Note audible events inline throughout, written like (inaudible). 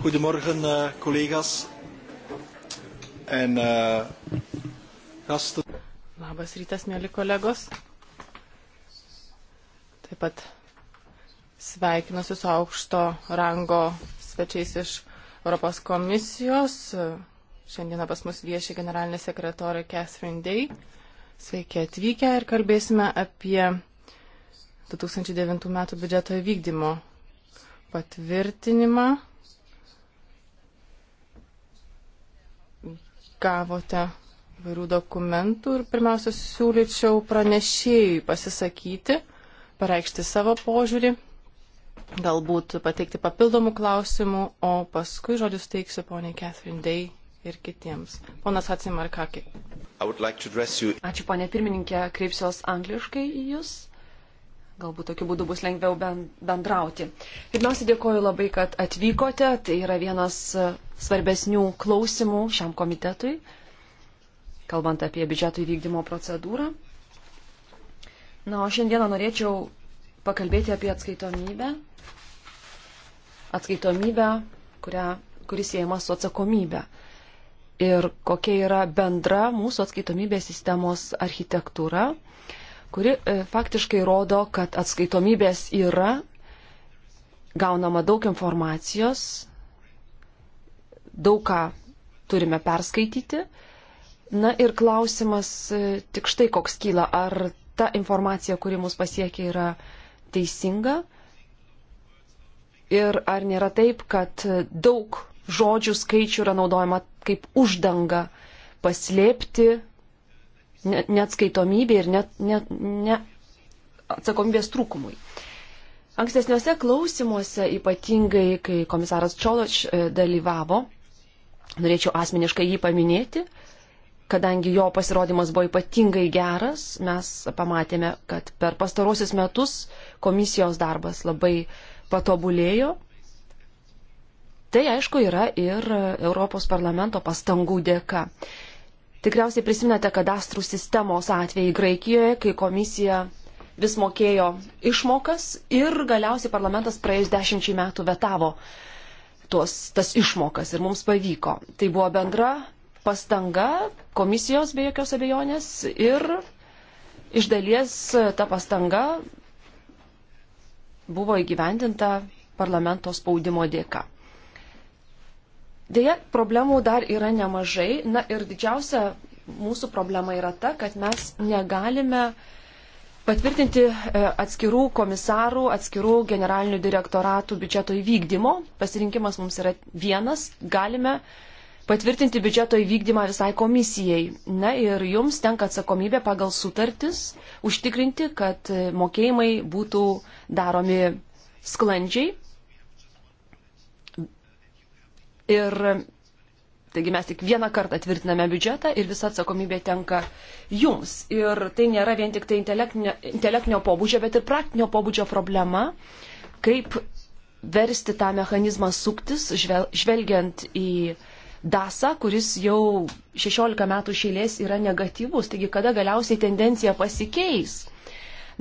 Goedemorgen, uh, collega's en uh, gasten. Labas rytas, mėly kolegos. Taip pat sveikinuosi su aukšto rango svečiais iš Europos komisijos. Šiandieną pas mus vieši generalinė sekretorė Catherine Day. Sveiki atvykę ir kalbėsime apie 2009 m. biudžeto įvykdymo patvirtinimą gavote vairių dokumentų ir pirmiausia siūlyčiau pranešėjui pasisakyti, pareikšti savo požiūrį, galbūt pateikti papildomų klausimų, o paskui žodžius teiksiu poniai Catherine Day ir kitiems. Ponas Hatsimarkakė. Like you... Ačiū, ponė pirmininkė, kreipsiuos angliškai į jūs. Galbūt tokiu būdu bus lengviau bendrauti. Pirmiausia, dėkoju labai, kad atvykote. Tai yra vienas e, svarbesnių klausimų šiam komitetui, kalbant apie biudžeto įvykdymo procedūrą. Na, o šiandieną norėčiau pakalbėti apie atskaitomybę. Atskaitomybę, kurią, kuris siejama su atsakomybė. Ir kokia yra bendra mūsų atskaitomybės sistemos architektūra kuri e, faktiškai rodo, kad atskaitomybės yra, gaunama daug informacijos, daug ką turime perskaityti. Na ir klausimas e, tik štai koks kyla, ar ta informacija, kuri mus pasiekia, yra teisinga ir ar nėra taip, kad daug žodžių skaičių yra naudojama kaip uždanga paslėpti neatskaitomybė ir net, net, ne atsakomybės trūkumui. Ankstesniuose klausimuose, ypatingai kai komisaras Čoloč e, dalyvavo, norėčiau asmeniškai jį paminėti, kadangi jo pasirodymas buvo ypatingai geras, mes pamatėme, kad per pastarosius metus komisijos darbas labai patobulėjo. Tai aišku yra ir Europos parlamento pastangų dėka. Tikriausiai prisimenate kadastrų sistemos atvejį Graikijoje, kai komisija vis mokėjo išmokas ir galiausiai parlamentas praėjus dešimčiai metų vetavo tuos, tas išmokas ir mums pavyko. Tai buvo bendra pastanga komisijos be jokios abejonės ir iš dalies ta pastanga buvo įgyvendinta parlamento spaudimo dėka. Deja, problemų dar yra nemažai. Na ir didžiausia mūsų problema yra ta, kad mes negalime patvirtinti e, atskirų komisarų, atskirų generalinių direktoratų biudžeto įvykdymo. Pasirinkimas mums yra vienas. Galime patvirtinti biudžeto įvykdymą visai komisijai. Na ir jums tenka atsakomybė pagal sutartis užtikrinti, kad e, mokėjimai būtų daromi sklandžiai Ir taigi mes tik vieną kartą tvirtiname biudžetą ir visa atsakomybė tenka jums. Ir tai nėra vien tik tai intelektinio, intelektinio pobūdžio, bet ir praktinio pobūdžio problema, kaip versti tą mechanizmą suktis, žvel, žvelgiant į DASA, kuris jau 16 metų šeilės yra negatyvus. Taigi kada galiausiai tendencija pasikeis?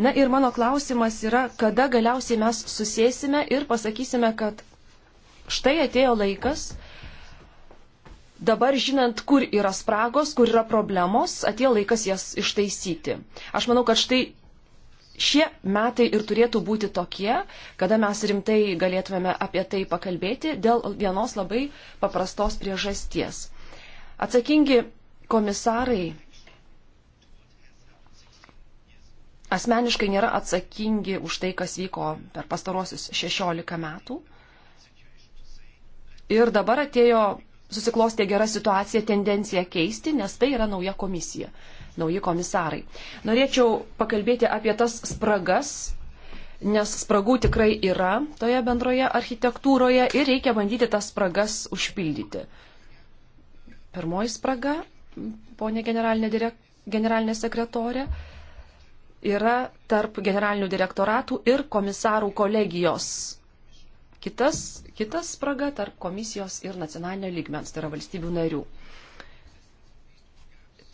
Na ir mano klausimas yra, kada galiausiai mes susėsime ir pasakysime, kad štai atėjo laikas, dabar žinant, kur yra spragos, kur yra problemos, atėjo laikas jas ištaisyti. Aš manau, kad štai šie metai ir turėtų būti tokie, kada mes rimtai galėtumėme apie tai pakalbėti dėl vienos labai paprastos priežasties. Atsakingi komisarai asmeniškai nėra atsakingi už tai, kas vyko per pastaruosius 16 metų. Ir dabar atėjo, susiklostė gera situacija, tendencija keisti, nes tai yra nauja komisija, nauji komisarai. Norėčiau pakalbėti apie tas spragas, nes spragų tikrai yra toje bendroje architektūroje ir reikia bandyti tas spragas užpildyti. Pirmoji spraga, ponė generalinė, direk, generalinė sekretorė, yra tarp generalinių direktoratų ir komisarų kolegijos. Kitas kita spraga tarp komisijos ir nacionalinio lygmens, tai yra valstybių narių.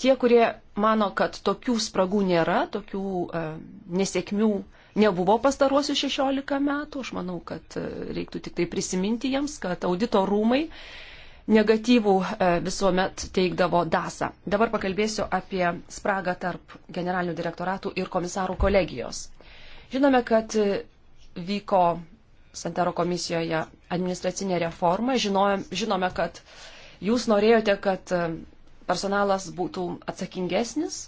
Tie, kurie mano, kad tokių spragų nėra, tokių e, nesėkmių nebuvo pastaruosius 16 metų, aš manau, kad e, reiktų tik tai prisiminti jiems, kad audito rūmai negatyvų e, visuomet teikdavo DASA. Dabar pakalbėsiu apie spragą tarp generalinių direktoratų ir komisarų kolegijos. Žinome, kad e, vyko Santero komisijoje administracinė reforma. Žinojom, žinome, kad jūs norėjote, kad e, personalas būtų atsakingesnis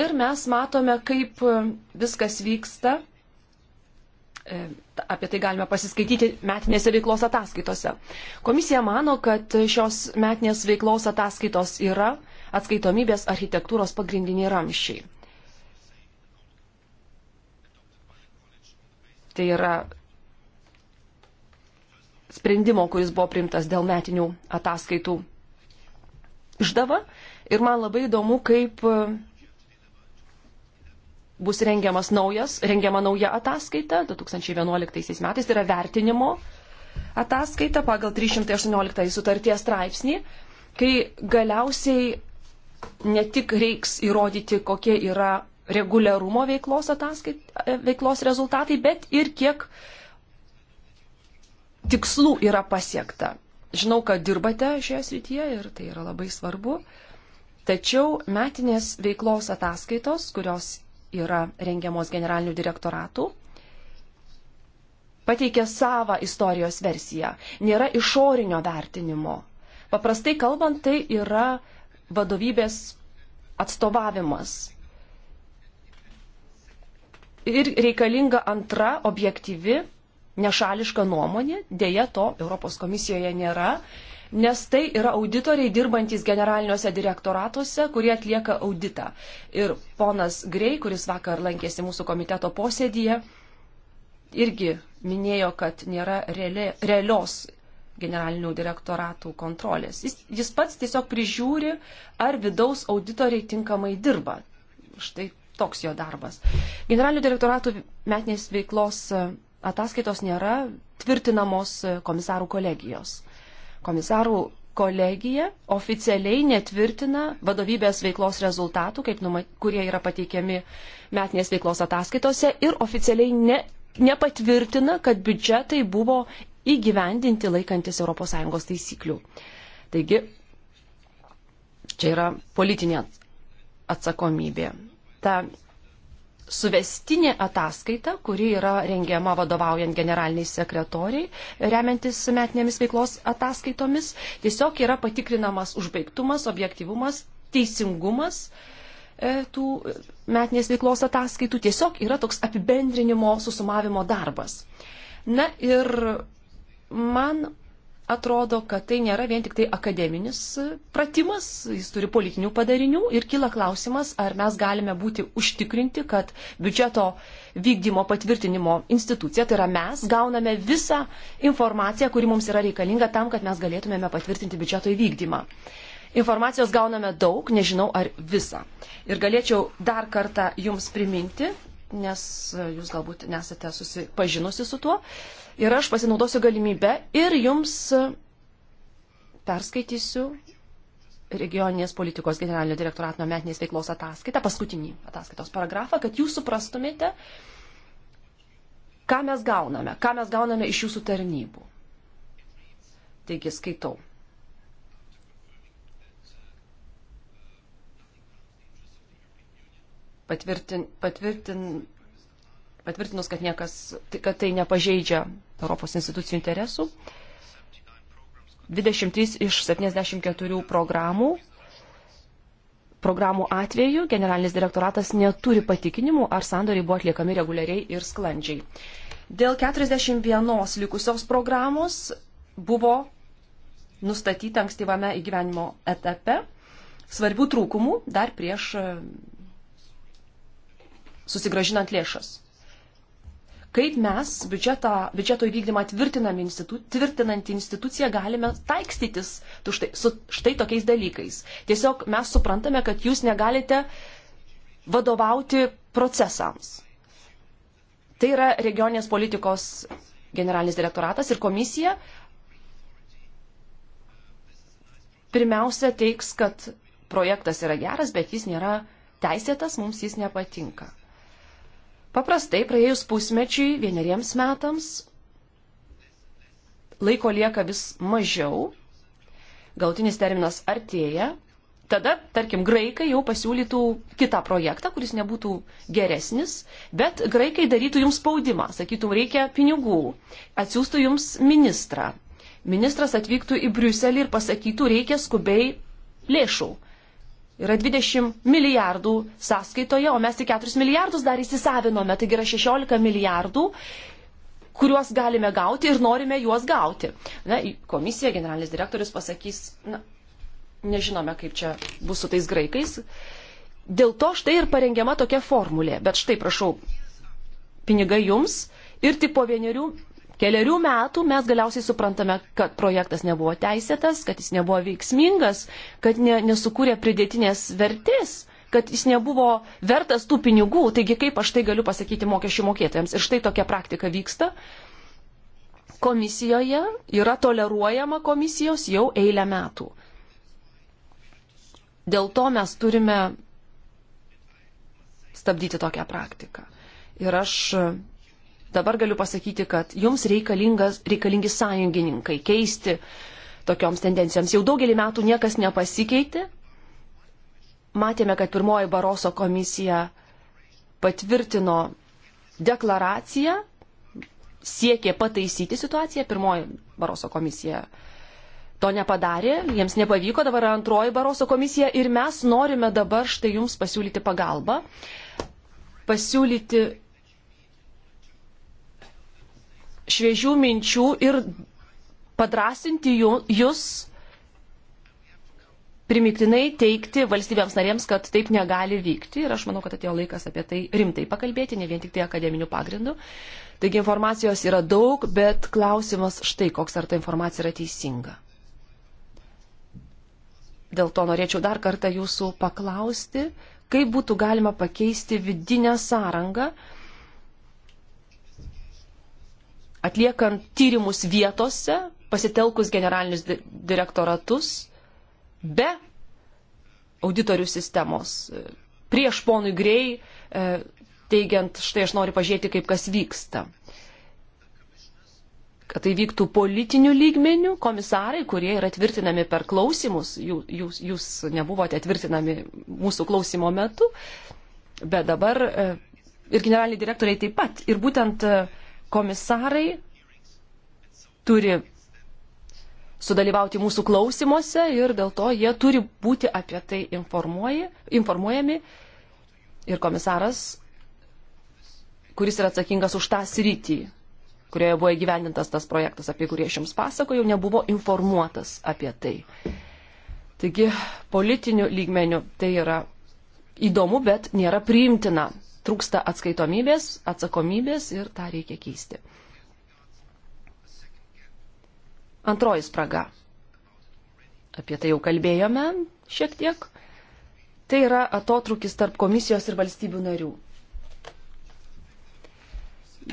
ir mes matome, kaip e, viskas vyksta. E, apie tai galime pasiskaityti metinėse veiklos ataskaitose. Komisija mano, kad šios metinės veiklos ataskaitos yra atskaitomybės architektūros pagrindiniai ramščiai. Tai yra sprendimo, kuris buvo priimtas dėl metinių ataskaitų išdava. Ir man labai įdomu, kaip e, bus rengiamas naujas, rengiama nauja ataskaita 2011 metais, tai yra vertinimo ataskaita pagal 318 sutarties straipsnį, kai galiausiai ne tik reiks įrodyti, kokie yra reguliarumo veiklos, ataskait, veiklos rezultatai, bet ir kiek uh, tikslų yra pasiekta. Žinau, kad dirbate šioje srityje ir tai yra labai svarbu. Tačiau metinės veiklos ataskaitos, kurios yra rengiamos generalinių direktoratų, pateikia savo istorijos versiją. Nėra išorinio vertinimo. Paprastai kalbant, tai yra vadovybės atstovavimas. Ir reikalinga antra objektyvi nešališką nuomonę, dėja to Europos komisijoje nėra, nes tai yra auditoriai dirbantys generaliniuose direktoratuose, kurie atlieka auditą. Ir ponas Grei, kuris vakar lankėsi mūsų komiteto posėdyje, irgi minėjo, kad nėra reali, realios generalinių direktoratų kontrolės. Jis, jis pats tiesiog prižiūri, ar vidaus auditoriai tinkamai dirba. Štai toks jo darbas. Generalinių direktoratų metinės veiklos ataskaitos nėra tvirtinamos komisarų kolegijos. Komisarų kolegija oficialiai netvirtina vadovybės veiklos rezultatų, numat, kurie yra pateikiami metinės veiklos ataskaitose ir oficialiai ne, nepatvirtina, kad biudžetai buvo įgyvendinti laikantis ES taisyklių. Taigi, čia yra politinė atsakomybė. Ta suvestinė ataskaita, kuri yra rengiama vadovaujant generaliniai sekretoriai, remiantis metinėmis veiklos ataskaitomis. Tiesiog yra patikrinamas užbaigtumas, objektivumas, teisingumas e, tų metinės veiklos ataskaitų. Tiesiog yra toks apibendrinimo, susumavimo darbas. Na ir man atrodo, kad tai nėra vien tik tai akademinis pratimas, jis turi politinių padarinių ir kyla klausimas, ar mes galime būti užtikrinti, kad biudžeto vykdymo patvirtinimo institucija, tai yra mes, gauname visą informaciją, kuri mums yra reikalinga tam, kad mes galėtumėme patvirtinti biudžeto įvykdymą. Informacijos gauname daug, nežinau ar visą. Ir galėčiau dar kartą jums priminti, nes e, jūs galbūt nesate susipažinusi su tuo. Ir aš pasinaudosiu galimybę ir jums e, perskaitysiu regioninės politikos generalinio direktorato metinės veiklos ataskaitą, paskutinį ataskaitos paragrafą, kad jūs suprastumėte, ką mes gauname, ką mes gauname iš jūsų tarnybų. Taigi skaitau. patvirtin, patvirtin, patvirtinus, kad, niekas, kad tai nepažeidžia Europos institucijų interesų. 23 iš 74 programų programų atveju generalinis direktoratas neturi patikinimų, ar sandoriai buvo atliekami reguliariai ir sklandžiai. Dėl 41 likusios programos buvo nustatyta ankstyvame įgyvenimo etape svarbių trūkumų dar prieš susigražinant lėšas. Kaip mes biudžetą, biudžeto įvykdymą institu, tvirtinant instituciją galime taikstytis štai, su štai tokiais dalykais. Tiesiog mes suprantame, kad jūs negalite vadovauti procesams. Tai yra regioninės politikos generalinis direktoratas ir komisija pirmiausia teiks, kad projektas yra geras, bet jis nėra teisėtas, mums jis nepatinka. Paprastai praėjus pusmečiui, vieneriems metams, laiko lieka vis mažiau, gautinis terminas artėja, tada, tarkim, graikai jau pasiūlytų kitą projektą, kuris nebūtų geresnis, bet graikai darytų jums spaudimą, sakytų, reikia pinigų, atsiųstų jums ministrą. Ministras atvyktų į Briuselį ir pasakytų, reikia skubiai lėšų yra 20 milijardų sąskaitoje, o mes tik 4 milijardus dar įsisavinome, taigi yra 16 milijardų kuriuos galime gauti ir norime juos gauti. Na, komisija, generalinis direktorius pasakys, na, nežinome, kaip čia bus su tais graikais. Dėl to štai ir parengiama tokia formulė. Bet štai, prašau, pinigai jums ir tik po vienerių keliarių metų mes galiausiai suprantame, kad projektas nebuvo teisėtas, kad jis nebuvo veiksmingas, kad ne, nesukūrė pridėtinės vertės kad jis nebuvo vertas tų pinigų, taigi kaip aš tai galiu pasakyti mokesčių mokėtojams. Ir štai tokia praktika vyksta. Komisijoje yra toleruojama komisijos jau eilę metų. Dėl to mes turime stabdyti tokią praktiką. Ir aš dabar galiu pasakyti, kad jums reikalingi sąjungininkai keisti tokioms tendencijoms. Jau daugelį metų niekas nepasikeitė. Matėme, kad pirmoji Baroso komisija patvirtino deklaraciją, siekė pataisyti situaciją. Pirmoji Baroso komisija to nepadarė, jiems nepavyko, dabar antroji Baroso komisija ir mes norime dabar štai jums pasiūlyti pagalbą, pasiūlyti šviežių minčių ir padrasinti jūs primiktinai teikti valstybėms narėms, kad taip negali vykti. Ir aš manau, kad atėjo laikas apie tai rimtai pakalbėti, ne vien tik tai akademinių pagrindų. Taigi informacijos yra daug, bet klausimas štai, koks ar ta informacija yra teisinga. Dėl to norėčiau dar kartą jūsų paklausti, kaip būtų galima pakeisti vidinę sąrangą, atliekant tyrimus vietose, pasitelkus generalinius direktoratus, be auditorių sistemos. Prieš ponui Grei e, teigiant, štai aš noriu pažiūrėti, kaip kas vyksta. Kad tai vyktų politinių lygmenių, komisarai, kurie yra tvirtinami per klausimus, jūs, jūs, jūs nebuvote tvirtinami mūsų klausimo metu, bet dabar e, ir generaliniai direktoriai taip pat. Ir būtent uh, komisarai turi sudalyvauti mūsų klausimuose ir dėl to jie turi būti apie tai informuojami. Ir komisaras, kuris yra atsakingas už tą sritį, kurioje buvo įgyvendintas tas projektas, apie kurį aš jums pasakojau, nebuvo informuotas apie tai. Taigi politiniu lygmeniu tai yra įdomu, bet nėra priimtina trūksta atskaitomybės, atsakomybės ir tą reikia keisti. Antroji spraga. Apie tai jau kalbėjome šiek tiek. Tai yra atotrukis tarp komisijos ir valstybių narių.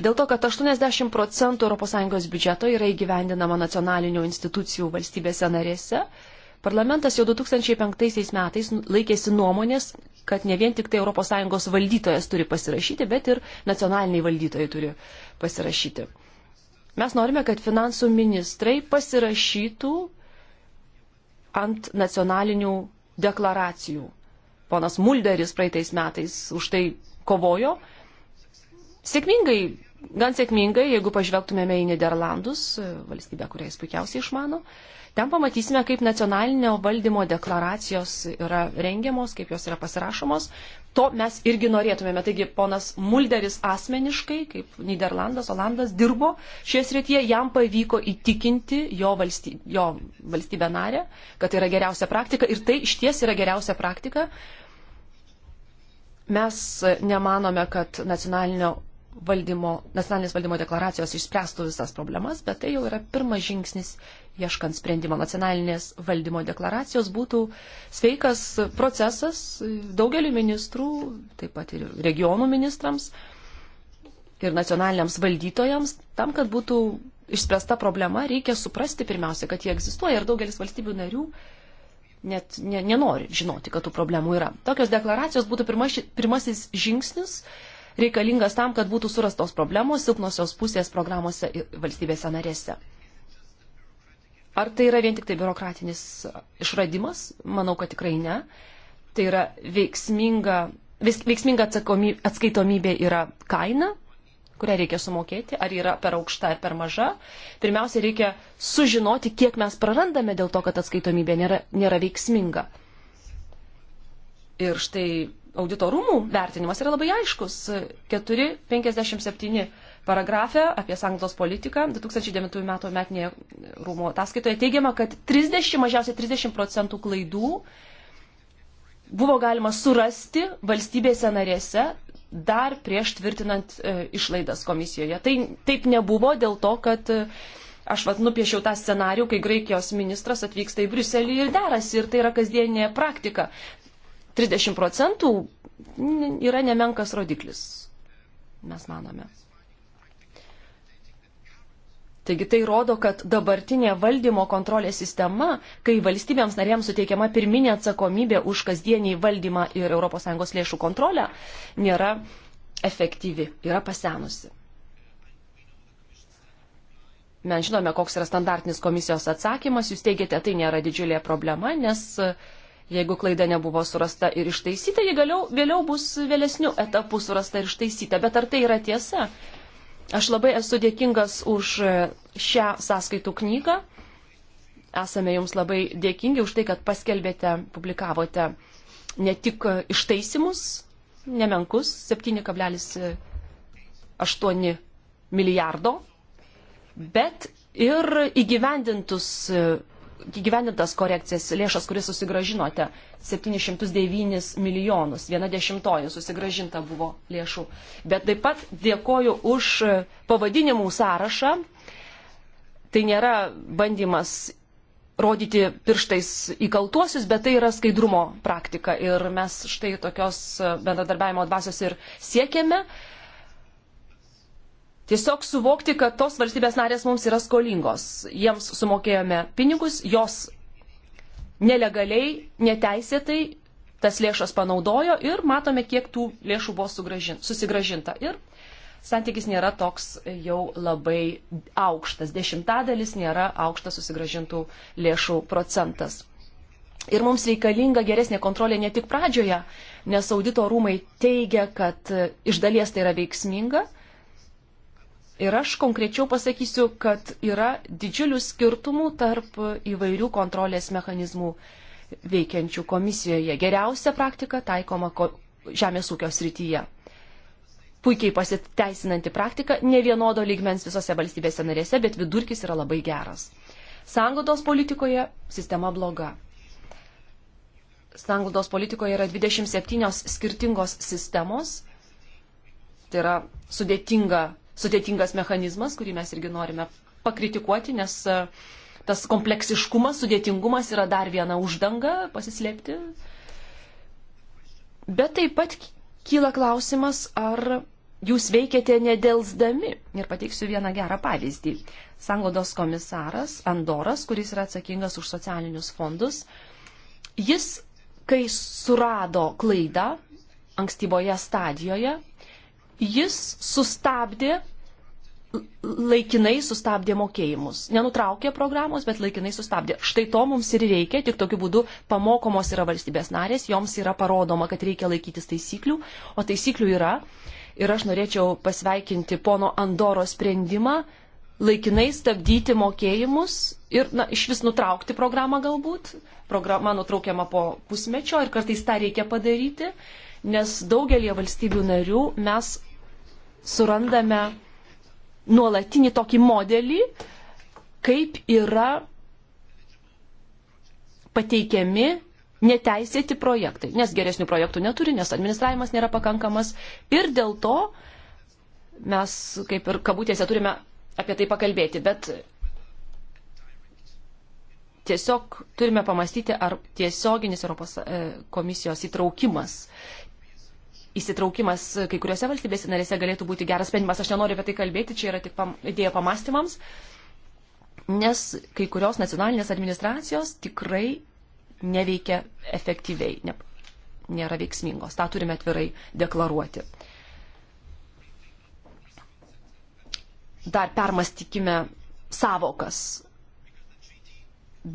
Dėl to, kad 80 procentų ES biudžeto yra įgyvendinama nacionalinių institucijų valstybėse narėse, parlamentas jau 2005 metais laikėsi nuomonės, kad ne vien tik tai ES valdytojas turi pasirašyti, bet ir nacionaliniai valdytojai turi pasirašyti. Mes norime, kad finansų ministrai pasirašytų ant nacionalinių deklaracijų. Ponas Mulderis praeitais metais už tai kovojo. Sėkmingai, gan sėkmingai, jeigu pažvelgtumėme į Niderlandus, valstybę, kurią jis puikiausiai išmano, uh, Ten pamatysime, kaip nacionalinio valdymo deklaracijos yra rengiamos, kaip jos yra pasirašomos. To mes irgi norėtumėme. Taigi ponas Mulderis asmeniškai, kaip Niderlandas, Olandas, dirbo šioje srityje, jam pavyko įtikinti jo, valsty, jo valstybę narę, kad tai yra geriausia praktika ir tai iš ties yra geriausia praktika. Mes nemanome, kad nacionalinio valdymo, nacionalinės valdymo deklaracijos išspręstų visas problemas, bet tai jau yra pirmas žingsnis ieškant sprendimo. Nacionalinės valdymo deklaracijos būtų sveikas procesas daugeliu ministrų, taip pat ir regionų ministrams ir nacionaliniams valdytojams, tam, kad būtų išspręsta problema, reikia suprasti pirmiausia, kad jie egzistuoja ir daugelis valstybių narių net ne, nenori žinoti, kad tų problemų yra. Tokios deklaracijos būtų pirmas, pirmasis žingsnis reikalingas tam, kad būtų surastos problemos silpnosios pusės programuose valstybėse narėse. Ar tai yra vien tik tai biurokratinis išradimas? Manau, kad tikrai ne. Tai yra veiksminga, veiksminga atsakomy, atskaitomybė yra kaina, kurią reikia sumokėti, ar yra per aukšta ar per maža. Pirmiausia, reikia sužinoti, kiek mes prarandame dėl to, kad atskaitomybė nėra, nėra veiksminga. Ir štai auditorumų vertinimas yra labai aiškus. 4.57 paragrafe apie sanglos politiką 2009 metų metinėje rūmų ataskaitoje teigiama, kad 30, mažiausiai 30 procentų klaidų buvo galima surasti valstybėse narėse dar prieš tvirtinant e, išlaidas komisijoje. Tai taip nebuvo dėl to, kad e, aš vat nupiešiau tą scenarių, kai Graikijos ministras atvyksta į Briuselį ir derasi, ir tai yra kasdieninė praktika. 30 procentų yra nemenkas rodiklis, mes manome. Taigi tai rodo, kad dabartinė valdymo kontrolės sistema, kai valstybėms narėms suteikiama pirminė atsakomybė už kasdienį valdymą ir ES lėšų kontrolę, nėra efektyvi, yra pasenusi. Mes žinome, koks yra standartinis komisijos atsakymas, jūs teigiate, tai nėra didžiulė problema, nes uh, Jeigu klaida nebuvo surasta ir ištaisyta, ji galiau, vėliau bus vėlesnių etapų surasta ir ištaisyta. Bet ar tai yra tiesa? Aš labai esu dėkingas už šią sąskaitų knygą. Esame jums labai dėkingi už tai, kad paskelbėte, publikavote ne tik ištaisimus, nemenkus, 7,8 milijardo, bet ir įgyvendintus įgyvendintas korekcijas lėšas, kuris susigražinote, 709 milijonus, viena dešimtoji susigražinta buvo lėšų. Bet taip pat dėkoju už pavadinimų sąrašą. Tai nėra bandymas rodyti pirštais įkaltuosius, bet tai yra skaidrumo praktika. Ir mes štai tokios bendradarbiavimo dvasios ir siekiame. Uh, Tiesiog suvokti, kad tos valstybės narės mums yra skolingos. Jiems sumokėjome pinigus, jos nelegaliai, neteisėtai tas lėšas panaudojo ir matome, kiek tų lėšų buvo sugražin, susigražinta. Ir santykis nėra toks jau labai aukštas. Dešimtadalis nėra aukštas susigražintų lėšų procentas. Ir mums reikalinga geresnė kontrolė ne tik pradžioje, nes audito rūmai teigia, kad iš dalies tai yra veiksminga Ir aš konkrečiau pasakysiu, kad yra didžiulių skirtumų tarp įvairių kontrolės mechanizmų veikiančių komisijoje. Geriausia praktika taikoma žemės ūkio srityje. Puikiai pasiteisinanti praktika, ne vienodo lygmens visose valstybėse narėse, bet vidurkis yra labai geras. Sangodos politikoje sistema bloga. Sangodos politikoje yra 27 skirtingos sistemos. Tai yra sudėtinga sudėtingas mechanizmas, kurį mes irgi norime pakritikuoti, nes e, tas kompleksiškumas, sudėtingumas yra dar viena uždanga pasislėpti. Bet taip pat kyla klausimas, ar jūs veikiate nedelsdami. Ir pateiksiu vieną gerą pavyzdį. Sanglodos komisaras Andoras, kuris yra atsakingas už socialinius fondus, jis, kai surado klaidą ankstyvoje stadijoje, jis sustabdė, laikinai sustabdė mokėjimus. Nenutraukė programos, bet laikinai sustabdė. Štai to mums ir reikia, tik tokiu būdu pamokomos yra valstybės narės, joms yra parodoma, kad reikia laikytis taisyklių, o taisyklių yra. Ir aš norėčiau pasveikinti pono Andoro sprendimą laikinai stabdyti mokėjimus ir na, iš vis nutraukti programą galbūt. Programa nutraukiama po pusmečio ir kartais tą reikia padaryti, nes daugelie valstybių narių mes surandame nuolatinį tokį modelį, kaip yra pateikiami neteisėti projektai, nes geresnių projektų neturi, nes administravimas nėra pakankamas ir dėl to mes kaip ir kabutėse turime apie tai pakalbėti, bet tiesiog turime pamastyti, ar tiesioginis Europos e, komisijos įtraukimas įsitraukimas kai kuriuose valstybėse narėse galėtų būti geras sprendimas. Aš nenoriu apie tai kalbėti, čia yra tik pam, idėja pamastymams, nes kai kurios nacionalinės administracijos tikrai neveikia efektyviai, ne, nėra veiksmingos. Ta turime atvirai deklaruoti. Dar permastykime savokas,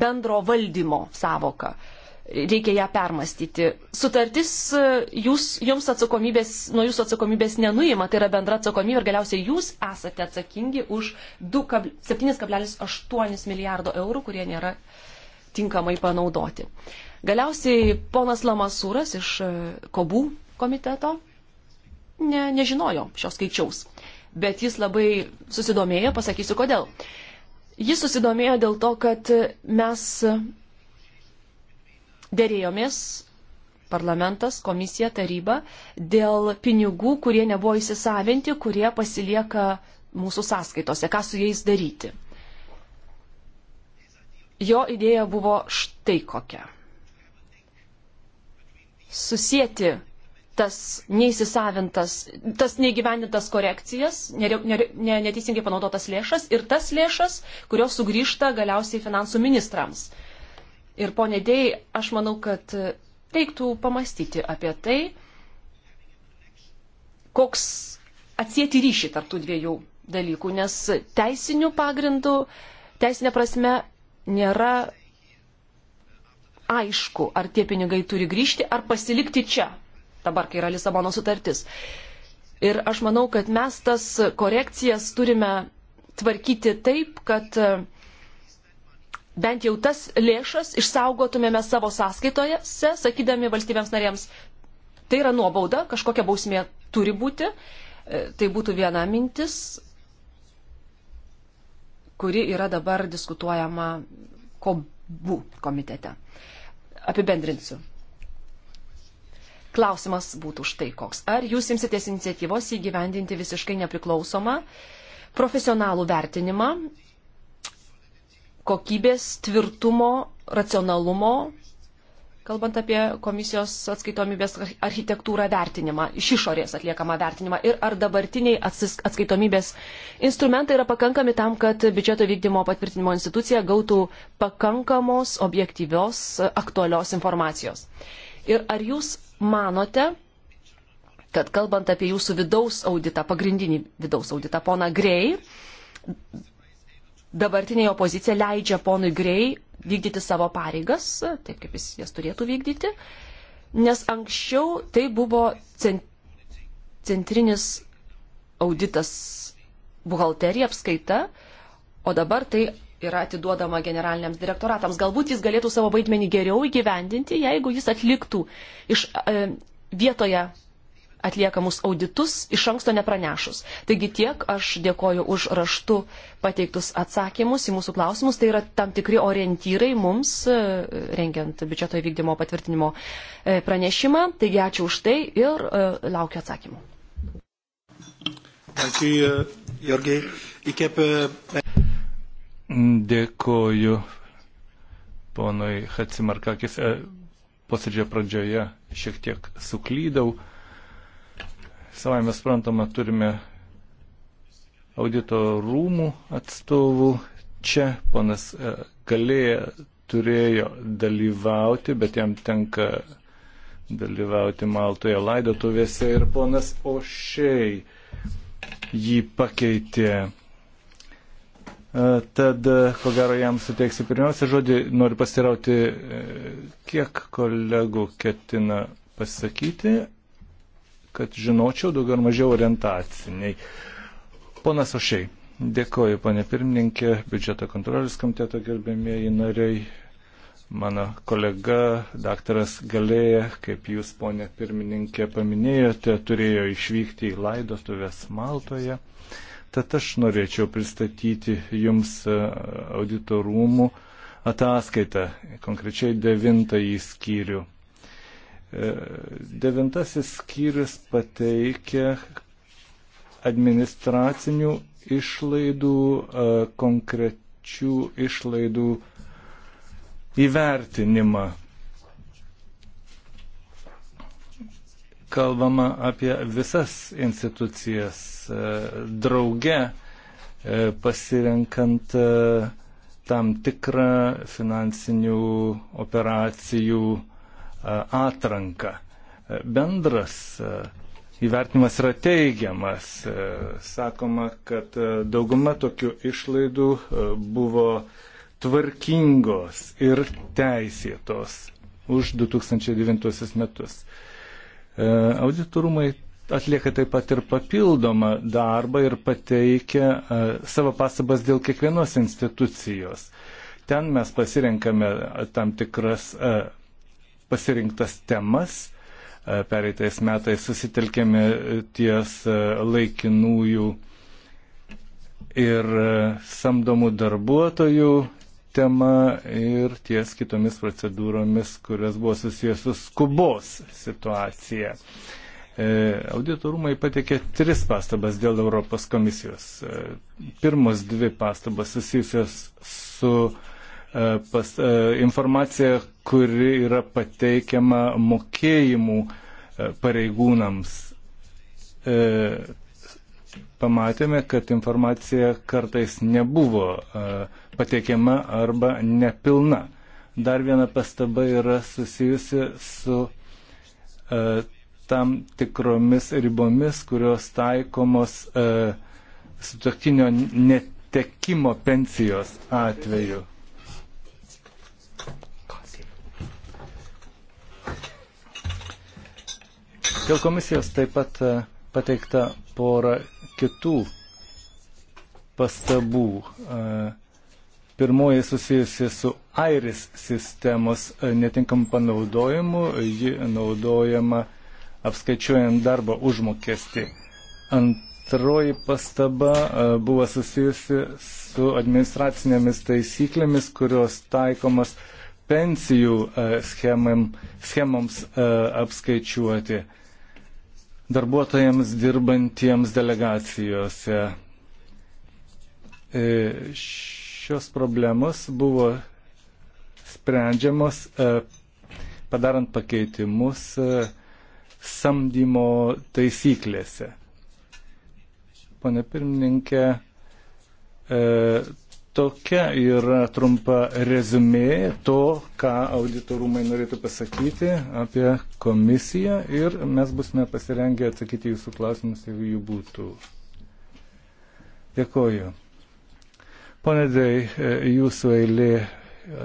bendro valdymo savoką reikia ją permastyti. Sutartis e, jūs, jums atsakomybės, nuo jūsų atsakomybės nenuima, tai yra bendra atsakomybė ir galiausiai jūs esate atsakingi už 7,8 milijardo eurų, kurie nėra tinkamai panaudoti. Galiausiai ponas Lamasūras iš e, Kobų komiteto ne, nežinojo šios skaičiaus, bet jis labai susidomėjo, pasakysiu kodėl. Jis susidomėjo dėl to, kad mes dėrėjomės parlamentas, komisija, taryba dėl pinigų, kurie nebuvo įsisavinti, kurie pasilieka mūsų sąskaitose, ką su jais daryti. Jo idėja buvo štai kokia. Susieti tas neįsisavintas, tas neįgyvendintas korekcijas, neteisingai panaudotas lėšas ir tas lėšas, kurios sugrįžta galiausiai finansų ministrams Ir ponė Dėj, aš manau, kad reiktų pamastyti apie tai, koks atsėti ryšį tarptų dviejų dalykų, nes teisinių pagrindų, teisinė prasme, nėra aišku, ar tie pinigai turi grįžti, ar pasilikti čia, dabar, kai yra Lisabono sutartis. Ir aš manau, kad mes tas korekcijas turime tvarkyti taip, kad uh, bent jau tas lėšas išsaugotumėme savo sąskaitoje, sakydami valstybėms narėms, tai yra nuobauda, kažkokia bausmė turi būti. E, tai būtų viena mintis, kuri yra dabar diskutuojama kobų komitete. Apibendrinsiu. Klausimas būtų štai koks. Ar jūs imsitės iniciatyvos įgyvendinti visiškai nepriklausomą profesionalų vertinimą kokybės, tvirtumo, racionalumo, kalbant apie komisijos atskaitomybės architektūrą vertinimą, iš išorės atliekamą vertinimą ir ar dabartiniai atskaitomybės instrumentai yra pakankami tam, kad biudžeto vykdymo patvirtinimo institucija gautų pakankamos, objektyvios, aktualios informacijos. Ir ar jūs manote, kad kalbant apie jūsų vidaus auditą, pagrindinį vidaus auditą, pona Grei, dabartinė opozicija leidžia ponui Grei vykdyti savo pareigas, taip kaip jis jas turėtų vykdyti, nes anksčiau tai buvo centrinis auditas buhalterija apskaita, o dabar tai yra atiduodama generaliniams direktoratams. Galbūt jis galėtų savo vaidmenį geriau įgyvendinti, jeigu jis atliktų iš e, vietoje atliekamus auditus iš anksto nepranešus. Taigi tiek aš dėkoju už raštu pateiktus atsakymus į mūsų klausimus. Tai yra tam tikri orientyrai mums, e, rengiant biudžeto įvykdymo patvirtinimo e, pranešimą. Taigi ačiū už tai ir e, laukiu atsakymų. Ačiū, uh, Jorgiai. Ikep... Uh, dėkoju ponui Hatsimarkakis. Posėdžio pradžioje šiek tiek suklydau. Savai mes suprantama, turime audito rūmų atstovų. Čia ponas Kalėja e, turėjo dalyvauti, bet jam tenka dalyvauti Maltoje laidotuvėse ir ponas Ošiai jį pakeitė. E, tad, e, ko gero, jam suteiksiu pirmiausia žodį. Noriu pasirauti, kiek kolegų ketina pasakyti kad žinočiau daugiau ar mažiau orientaciniai. Ponas Ošiai, dėkoju, ponė pirmininkė, biudžeto kontrolės komiteto gerbėmėjai nariai, mano kolega, daktaras Galėja, kaip jūs, ponė pirmininkė, paminėjote, turėjo išvykti į laidotuvės Maltoje. Tad aš norėčiau pristatyti jums e, auditorumų ataskaitą, konkrečiai devintąjį skyrių. Devintasis skyrius pateikia administracinių išlaidų, e, konkrečių išlaidų įvertinimą. Kalbama apie visas institucijas e, drauge e, pasirenkant tam tikrą finansinių operacijų atranką. Bendras įvertinimas yra teigiamas. Sakoma, kad dauguma tokių išlaidų buvo tvarkingos ir teisėtos už 2009 metus. Auditorumai atlieka taip pat ir papildomą darbą ir pateikia savo pastabas dėl kiekvienos institucijos. Ten mes pasirenkame tam tikras pasirinktas temas. E, Pereitais metais susitelkėme ties e, laikinųjų ir e, samdomų darbuotojų tema ir ties kitomis procedūromis, kurias buvo susijęs su skubos situacija. Auditorumai patikė tris pastabas dėl Europos komisijos. Pirmos dvi pastabas susijusios su uh, E, pas, e, informacija, kuri yra pateikiama mokėjimų e, pareigūnams. Pamatėme, kad informacija kartais nebuvo pateikiama arba nepilna. Dar viena pastaba yra susijusi su tam tikromis ribomis, kurios taikomos sutaktinio netekimo pensijos atveju. Dėl komisijos taip pat e, pateikta pora kitų pastabų. E, pirmoji susijusi su AIRIS sistemos e, netinkamu panaudojimu, ji naudojama apskaičiuojant darbo užmokestį. Antroji pastaba buvo susijusi su administracinėmis taisyklėmis, kurios taikomas pensijų schemam, schemoms apskaičiuoti darbuotojams dirbantiems delegacijose. E, šios problemos buvo sprendžiamos e, padarant pakeitimus e, samdymo taisyklėse. Pone pirmininkė, Tokia yra trumpa rezumė to, ką auditorumai norėtų pasakyti apie komisiją ir mes busime pasirengę atsakyti jūsų klausimus, jeigu jų būtų. Dėkoju. Pone Dėj, e, jūsų eilė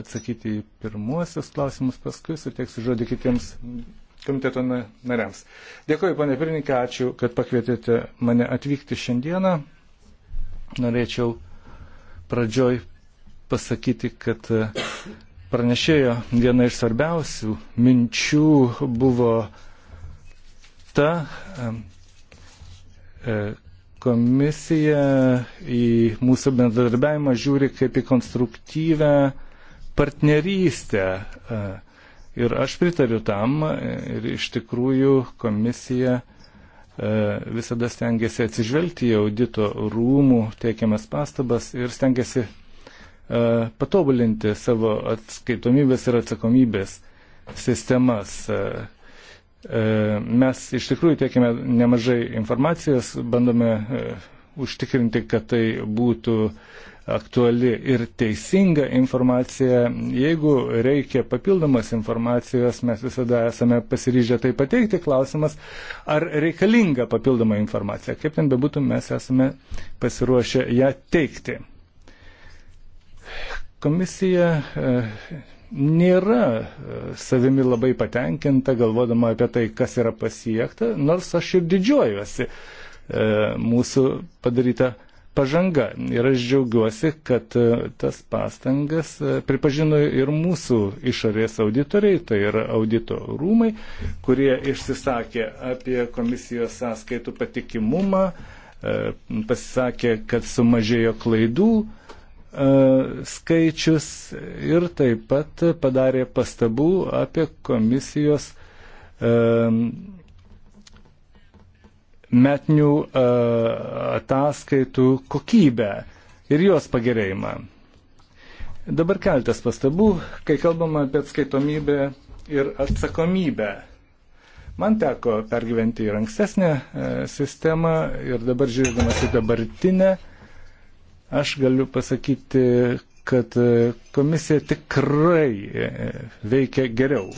atsakyti į pirmuosius klausimus, paskui suteiksiu žodį kitiems komiteto nariams. Dėkoju, ponė Pirininkė, ačiū, kad pakvietėte mane atvykti šiandieną. Norėčiau pradžioj pasakyti, kad e, pranešėjo viena iš svarbiausių minčių buvo ta e, e, komisija į mūsų bendradarbiavimą žiūri kaip į konstruktyvę partnerystę. Ir aš pritariu tam ir iš tikrųjų komisija E, visada stengiasi atsižvelgti į audito rūmų teikiamas pastabas ir stengiasi e, patobulinti savo atskaitomybės ir atsakomybės sistemas. E, mes iš tikrųjų teikiame nemažai informacijos, bandome užtikrinti, kad tai būtų uh, aktuali ir teisinga informacija. Jeigu reikia papildomas informacijos, mes visada esame pasiryžę tai pateikti. Klausimas, ar reikalinga papildoma informacija. Kaip ten bebūtų, mes esame pasiruošę ją teikti. Komisija e, nėra e, savimi labai patenkinta, galvodama apie tai, kas yra pasiekta, nors aš ir didžiuojuosi e, mūsų padaryta pažanga. Ir aš džiaugiuosi, kad e, tas pastangas e, pripažino ir mūsų išorės auditoriai, tai yra audito rūmai, kurie išsisakė apie komisijos sąskaitų patikimumą, e, pasisakė, kad sumažėjo klaidų skaičius ir taip pat padarė pastabų apie komisijos metinių e, ataskaitų kokybę ir jos pagerėjimą. Dabar keltas pastabų, kai kalbama apie atskaitomybę ir atsakomybę. Man teko pergyventi ir ankstesnę e, sistemą ir dabar žiūrėdamas į dabartinę, aš galiu pasakyti, kad e, komisija tikrai e, veikia geriau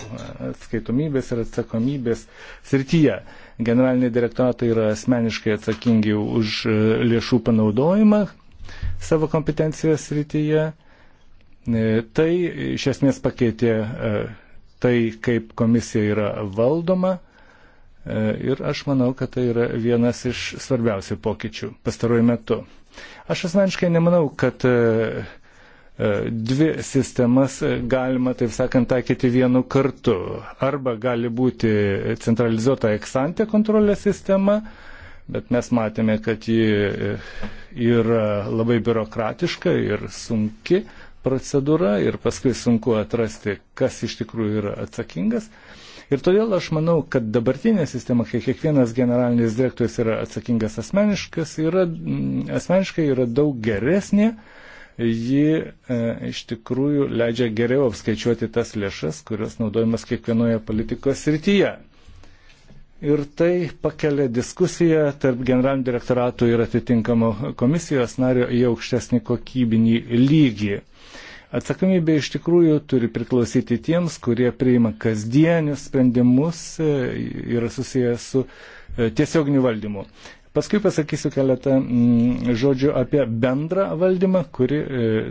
atskaitomybės ir atsakomybės srityje. E, generaliniai direktoratai yra asmeniškai atsakingi už e, lėšų panaudojimą savo kompetencijos rytyje. E, tai iš esmės pakeitė e, tai, kaip komisija yra valdoma. Ir aš manau, kad tai yra vienas iš svarbiausių pokyčių pastaruoju metu. Aš asmeniškai nemanau, kad uh, E, dvi sistemas e, galima, taip sakant, taikyti vienu kartu. Arba gali būti centralizuota eksantė kontrolės sistema, bet mes matėme, kad ji e, yra labai biurokratiška ir sunki procedūra ir paskui sunku atrasti, kas iš tikrųjų yra atsakingas. Ir todėl aš manau, kad dabartinė sistema, kai kiekvienas generalinis direktorius yra atsakingas asmeniškai, yra daug geresnė, ji e, iš tikrųjų leidžia geriau apskaičiuoti tas lėšas, kurios naudojamas kiekvienoje politikos srityje. Ir tai pakelia diskusiją tarp generalinio direktorato ir atitinkamo komisijos nario į aukštesnį kokybinį lygį. Atsakomybė iš tikrųjų turi priklausyti tiems, kurie priima kasdienius sprendimus, e, yra susijęs su e, tiesioginiu valdymu. Paskui pasakysiu keletą mm, žodžių apie bendrą valdymą, kuri, e,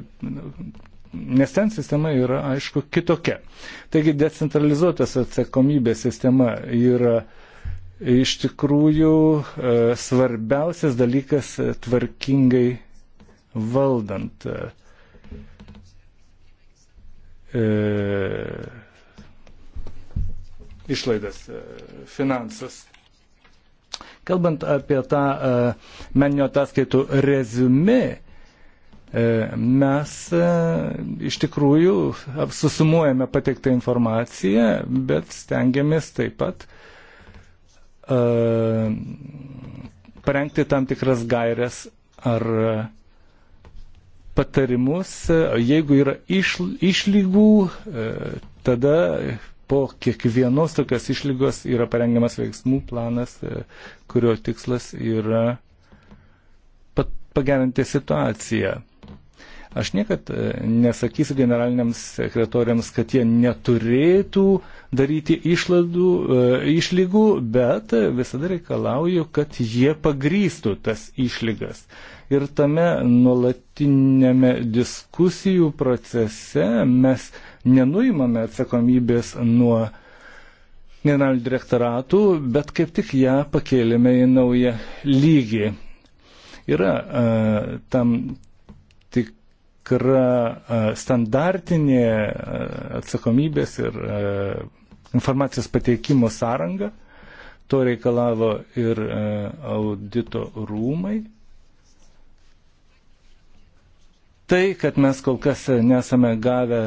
nes ten sistema yra, aišku, kitokia. Taigi decentralizuotas atsakomybės sistema yra iš tikrųjų e, svarbiausias dalykas tvarkingai valdant. E, išlaidas, finansus Kalbant apie tą e, meninio ataskaitų rezumė, e, mes e, iš tikrųjų susumuojame pateiktą informaciją, bet stengiamės taip pat parengti tam tikras gairias ar patarimus. Jeigu yra iš, išlygų, tada po kiekvienos tokios išlygos yra parengiamas veiksmų planas, e, kurio tikslas yra pagerinti situaciją. Aš niekad e, nesakysiu generaliniams sekretoriams, kad jie neturėtų daryti išladų, e, išlygų, bet visada reikalauju, kad jie pagrystų tas išlygas. Ir tame nuolatinėme diskusijų procese mes nenuimame atsakomybės nuo generalinių direktoratų, bet kaip tik ją pakėlėme į naują lygį. Yra a, e, tam tikra e, standartinė e, atsakomybės ir e, informacijos pateikimo sąranga. To reikalavo ir audito rūmai. Tai, kad mes kol kas nesame gavę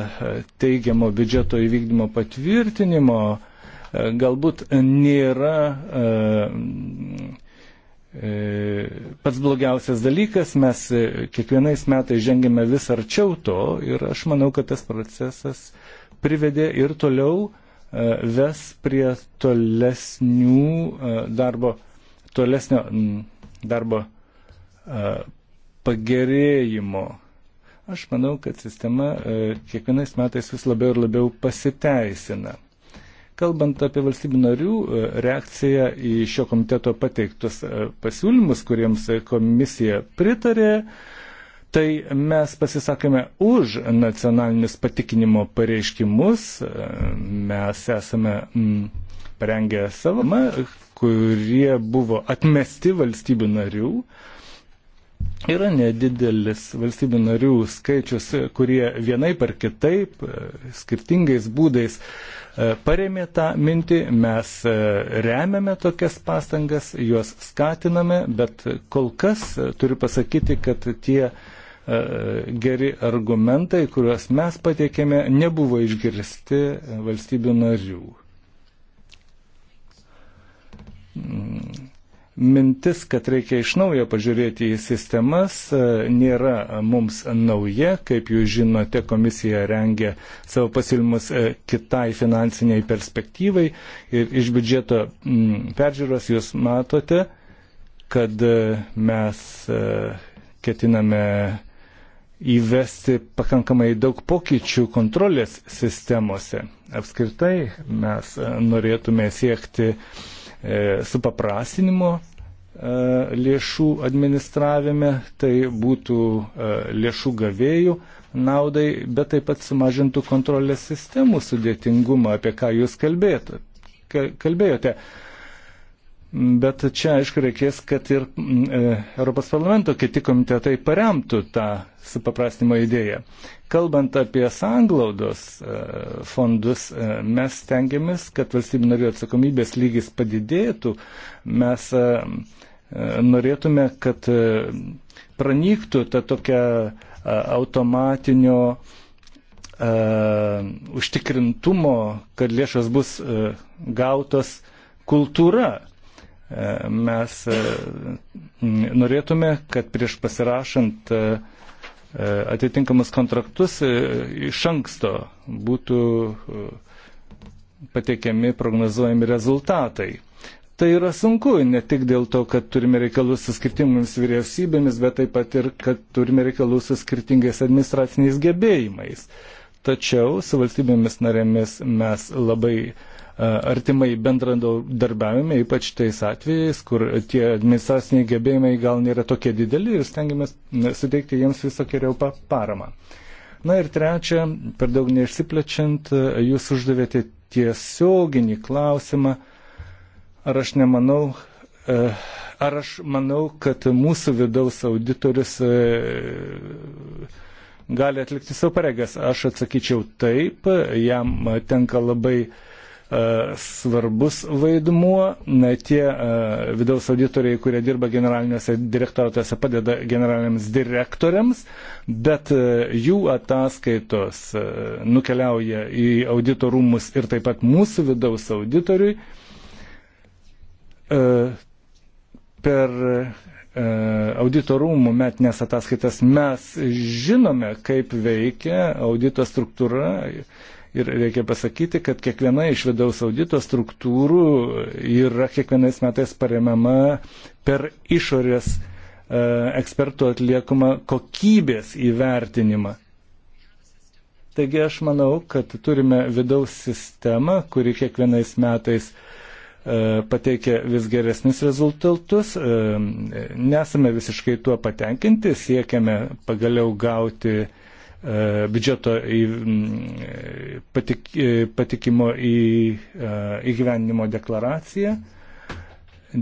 teigiamo biudžeto įvykdymo patvirtinimo, galbūt nėra E, pats blogiausias dalykas, mes e, kiekvienais metais žengėme vis arčiau to ir aš manau, kad tas procesas privedė ir toliau e, ves prie tolesnių darbo, tolesnio darbo pagerėjimo. Aš manau, kad sistema kiekvienais metais vis labiau ir labiau pasiteisina. Kalbant apie valstybių narių e, reakciją į šio komiteto pateiktus e, pasiūlymus, kuriems e, komisija pritarė, tai mes pasisakėme už nacionalinius patikinimo pareiškimus. Mes esame parengę savo, kurie buvo atmesti valstybių narių. Yra nedidelis valstybių narių skaičius, kurie vienaip ar kitaip, skirtingais būdais E, paremė tą mintį, mes e, remiame tokias pastangas, juos skatiname, bet kol kas e, turiu pasakyti, kad tie geri argumentai, kuriuos mes patiekėme, nebuvo išgirsti valstybių narių. Mm mintis, kad reikia iš naujo pažiūrėti į sistemas, e, nėra mums nauja. Kaip jūs žinote, komisija rengia savo pasiūlymus e, kitai finansiniai perspektyvai ir iš biudžeto mm, peržiūros jūs matote, kad e, mes ketiname įvesti pakankamai daug pokyčių kontrolės sistemose. Apskritai mes norėtume siekti uh, E, supaprastinimo e, lėšų administravime, tai būtų e, lėšų gavėjų naudai, bet taip pat sumažintų kontrolės sistemų sudėtingumą, apie ką jūs kalbėjote. Bet čia, aišku, reikės, kad ir mm, e, Europos parlamento kiti komitetai paremtų tą supaprastinimo idėją. Kalbant apie sanglaudos e, fondus, e, mes tengiamės, kad valstybių narių atsakomybės lygis padidėtų. Mes norėtume, kad pranyktų ta tokia automatinio užtikrintumo, kad lėšos bus gautos kultūra Mes e, norėtume, kad prieš pasirašant e, e, atitinkamus kontraktus iš anksto būtų patiekiami prognozuojami rezultatai. Tai yra sunku, ne tik dėl to, kad turime reikalų su skirtingomis vyriausybėmis, bet taip pat ir, kad turime reikalų su skirtingais administraciniais gebėjimais. Tačiau su valstybėmis narėmis mes labai uh, E, artimai bendradarbiavime, ypač tais atvejais, kur tie administraciniai gebėjimai gal nėra tokie dideli ir stengiamės suteikti jiems visokiojo paramą. Na ir trečia, per daug neišsiplečiant, e, jūs uždavėte tiesioginį klausimą, ar aš nemanau, e, ar aš manau, kad mūsų vidaus auditorius gali atlikti savo pareigas. Aš atsakyčiau taip, jam tenka labai uh, E, svarbus vaidmuo. Tie e, vidaus auditoriai, kurie dirba generaliniuose direktoratuose, padeda generaliniams direktoriams, bet e, jų ataskaitos nukeliauja į auditorumus ir taip pat mūsų vidaus auditoriui. Per auditorumų metinės ataskaitas mes žinome, kaip veikia audito struktūra Ir reikia pasakyti, kad kiekviena iš vidaus audito struktūrų yra kiekvienais metais paremama per išorės e, ekspertų atliekamą kokybės įvertinimą. Taigi aš manau, kad turime vidaus sistemą, kuri kiekvienais metais e, pateikia vis geresnis rezultatus. E, nesame visiškai tuo patenkinti, siekiame pagaliau gauti e, E, biudžeto į, patik, e, patikimo į e, įgyvenimo deklaraciją.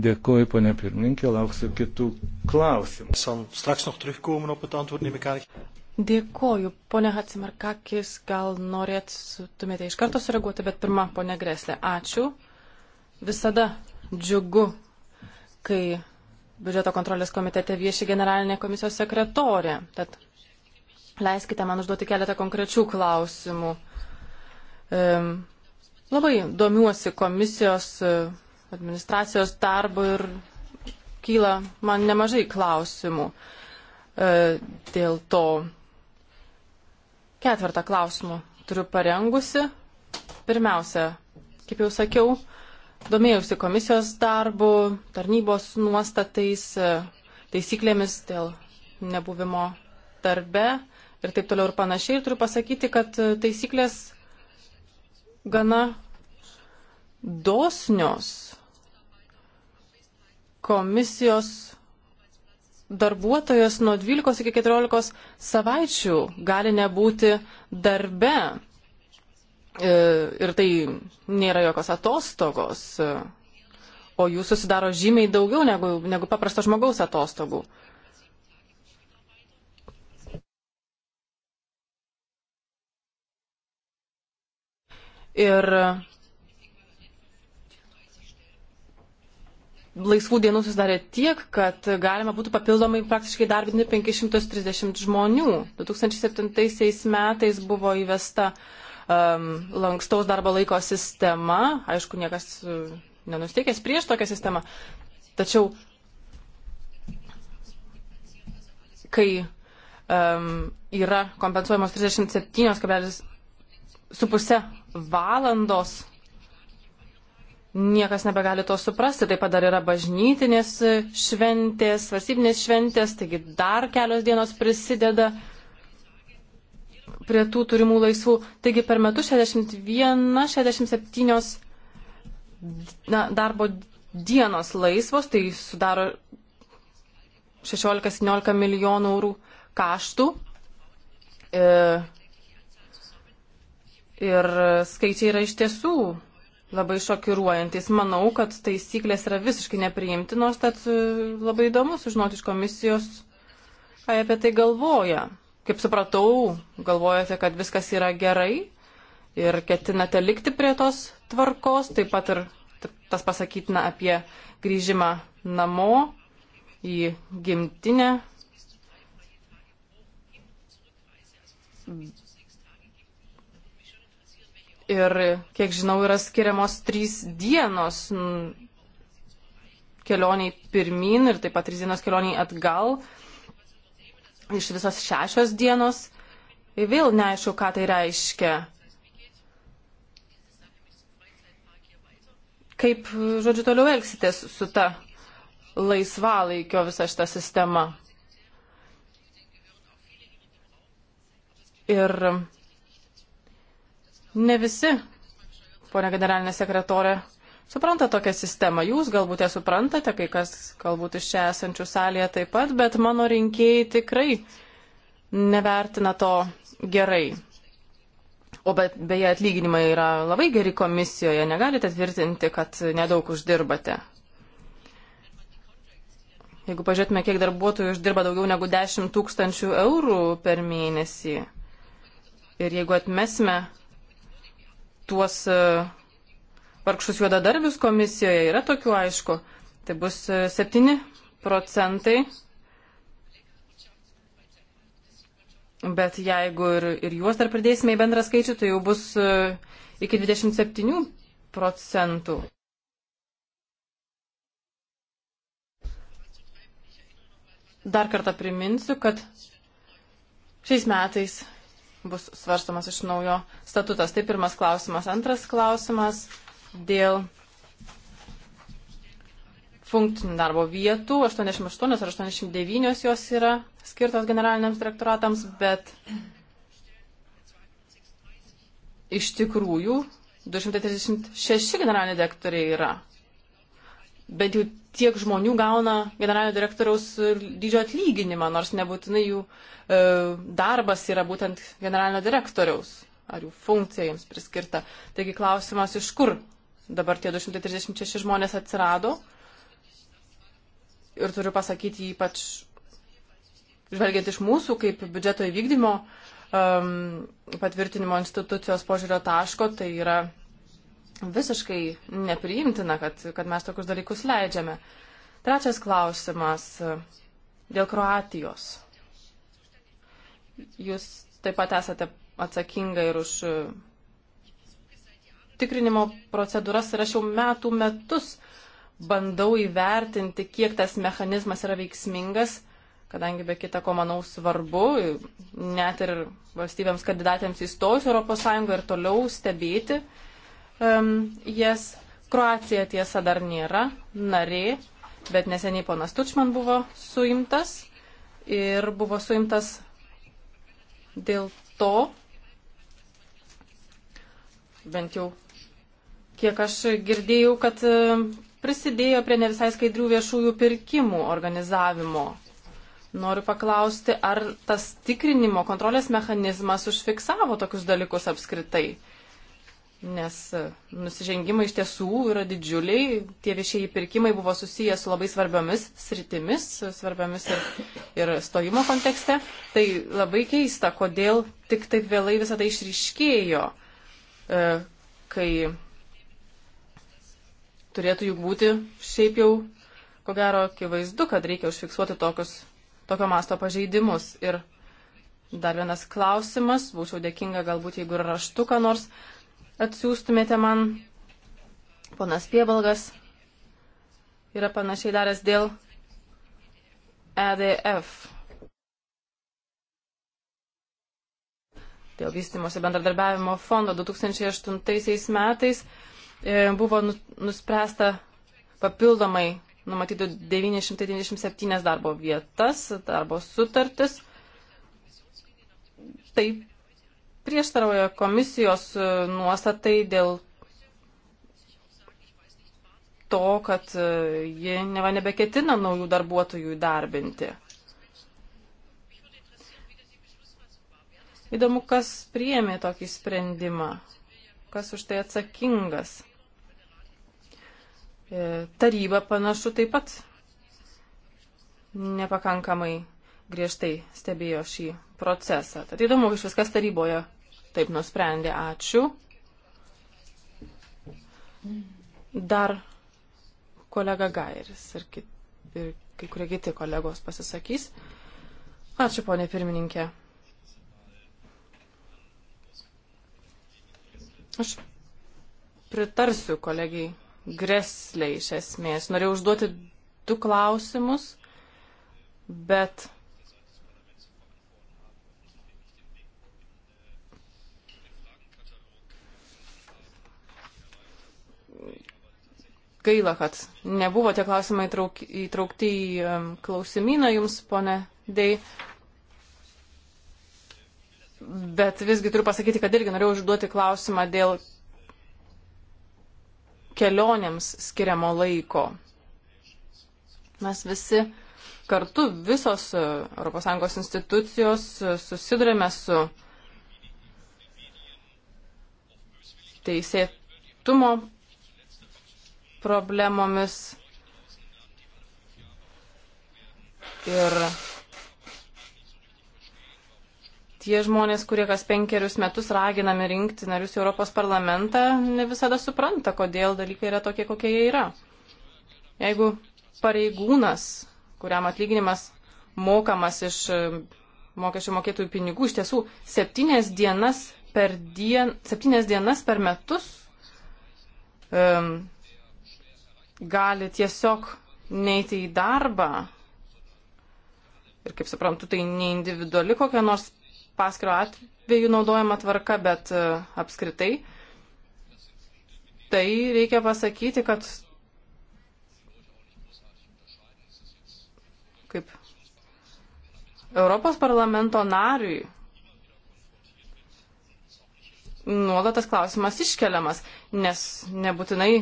Dėkuoju, ponė pirmininkė, lauksiu kitų klausimų. Dėkuoju, ponė Hatsimarkakis, gal norėtumėte iš karto sureaguoti, bet pirmą, ponė Greslė, ačiū. Visada džiugu, kai biudžeto kontrolės komitete vieši generalinė komisijos sekretorė. Tad Leiskite man užduoti keletą konkrečių klausimų. Labai domiuosi komisijos e, administracijos darbu ir kyla man nemažai klausimų e, dėl to. Ketvirtą klausimą turiu parengusi. Pirmiausia, kaip jau sakiau, domėjausi komisijos darbu, tarnybos nuostatais, e, taisyklėmis dėl nebuvimo darbe ir taip toliau ir panašiai. Ir turiu pasakyti, kad e, taisyklės gana dosnios komisijos darbuotojas nuo 12 iki 14 savaičių gali nebūti darbe. E, ir tai nėra jokios atostogos, e, o jų susidaro žymiai daugiau negu, negu paprasto žmogaus atostogų. ir laisvų dienų susidarė tiek, kad galima būtų papildomai praktiškai darbinti 530 žmonių. 2007 metais buvo įvesta um, lankstaus darbo laiko sistema, aišku, niekas uh, nenusteikęs prieš tokią sistemą, tačiau kai um, yra kompensuojamos 37,5 su pusę valandos. Niekas nebegali to suprasti. Taip pat dar yra bažnytinės šventės, valstybinės šventės, taigi dar kelios dienos prisideda prie tų turimų laisvų. Taigi per metus 61-67 na, darbo dienos laisvos, tai sudaro 16-17 milijonų eurų kaštų. E, Ir skaičiai yra iš tiesų labai šokiruojantis. Manau, kad taisyklės yra visiškai nepriimtinos, tad e, labai įdomu sužinoti iš komisijos, ką apie tai galvoja. Kaip supratau, galvojate, kad viskas yra gerai ir ketinate likti prie tos tvarkos, taip pat ir tas pasakytina apie grįžimą namo į gimtinę. Ir, kiek žinau, yra skiriamos trys dienos kelioniai pirmin ir taip pat trys dienos kelioniai atgal. Iš visos šešios dienos. Ir vėl neaišku, ką tai reiškia. Kaip, žodžiu, toliau elgsitės su ta laisvalaikio visa šita sistema? Ir Ne visi, ponia generalinė sekretorė, supranta tokią sistemą. Jūs galbūt ją suprantate, kai kas galbūt iš čia esančių salėje taip pat, bet mano rinkėjai tikrai nevertina to gerai. O bet beje atlyginimai yra labai geri komisijoje, negalite tvirtinti, kad nedaug uždirbate. Jeigu pažiūrėtume, kiek darbuotojų uždirba daugiau negu 10 tūkstančių eurų per mėnesį ir jeigu atmesime tuos e, vargšus juodadarbius komisijoje, yra tokių aišku, tai bus 7 e, procentai. Bet jeigu ir, ir juos dar pridėsime į bendrą skaičių, tai jau bus e, iki 27 procentų. Dar kartą priminsiu, kad šiais metais bus svarstomas iš naujo statutas. Tai pirmas klausimas. Antras klausimas dėl funkcinių darbo vietų. 88 ar 89 jos yra skirtos generaliniams direktoratams, bet iš tikrųjų 236 generaliniai direktoriai yra bent jau tiek žmonių gauna generalinio direktoriaus e, dydžio atlyginimą, nors nebūtinai jų e, darbas yra būtent generalinio direktoriaus ar jų funkcija jiems priskirta. Taigi klausimas, iš kur dabar tie 236 žmonės atsirado. Ir turiu pasakyti ypač, žvelgiant iš mūsų kaip biudžeto įvykdymo um, patvirtinimo institucijos požiūrio taško, tai yra visiškai nepriimtina, kad, kad mes tokius dalykus leidžiame. Trečias klausimas e, dėl Kroatijos. Jūs taip pat esate atsakinga ir už e, tikrinimo procedūras ir aš jau metų metus bandau įvertinti, kiek tas mechanizmas yra veiksmingas, kadangi be kita ko manau svarbu, net ir valstybėms kandidatėms įstojus Europos Sąjungą ir toliau stebėti, uh, um, jas. Kroacija tiesa dar nėra narė, bet neseniai ponas Tučman buvo suimtas ir buvo suimtas dėl to, bent jau kiek aš girdėjau, kad prisidėjo prie ne visai skaidrių viešųjų pirkimų organizavimo. Noriu paklausti, ar tas tikrinimo kontrolės mechanizmas užfiksavo tokius dalykus apskritai? nes e, nusižengimai iš tiesų yra didžiuliai, tie viešieji pirkimai buvo susiję su labai svarbiomis sritimis, svarbiomis ir, ir stojimo kontekste. Tai labai keista, kodėl tik taip vėlai visą tai išryškėjo, e, kai turėtų juk būti šiaip jau, ko gero, akivaizdu, kad reikia užfiksuoti tokius, tokio masto pažeidimus. Ir dar vienas klausimas, būčiau dėkinga galbūt, jeigu raštu ką nors atsiųstumėte man. Ponas Piebalgas yra panašiai daręs dėl EDF. Dėl vystimosi bendradarbiavimo fondo 2008 metais e, buvo nu, nuspręsta papildomai numatyti 997 darbo vietas, darbo sutartis. Taip prieštarauja komisijos e, nuostatai dėl to, kad e, ji neva nebeketina naujų darbuotojų įdarbinti. Įdomu, kas priėmė tokį sprendimą, kas už tai atsakingas. E, taryba panašu taip pat nepakankamai griežtai stebėjo šį procesą. Tad įdomu, iš viskas taryboje taip nusprendė. Ačiū. Dar kolega Gairis ir, kit, ir kai kurie kiti kolegos pasisakys. Ačiū, ponė pirmininkė. Aš pritarsiu kolegijai Greslė iš esmės. Norėjau užduoti du klausimus, bet gaila, kad nebuvo tie klausimai trauk, įtraukti į klausimyną jums, ponė Dei. Bet visgi turiu pasakyti, kad irgi norėjau užduoti klausimą dėl kelionėms skiriamo laiko. Mes visi kartu, visos ES institucijos e, susidurėme su teisėtumo problemomis. Ir tie žmonės, kurie kas penkerius metus raginami rinkti narius į Europos parlamentą, ne visada supranta, kodėl dalykai yra tokie, kokie jie yra. Jeigu pareigūnas, kuriam atlyginimas mokamas iš e, mokesčių mokėtojų pinigų, iš tiesų septynės dienas per, dien, septynės dienas per metus um, gali tiesiog neiti į darbą. Ir kaip suprantu, tai ne individuali kokia nors paskiro atveju naudojama tvarka, bet e, apskritai. Tai reikia pasakyti, kad kaip Europos parlamento nariui nuolatas klausimas iškeliamas, nes nebūtinai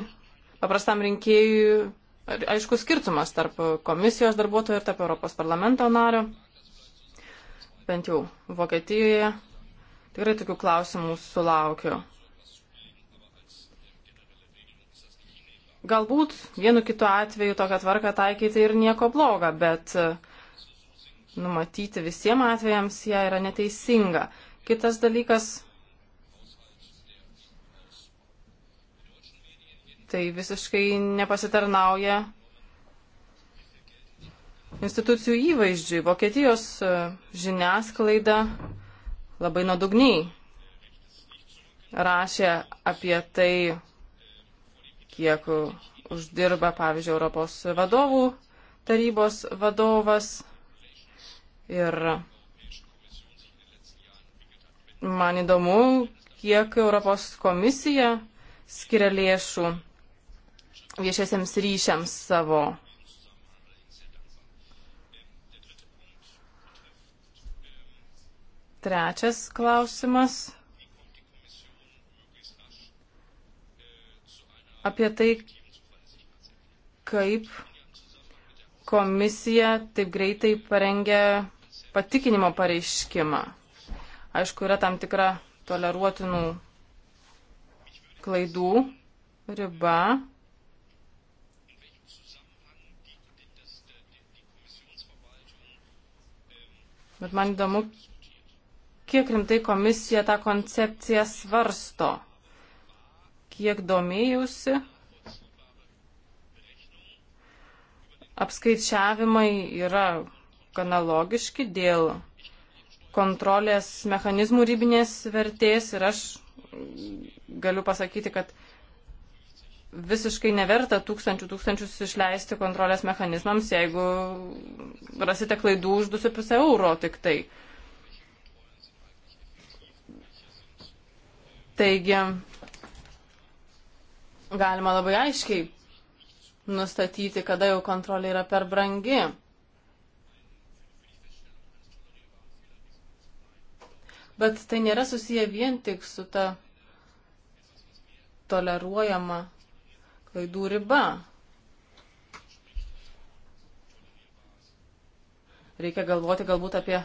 paprastam rinkėjui aišku skirtumas tarp komisijos darbuotojo ir tarp Europos parlamento nario. Bent jau Vokietijoje tikrai tokių klausimų sulaukiu. Galbūt vienu kitu atveju tokią tvarką taikyti ir nieko bloga, bet e, numatyti visiems atvejams ją yra neteisinga. Kitas dalykas tai visiškai nepasitarnauja institucijų įvaizdžiui. Vokietijos e, žiniasklaida labai nuodugniai rašė apie tai, kiek uždirba, pavyzdžiui, Europos vadovų tarybos vadovas. Ir man įdomu, kiek Europos komisija skiria lėšų viešiesiems ryšiams savo. Trečias klausimas. Apie tai, kaip komisija taip greitai parengė patikinimo pareiškimą. Aišku, yra tam tikra toleruotinų klaidų riba. Bet man įdomu, kiek rimtai komisija tą koncepciją svarsto. Kiek domėjusi, apskaičiavimai yra gana logiški dėl kontrolės mechanizmų rybinės vertės ir aš galiu pasakyti, kad visiškai neverta tūkstančių tūkstančius išleisti kontrolės mechanizmams, jeigu rasite klaidų už 2,5 euro tik tai. Taigi, galima labai aiškiai nustatyti, kada jau kontrolė yra per brangi. Bet tai nėra susiję vien tik su ta toleruojama klaidų riba. Reikia galvoti galbūt apie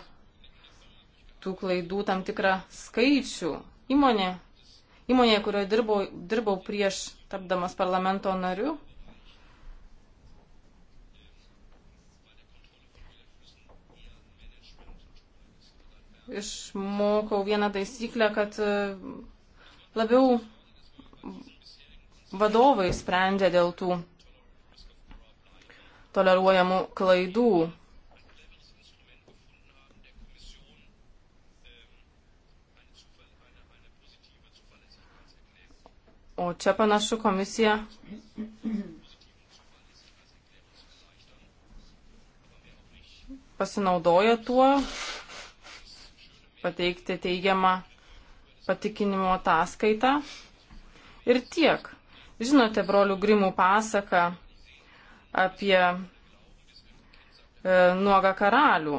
tų klaidų tam tikrą skaičių. Įmonė, įmonėje, kurioje dirbau, dirbau prieš tapdamas parlamento nariu, išmokau vieną taisyklę, kad e, labiau vadovai sprendžia dėl tų toleruojamų klaidų. O čia panašu komisija pasinaudoja tuo pateikti teigiamą patikinimo ataskaitą ir tiek. Žinote brolių Grimų pasaką apie e, nuogą karalių.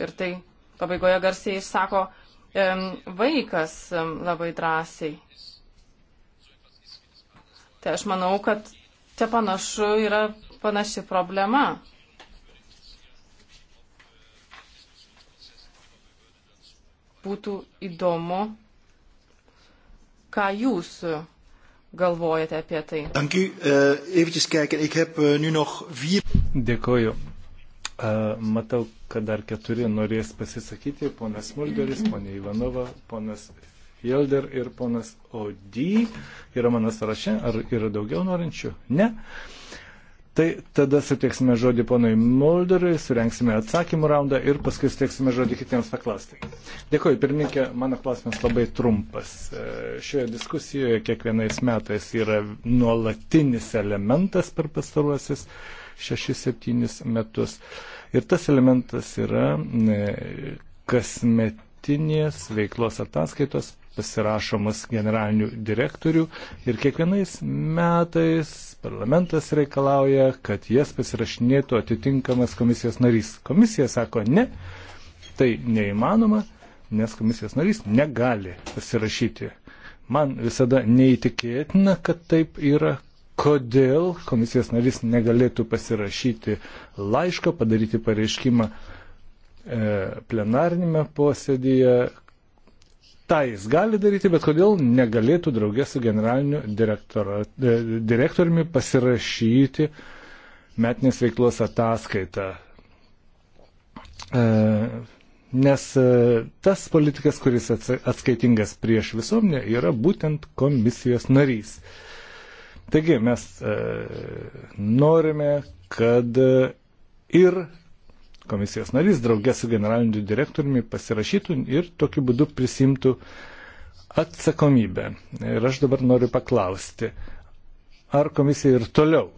Ir tai pabaigoje garsiai išsako e, vaikas e, labai drąsiai. Tai aš manau, kad čia panašu yra panaši problema. būtų įdomu, ką jūs galvojate apie tai. Eh, eh, nu Dėkoju. Eh, matau, kad dar keturi norės pasisakyti. Ponas Mulderis, ponė Ivanova, ponas Fielder ir ponas Odį yra mano sąraše. Ar yra daugiau norinčių? Ne. Uh, Tai tada suteiksime žodį ponui Mulderiui, surenksime atsakymų raundą ir paskui suteiksime žodį kitiems paklausti. Dėkuoju, pirmininkė, mano klausimas labai trumpas. E, šioje diskusijoje kiekvienais metais yra nuolatinis elementas per pastaruosius 6-7 metus. Ir tas elementas yra e, kasmet metinės veiklos ataskaitos pasirašomas generalinių direktorių ir kiekvienais metais parlamentas reikalauja, kad jas pasirašinėtų atitinkamas komisijos narys. Komisija sako ne, tai neįmanoma, nes komisijos narys negali pasirašyti. Man visada neįtikėtina, kad taip yra. Kodėl komisijos narys negalėtų pasirašyti laiško, padaryti pareiškimą e, plenarnime posėdėje, tą jis gali daryti, bet kodėl negalėtų draugė su generaliniu e, direktoriumi pasirašyti metinės veiklos ataskaitą. E, nes e, tas politikas, kuris atskaitingas prieš visuomenę, yra būtent komisijos narys. Taigi mes norime, kad ir komisijos narys draugė su generaliniu direktoriumi pasirašytų ir tokiu būdu prisimtų atsakomybę. Ir aš dabar noriu paklausti, ar komisija ir toliau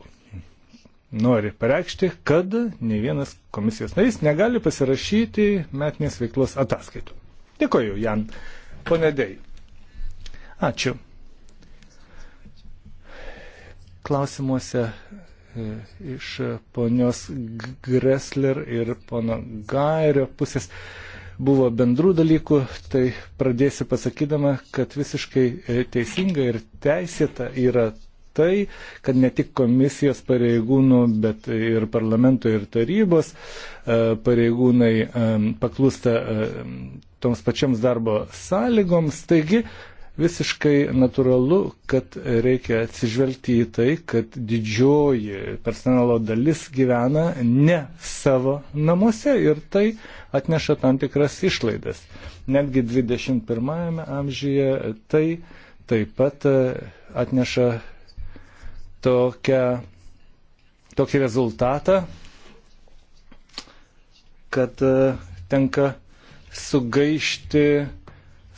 nori pareikšti, kad ne vienas komisijos narys negali pasirašyti metinės veiklos ataskaitų. Dėkoju, Jan. Ponedėj. Ačiū. Klausimuose E, iš ponios Gressler ir pono Gairio pusės buvo bendrų dalykų, tai pradėsiu pasakydama, kad visiškai e, teisinga ir teisėta yra tai, kad ne tik komisijos pareigūnų, bet ir parlamento ir tarybos e, pareigūnai paklūsta toms pačioms darbo sąlygoms. Taigi Visiškai natūralu, kad reikia atsižvelgti į tai, kad didžioji personalo dalis gyvena ne savo namuose ir tai atneša tam tikras išlaidas. Netgi 21-ame amžiuje tai taip pat e, atneša tokią, tokį rezultatą, kad e, tenka sugaišti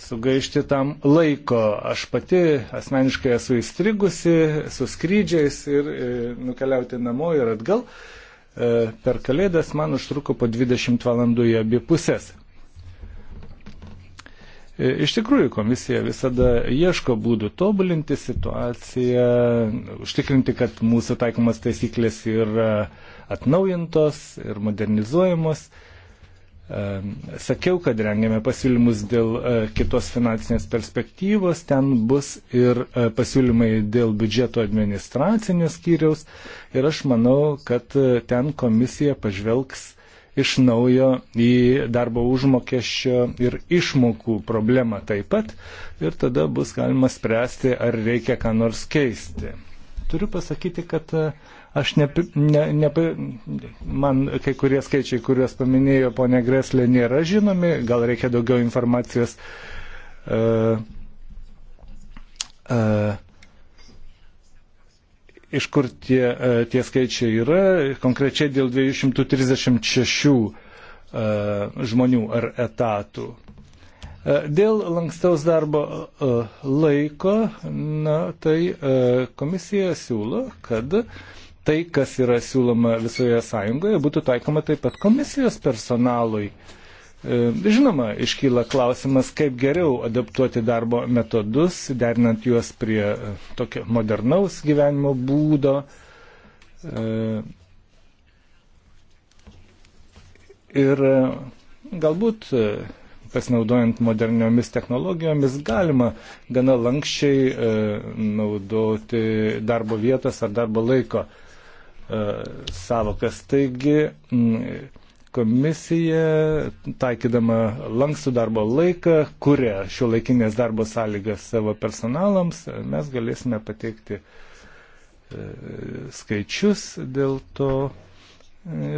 sugaišti tam laiko. Aš pati asmeniškai esu įstrigusi su skrydžiais ir e, nukeliauti namo ir atgal. E, per kalėdas man užtruko po 20 valandų į abi pusės. E, iš tikrųjų, komisija visada ieško būdų tobulinti situaciją, užtikrinti, kad mūsų taikomas taisyklės yra atnaujintos ir modernizuojamos. Uh, Sakiau, kad rengiame pasiūlymus dėl e, kitos finansinės perspektyvos, ten bus ir e, pasiūlymai dėl biudžeto administracinio skyriaus ir aš manau, kad e, ten komisija pažvelgs iš naujo į darbo užmokesčio ir išmokų problemą taip pat ir tada bus galima spręsti, ar reikia ką nors keisti. Turiu pasakyti, kad Aš ne, ne, ne, man kai kurie skaičiai, kuriuos paminėjo ponė Greslė, nėra žinomi, gal reikia daugiau informacijos. Uh, uh, iš kur tie, uh, tie skaičiai yra, konkrečiai dėl 236 uh, žmonių ar etatų. Dėl lankstaus darbo laiko, na, tai komisija siūlo, kad uh, tai, kas yra siūloma visoje sąjungoje, būtų taikoma taip pat komisijos personalui. E, žinoma, iškyla klausimas, kaip geriau adaptuoti darbo metodus, derinant juos prie e, tokio modernaus gyvenimo būdo. E, ir galbūt pasinaudojant moderniomis technologijomis galima gana lankščiai naudoti darbo vietas ar darbo laiko E, savokas. Taigi komisija, taikydama lankstų darbo laiką, kuria šio laikinės darbo sąlygas savo personalams, mes galėsime pateikti e, skaičius dėl to.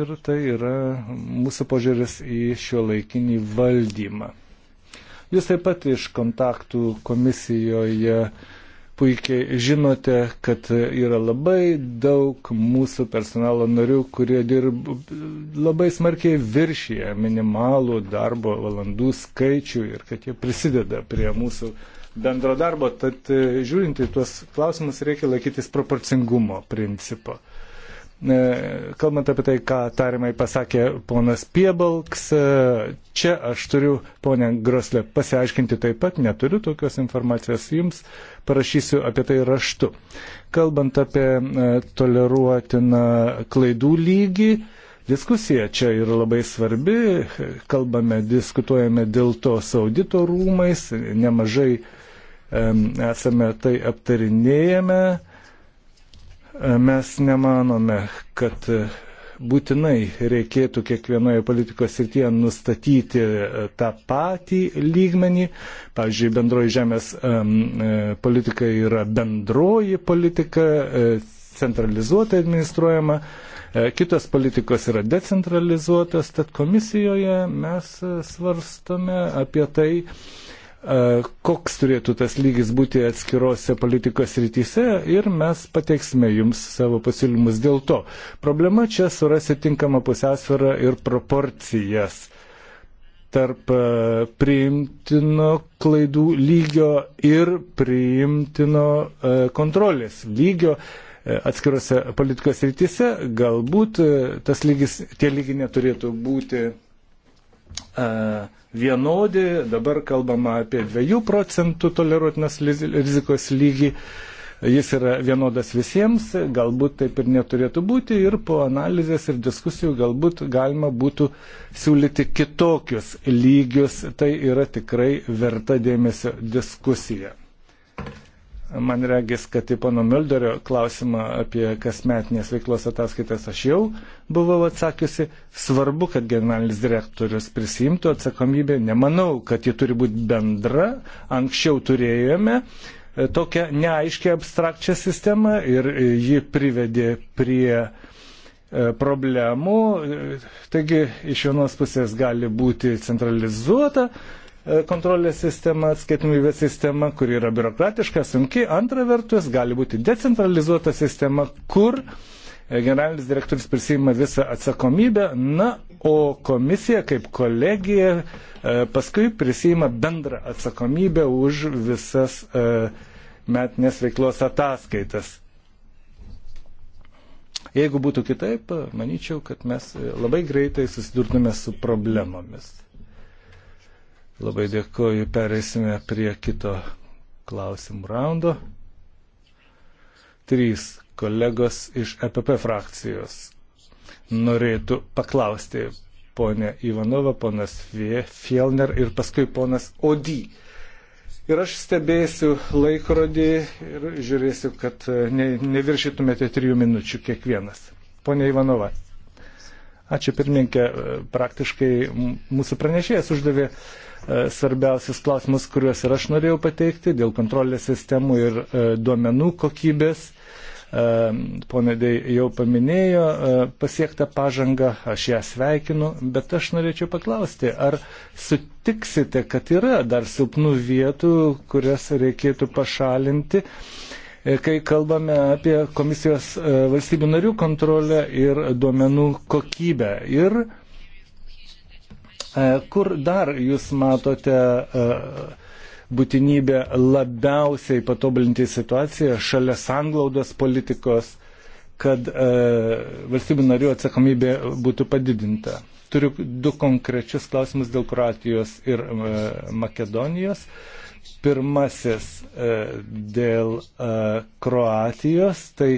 Ir tai yra mūsų požiūris į šio laikinį valdymą. Jūs taip pat iš kontaktų komisijoje uh, puikiai žinote, kad yra labai daug mūsų personalo narių, kurie dirb, labai smarkiai viršyje minimalų darbo valandų skaičių ir kad jie prisideda prie mūsų bendro darbo. Tad žiūrint į tuos klausimus reikia laikytis proporcingumo principo. E, kalbant apie tai, ką tariamai pasakė ponas Piebalks, e, čia aš turiu, ponė Groslė, pasiaiškinti taip pat, neturiu tokios informacijos jums, parašysiu apie tai raštu. Kalbant apie e, toleruotiną klaidų lygį, diskusija čia yra labai svarbi, kalbame, diskutuojame dėl to su audito rūmais, nemažai esame tai aptarinėjame Mes nemanome, kad būtinai reikėtų kiekvienoje politikos srityje nustatyti e, tą patį lygmenį. Pavyzdžiui, bendroji žemės e, politika yra bendroji politika, e, centralizuotai administruojama, kitos politikos yra decentralizuotos, tad komisijoje mes svarstome apie tai, koks turėtų tas lygis būti atskirose politikos rytise ir mes pateiksime jums savo pasiūlymus dėl to. Problema čia surasi tinkamą pusiausvyrą ir proporcijas tarp priimtino klaidų lygio ir priimtino kontrolės lygio atskirose politikos rytise. Galbūt tas lygis, tie lygiai neturėtų būti E, vienodi, dabar kalbama apie 2 procentų toleruotinas rizikos lygį, jis yra vienodas visiems, galbūt taip ir neturėtų būti ir po analizės ir diskusijų galbūt galima būtų siūlyti kitokius lygius, tai yra tikrai verta dėmesio diskusija. Man regis, kad į pono Mülderio klausimą apie kasmetinės veiklos ataskaitas aš jau buvau atsakiusi. Svarbu, kad generalinis direktorius prisimtų atsakomybę. Nemanau, kad ji turi būti bendra. Anksčiau turėjome e, tokią neaiškę abstrakčią sistemą ir ji privedė prie e, problemų. E, taigi iš vienos pusės gali būti centralizuota E, kontrolės sistema, atskaitomybės sistema, kuri yra biurokratiška, sunki, antra vertus gali būti decentralizuota sistema, kur e, generalinis direktorius prisima visą atsakomybę, na, o komisija kaip kolegija e, paskui prisima bendrą atsakomybę už visas metinės veiklos ataskaitas. Jeigu būtų kitaip, manyčiau, kad mes labai greitai susidurtume su problemomis. Labai dėkoju, pereisime prie kito klausimų raundo. Trys kolegos iš EPP frakcijos norėtų paklausti ponę Ivanovą, ponas Fielner ir paskui ponas Odį. Ir aš stebėsiu laikrodį ir žiūrėsiu, kad e, ne, neviršytumėte trijų minučių kiekvienas. Pone Ivanova. Ačiū pirmininkė, e, praktiškai mūsų pranešėjas uždavė uh, E, svarbiausius klausimus, kuriuos ir aš norėjau pateikti dėl kontrolės sistemų ir e, duomenų kokybės. E, Ponedai jau paminėjo pasiektą pažangą, aš ją sveikinu, bet aš norėčiau paklausti, ar sutiksite, kad yra dar silpnų vietų, kurias reikėtų pašalinti? kai kalbame apie komisijos valstybių narių kontrolę ir duomenų kokybę. Ir E, kur dar jūs matote e, būtinybę labiausiai patobulinti situaciją šalia sanglaudos politikos, kad e, valstybių narių atsakomybė būtų padidinta? Turiu du konkrečius klausimus dėl Kroatijos ir Makedonijos. Pirmasis dėl Kroatijos, tai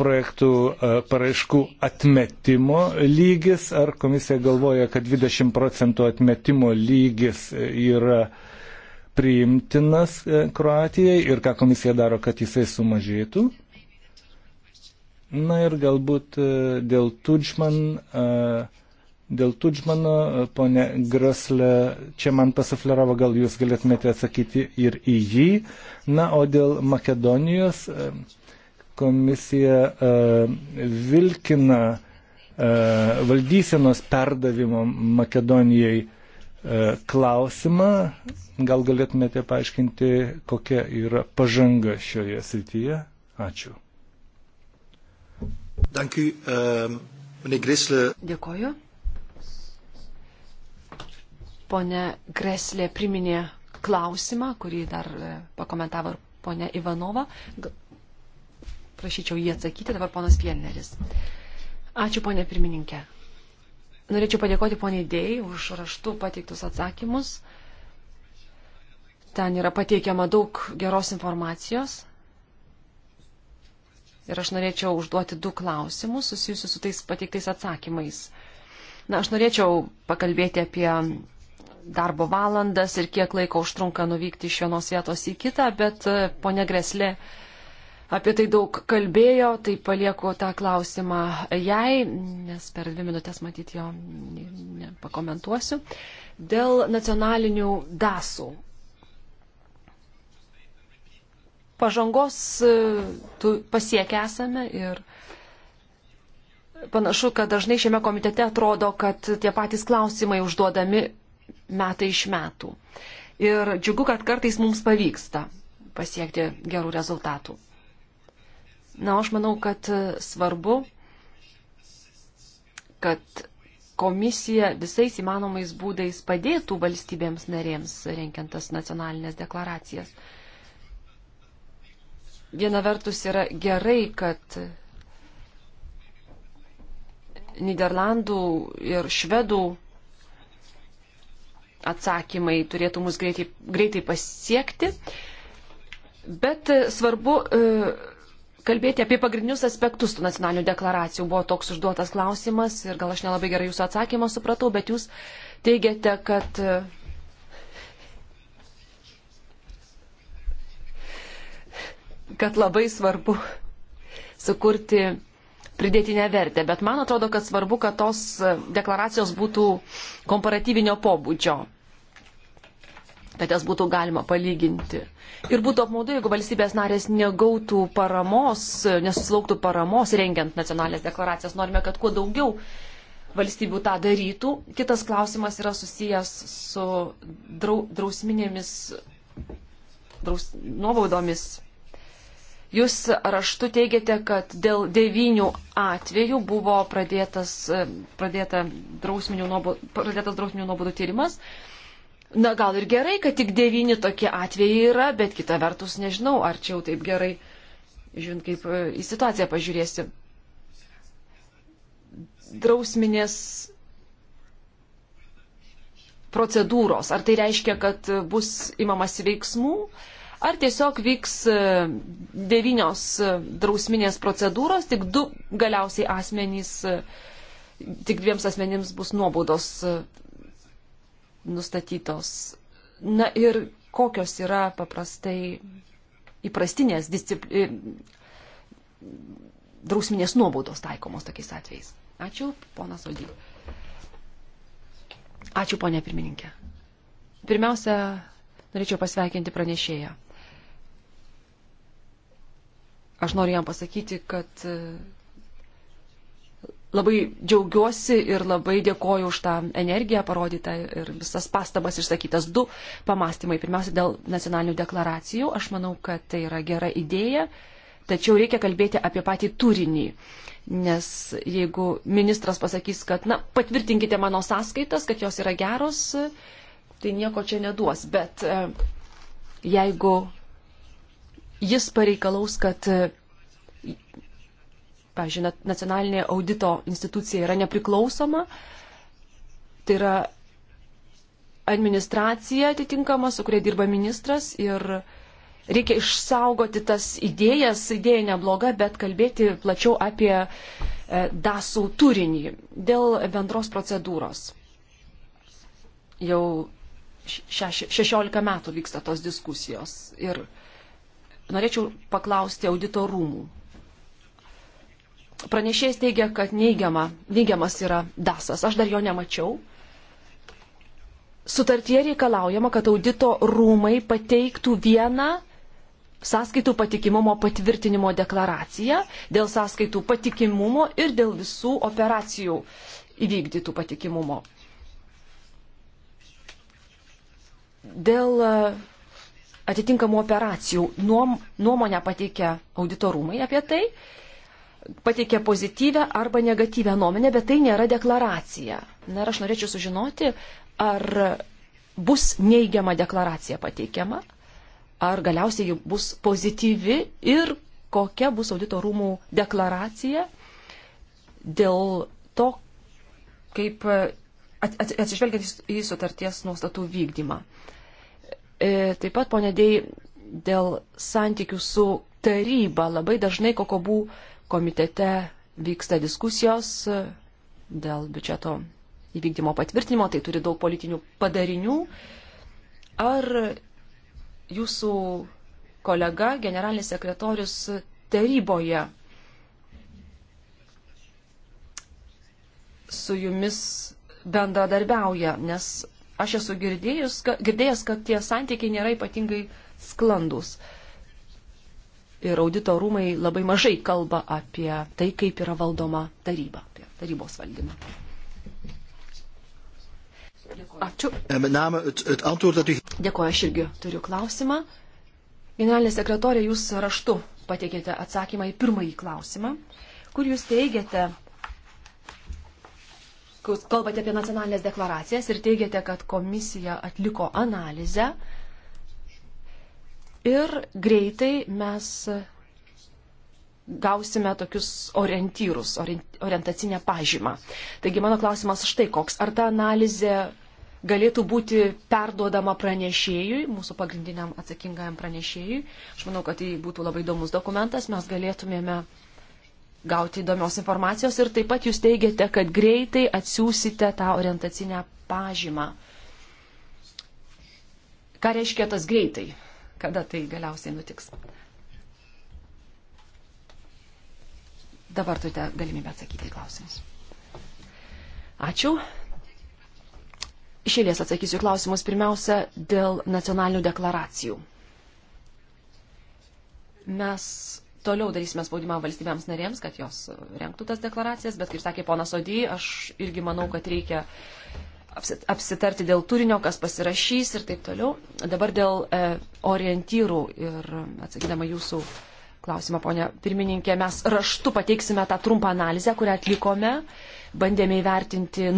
projektų e, paraiškų atmetimo lygis, ar komisija galvoja, kad 20 procentų atmetimo lygis yra priimtinas e, Kroatijai ir ką komisija daro, kad jisai sumažėtų. Na ir galbūt e, dėl Tudžman, dėl Tudžmano, ponė Grasle, čia man pasufleravo, gal jūs galėtumėte atsakyti ir į jį. Na, o dėl Makedonijos komisija e, vilkina e, valdysenos perdavimo Makedonijai e, klausimą. Gal galėtumėte paaiškinti, kokia yra pažanga šioje srityje? Ačiū. Dank u, uh, um, meneer Grisle. Dėkoju. Pone Greslė priminė klausimą, kurį dar pakomentavo ir ponė Ivanova prašyčiau jį atsakyti, dabar ponas Pielneris. Ačiū, ponė pirmininkė. Norėčiau padėkoti poniai Dėjai už raštų pateiktus atsakymus. Ten yra pateikiama daug geros informacijos. Ir aš norėčiau užduoti du klausimus susijusius su tais pateiktais atsakymais. Na, aš norėčiau pakalbėti apie darbo valandas ir kiek laiko užtrunka nuvykti iš vienos vietos į kitą, bet e, ponia Greslė apie tai daug kalbėjo, tai palieku tą klausimą jai, nes per dvi minutės matyt jo nepakomentuosiu. Dėl nacionalinių dasų. Pažangos e, pasiekę esame ir panašu, kad dažnai šiame komitete atrodo, kad tie patys klausimai užduodami metai iš metų. Ir džiugu, kad kartais mums pavyksta pasiekti gerų rezultatų. Na, aš manau, kad e, svarbu, kad komisija visais įmanomais būdais padėtų valstybėms narėms renkiant tas nacionalinės deklaracijas. Viena vertus yra gerai, kad Niderlandų ir švedų atsakymai turėtų mus greitai, greitai pasiekti, bet e, svarbu e, kalbėti apie pagrindinius aspektus tų nacionalinių deklaracijų. Buvo toks užduotas klausimas ir gal aš nelabai gerai jūsų atsakymą supratau, bet jūs teigiate, kad. kad labai svarbu sukurti pridėtinę vertę, bet man atrodo, kad svarbu, kad tos deklaracijos būtų komparatyvinio pobūdžio kad jas būtų galima palyginti. Ir būtų apmaudu, jeigu valstybės narės negautų paramos, nesusilauktų paramos rengiant nacionalinės deklaracijas. Norime, kad kuo daugiau valstybių tą darytų. Kitas klausimas yra susijęs su drau, drausminėmis draus, nuobaudomis. Jūs raštu teigiate, kad dėl devynių atvejų buvo pradėtas, pradėta drausminių nuobaudų, pradėtas drausminių nuobaudų tyrimas. Na gal ir gerai, kad tik devyni tokie atvejai yra, bet kita vertus nežinau, ar čia jau taip gerai, žiūrint, kaip e, į situaciją pažiūrėsi. Drausminės procedūros, ar tai reiškia, kad bus imamasi veiksmų, ar tiesiog vyks e, devynios e, drausminės procedūros, tik du galiausiai asmenys, tik dviems asmenims bus nuobaudos nustatytos. Na ir kokios yra paprastai įprastinės discipli... E, drausminės nuobaudos taikomos tokiais atvejais. Ačiū, ponas Aldy. Ačiū, ponė pirmininkė. Pirmiausia, norėčiau pasveikinti pranešėją. Aš noriu jam pasakyti, kad labai džiaugiuosi ir labai dėkoju už tą energiją parodytą ir visas pastabas išsakytas. Du pamastymai. Pirmiausia, dėl nacionalinių deklaracijų. Aš manau, kad tai yra gera idėja, tačiau reikia kalbėti apie patį turinį. Nes jeigu ministras pasakys, kad, na, patvirtinkite mano sąskaitas, kad jos yra geros, tai nieko čia neduos. Bet e, jeigu jis pareikalaus, kad pažiūrėjau, nacionalinė audito institucija yra nepriklausoma, tai yra administracija atitinkama, su kuria dirba ministras ir reikia išsaugoti tas idėjas, idėja nebloga, bet kalbėti plačiau apie e, dasų turinį dėl bendros procedūros. Jau 16 metų vyksta tos diskusijos ir norėčiau paklausti auditorumų Pranešėjas teigia, kad neigiama, neigiamas yra dasas. Aš dar jo nemačiau. Sutartie reikalaujama, kad audito rūmai pateiktų vieną sąskaitų patikimumo patvirtinimo deklaraciją dėl sąskaitų patikimumo ir dėl visų operacijų įvykdytų patikimumo. Dėl e, atitinkamų operacijų nuomonę pateikia auditorumai apie tai pateikia pozityvę arba negatyvę nuomonę, bet tai nėra deklaracija. Na ir aš norėčiau sužinoti, ar bus neigiama deklaracija pateikiama, ar galiausiai ji bus pozityvi ir kokia bus audito rūmų deklaracija dėl to, kaip atsižvelgiant į sutarties nuostatų vykdymą. E, taip pat, ponė Dėj, dėl santykių su taryba labai dažnai kokobų komitete vyksta diskusijos e, dėl biudžeto įvykdymo patvirtinimo, tai turi daug politinių padarinių. Ar jūsų kolega, generalinis sekretorius taryboje su jumis bendradarbiauja, nes aš esu girdėjus, girdėjęs, kad tie santykiai nėra ypatingai sklandus. Uh, ir audito rūmai labai mažai kalba apie tai, kaip yra valdoma taryba, apie tarybos valdymą. Ačiū. Eh, Dėkuoju, aš irgi turiu klausimą. Generalinė sekretorė, jūs raštu pateikėte atsakymą į pirmąjį klausimą, kur jūs teigiate, kalbate apie nacionalinės deklaracijas ir teigiate, kad komisija atliko analizę ir greitai mes gausime tokius orientyrus, orientacinę pažymą. Taigi mano klausimas štai koks. Ar ta analizė galėtų būti perduodama pranešėjui, mūsų pagrindiniam atsakingajam pranešėjui. Aš manau, kad tai būtų labai įdomus dokumentas, mes galėtumėme gauti įdomios informacijos ir taip pat jūs teigiate, kad greitai atsiūsite tą orientacinę pažymą. Ką reiškia tas greitai? kada tai galiausiai nutiks. Dabar turite galimybę atsakyti į klausimus. Ačiū. Iš eilės atsakysiu klausimus pirmiausia dėl nacionalinių deklaracijų. Mes toliau darysime spaudimą valstybėms narėms, kad jos renktų tas deklaracijas, bet kaip sakė ponas Odį, aš irgi manau, kad reikia apsitarti dėl turinio, kas pasirašys ir taip toliau. Dabar dėl e, orientyrų ir atsakydama jūsų klausimą, ponia pirmininkė, mes raštu pateiksime tą trumpą analizę, kurią atlikome, bandėme įvertinti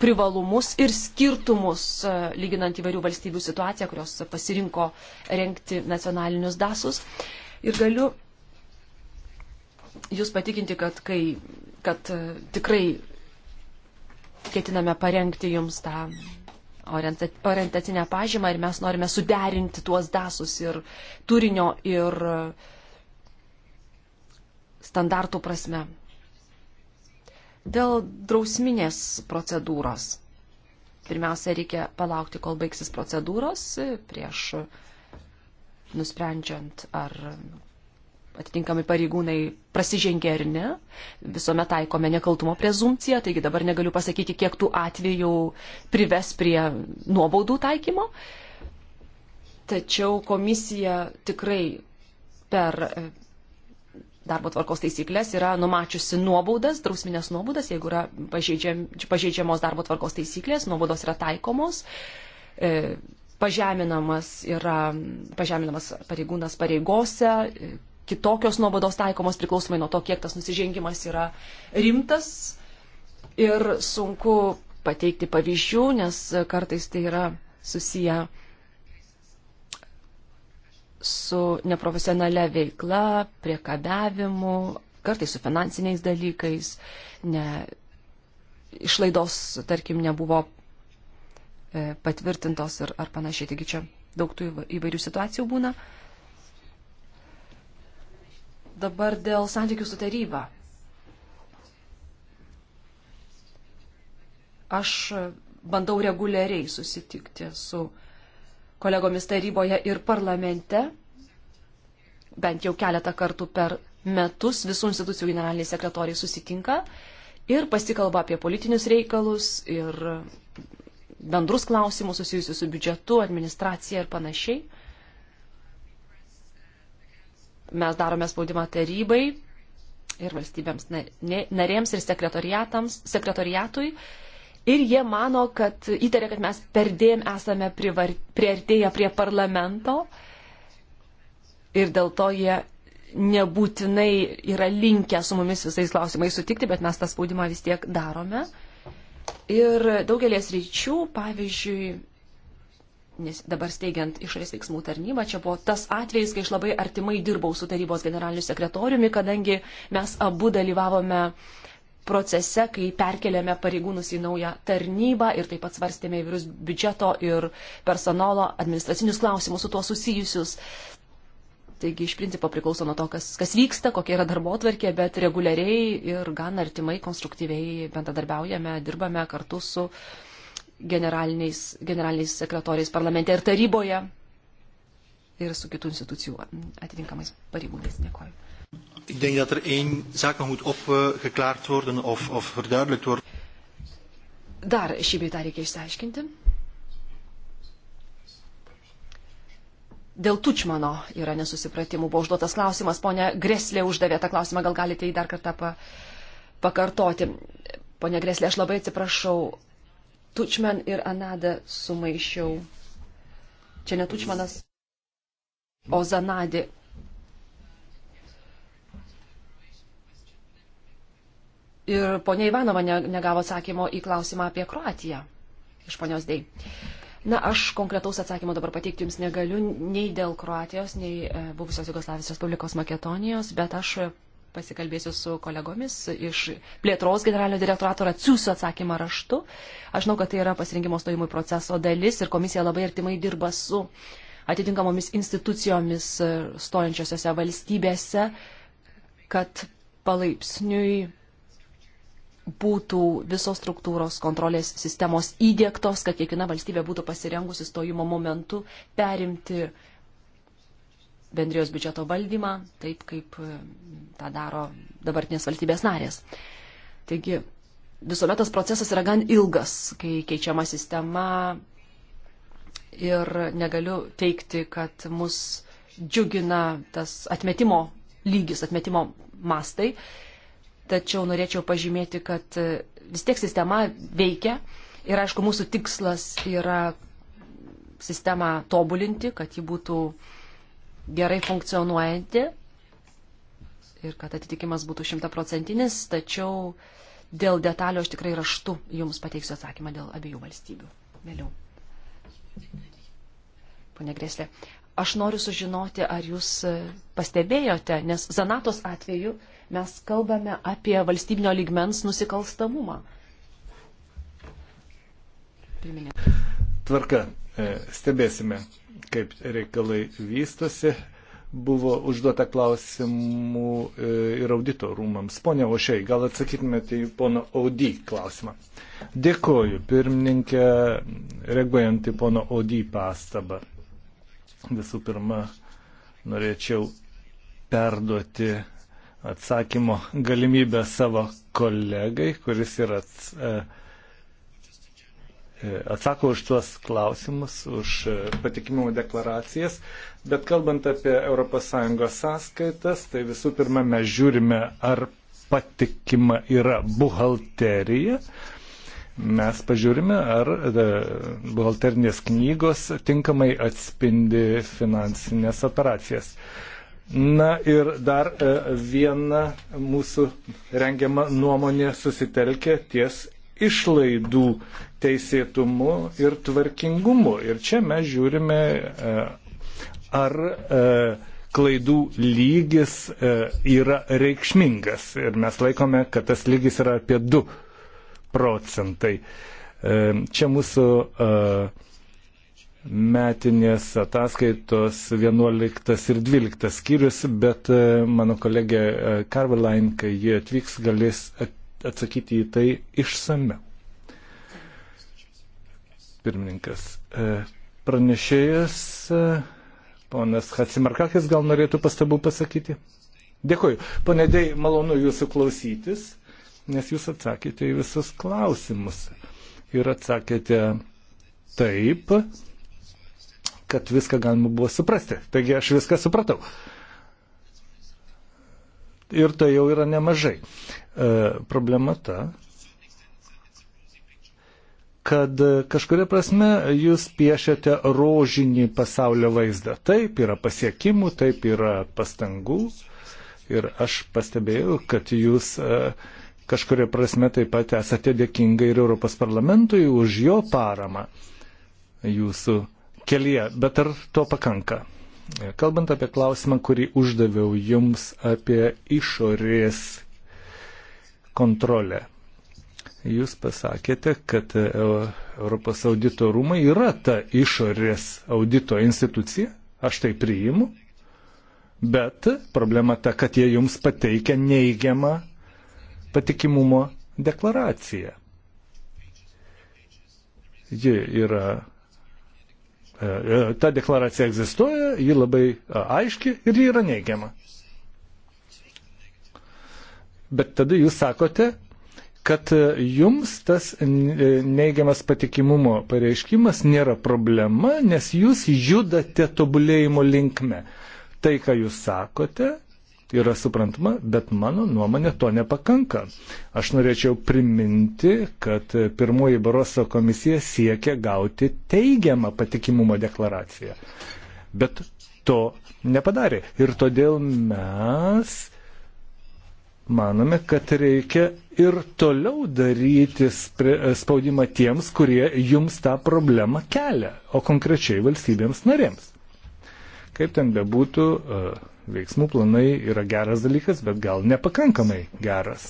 privalumus ir skirtumus, e, lyginant įvairių valstybių situaciją, kurios pasirinko renkti nacionalinius dasus. Ir galiu jūs patikinti, kad, kai, kad e, tikrai ketiname parengti jums tą orientacinę pažymą ir mes norime suderinti tuos dasus ir turinio ir standartų prasme. Dėl drausminės procedūros. Pirmiausia, reikia palaukti, kol baigsis procedūros prieš nusprendžiant, ar atitinkami pareigūnai prasižengė ar ne. Visuomet taikome nekaltumo prezumciją, taigi dabar negaliu pasakyti, kiek tų atvejų prives prie nuobaudų taikymo. Tačiau komisija tikrai per e, darbo tvarkos taisyklės yra numačiusi nuobaudas, drausminės nuobaudas, jeigu yra pažeidžiam, pažeidžiamos darbo tvarkos taisyklės, nuobaudos yra taikomos. E, pažeminamas yra pažeminamas pareigūnas pareigose, kitokios nuobodos taikomos priklausomai nuo to, kiek tas nusižengimas yra rimtas. Ir sunku pateikti pavyzdžių, nes kartais tai yra susiję su neprofesionalia veikla, priekabiavimu, kartais su finansiniais dalykais, ne, išlaidos, tarkim, nebuvo e, patvirtintos ir, ar panašiai. Taigi čia daug tų įvairių situacijų būna. Uh, Dabar dėl santykių su taryba. Aš bandau reguliariai susitikti su kolegomis taryboje ir parlamente, bent jau keletą kartų per metus visų institucijų generaliniai sekretoriai susitinka ir pasikalba apie politinius reikalus ir bendrus klausimus susijusius su biudžetu, administracija ir panašiai. Mes darome spaudimą tarybai ir valstybėms narėms ir sekretoriatui. Ir jie mano, kad įtarė, kad mes perdėm esame privar, priartėję prie parlamento ir dėl to jie nebūtinai yra linkę su mumis visais klausimais sutikti, bet mes tą spaudimą vis tiek darome. Ir daugelės ryčių, pavyzdžiui, nes dabar steigiant išorės veiksmų tarnybą, čia buvo tas atvejis, kai aš labai artimai dirbau su tarybos generaliniu sekretoriumi, kadangi mes abu dalyvavome procese, kai perkeliame pareigūnus į naują tarnybą ir taip pat svarstėme įvairius biudžeto ir personalo administracinius klausimus su tuo susijusius. Taigi iš principo priklauso nuo to, kas, kas vyksta, kokia yra darbo atvarkė, bet reguliariai ir gan artimai, konstruktyviai bendradarbiaujame, dirbame kartu su uh, generaliniais, generaliniais sekretoriais parlamente ir taryboje ir su kitų institucijų atitinkamais pareigūnais. Dėkoju. Ik denk dat er één zaak nog moet opgeklaard worden of, of verduidelijkt worden. Dar šį beitą reikia išsiaiškinti. Dėl Tučmano yra nesusipratimų. Buvo užduotas klausimas, ponia Greslė uždavė tą klausimą, gal galite jį dar kartą pa, pakartoti. Pone Greslė, aš labai atsiprašau, Tučman ir Anadą sumaišiau. Čia ne Tučmanas, o Zanadė. Ir ponia Ivanova negavo atsakymo į klausimą apie Kroatiją iš ponios Dei. Na, aš konkretaus atsakymo dabar pateikti jums negaliu nei dėl Kroatijos, nei e, buvusios Jugoslavijos Respublikos Makedonijos, bet aš pasikalbėsiu su kolegomis iš plėtros generalinio direktorato ir atsiųsiu atsakymą raštu. Aš žinau, kad tai yra pasirinkimo stojimui proceso dalis ir komisija labai artimai dirba su atitinkamomis institucijomis e, stojančiosiose valstybėse, kad palaipsniui būtų visos struktūros kontrolės sistemos įdėktos, kad kiekviena valstybė būtų pasirengusi stojimo momentu perimti uh, bendrijos biudžeto valdymą, taip kaip e, tą daro dabartinės valstybės narės. Taigi, visuomet tas procesas yra gan ilgas, kai keičiama sistema ir negaliu teikti, kad mus džiugina tas atmetimo lygis, atmetimo mastai. Tačiau norėčiau pažymėti, kad e, vis tiek sistema veikia ir aišku, mūsų tikslas yra sistemą tobulinti, kad ji būtų uh, gerai funkcionuojanti ir kad atitikimas būtų šimtaprocentinis, tačiau dėl detalio aš tikrai raštu jums pateiksiu atsakymą dėl abiejų valstybių vėliau. Pone Greslė, aš noriu sužinoti, ar jūs pastebėjote, nes Zanatos atveju mes kalbame apie valstybinio lygmens nusikalstamumą. Pirminė. Tvarka, e, stebėsime kaip reikalai vystosi. Buvo užduota klausimų e, ir audito rūmams. Pone Ošiai, gal atsakytumėte į pono Audy klausimą? Dėkoju, pirmininkė, reaguojant į pono Audy pastabą. Visų pirma, norėčiau perduoti atsakymo galimybę savo kolegai, kuris yra. Uh, E, atsako už tuos klausimus, už e, patikimumo deklaracijas, bet kalbant apie ES sąskaitas, tai visų pirma mes žiūrime, ar patikima yra buhalterija. Mes pažiūrime, ar e, buhalterinės knygos tinkamai atspindi finansinės operacijas. Na ir dar viena mūsų rengiama nuomonė susitelkė ties išlaidų teisėtumu ir tvarkingumu. Ir čia mes žiūrime, e, ar e, klaidų lygis e, yra reikšmingas. Ir mes laikome, kad tas lygis yra apie 2 procentai. Čia mūsų metinės ataskaitos 11 ir 12 skyrius, bet mano kolegė Caroline, kai jie atvyks, galės atsakyti į tai išsame. Pirmininkas, e, pranešėjas, e, ponas Hatsimarkakis gal norėtų pastabų pasakyti? Dėkuoju. Pone Dėj, malonu jūsų klausytis, nes jūs atsakėte į visus klausimus. Ir atsakėte taip, kad viską galima buvo suprasti. Taigi aš viską supratau. Uh, ir tai jau yra nemažai. E, problema ta, kad kažkuria prasme jūs piešiate rožinį pasaulio vaizdą. Taip yra pasiekimų, taip yra pastangų. Ir aš pastebėjau, kad jūs e, kažkuria prasme taip pat esate dėkinga ir Europos parlamentui už jo paramą jūsų kelyje. Bet ar to pakanka? Kalbant apie klausimą, kurį uždaviau jums apie išorės kontrolę. Jūs pasakėte, kad e, Europos audito rūmai yra ta išorės audito institucija, aš tai priimu, bet problema ta, kad jie jums pateikia neigiamą patikimumo deklaraciją. Ji yra E, ta deklaracija egzistuoja, ji labai e, aiški ir ji yra neigiama. Bet tada jūs sakote, kad e, jums tas neigiamas patikimumo pareiškimas nėra problema, nes jūs judate tobulėjimo linkme. Tai, ką jūs sakote, tai yra suprantama, bet mano nuomonė to nepakanka. Aš norėčiau priminti, kad pirmoji Baroso komisija siekia gauti teigiamą patikimumo deklaraciją. Bet to nepadarė. Ir todėl mes manome, kad reikia ir toliau daryti spaudimą tiems, kurie jums tą problemą kelia, o konkrečiai valstybėms narėms. Kaip ten bebūtų, e, Veiksmų planai yra geras dalykas, bet gal nepakankamai geras.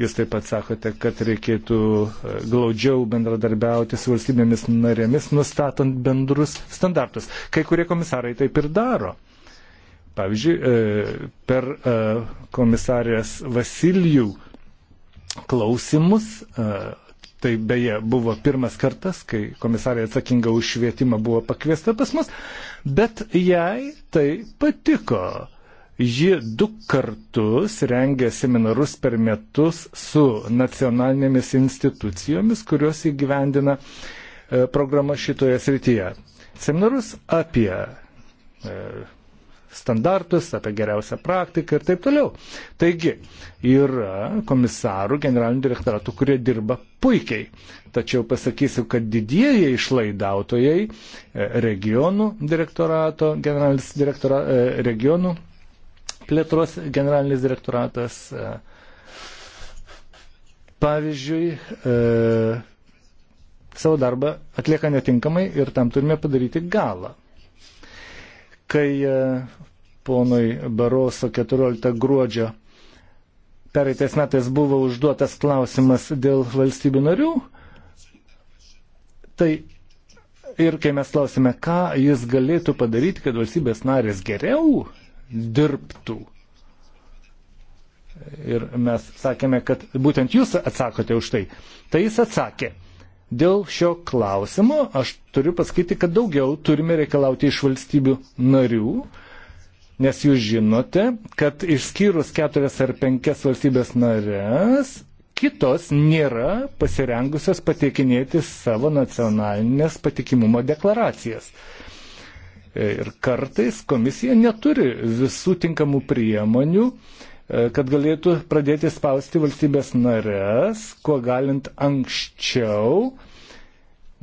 Jūs taip pat sakote, kad reikėtų e, glaudžiau bendradarbiauti su valstybėmis narėmis, nustatant bendrus standartus. Kai kurie komisarai taip ir daro. Pavyzdžiui, e, per e, komisarės Vasilijų klausimus Tai beje buvo pirmas kartas, kai komisarė atsakinga už švietimą buvo pakviesta pas mus, bet jai tai patiko. Ji du kartus rengia seminarus per metus su nacionalinėmis institucijomis, kurios įgyvendina e, programą šitoje srityje. Seminarus apie e, standartus, apie geriausią praktiką ir taip toliau. Taigi, yra komisarų, generalinių direktoratų, kurie dirba puikiai. Tačiau pasakysiu, kad didieji išlaidautojai e, regionų direktorato, generalinis direktora, e, regionų plėtros generalinis direktoratas, e, pavyzdžiui, savo darbą atlieka netinkamai ir tam turime padaryti galą kai e, ponui Baroso 14 gruodžio pereitais metais buvo užduotas klausimas dėl valstybių narių, tai ir kai mes klausime, ką jis galėtų padaryti, kad valstybės narės geriau dirbtų. Ir mes sakėme, kad būtent jūs atsakote už tai. Tai jis atsakė, Dėl šio klausimo aš turiu pasakyti, kad daugiau turime reikalauti iš valstybių narių, nes jūs žinote, kad išskyrus keturias ar penkias valstybės narės, kitos nėra pasirengusios pateikinėti savo nacionalinės patikimumo deklaracijas. Ir kartais komisija neturi visų tinkamų priemonių, E, kad galėtų pradėti spausti valstybės narės, kuo galint anksčiau,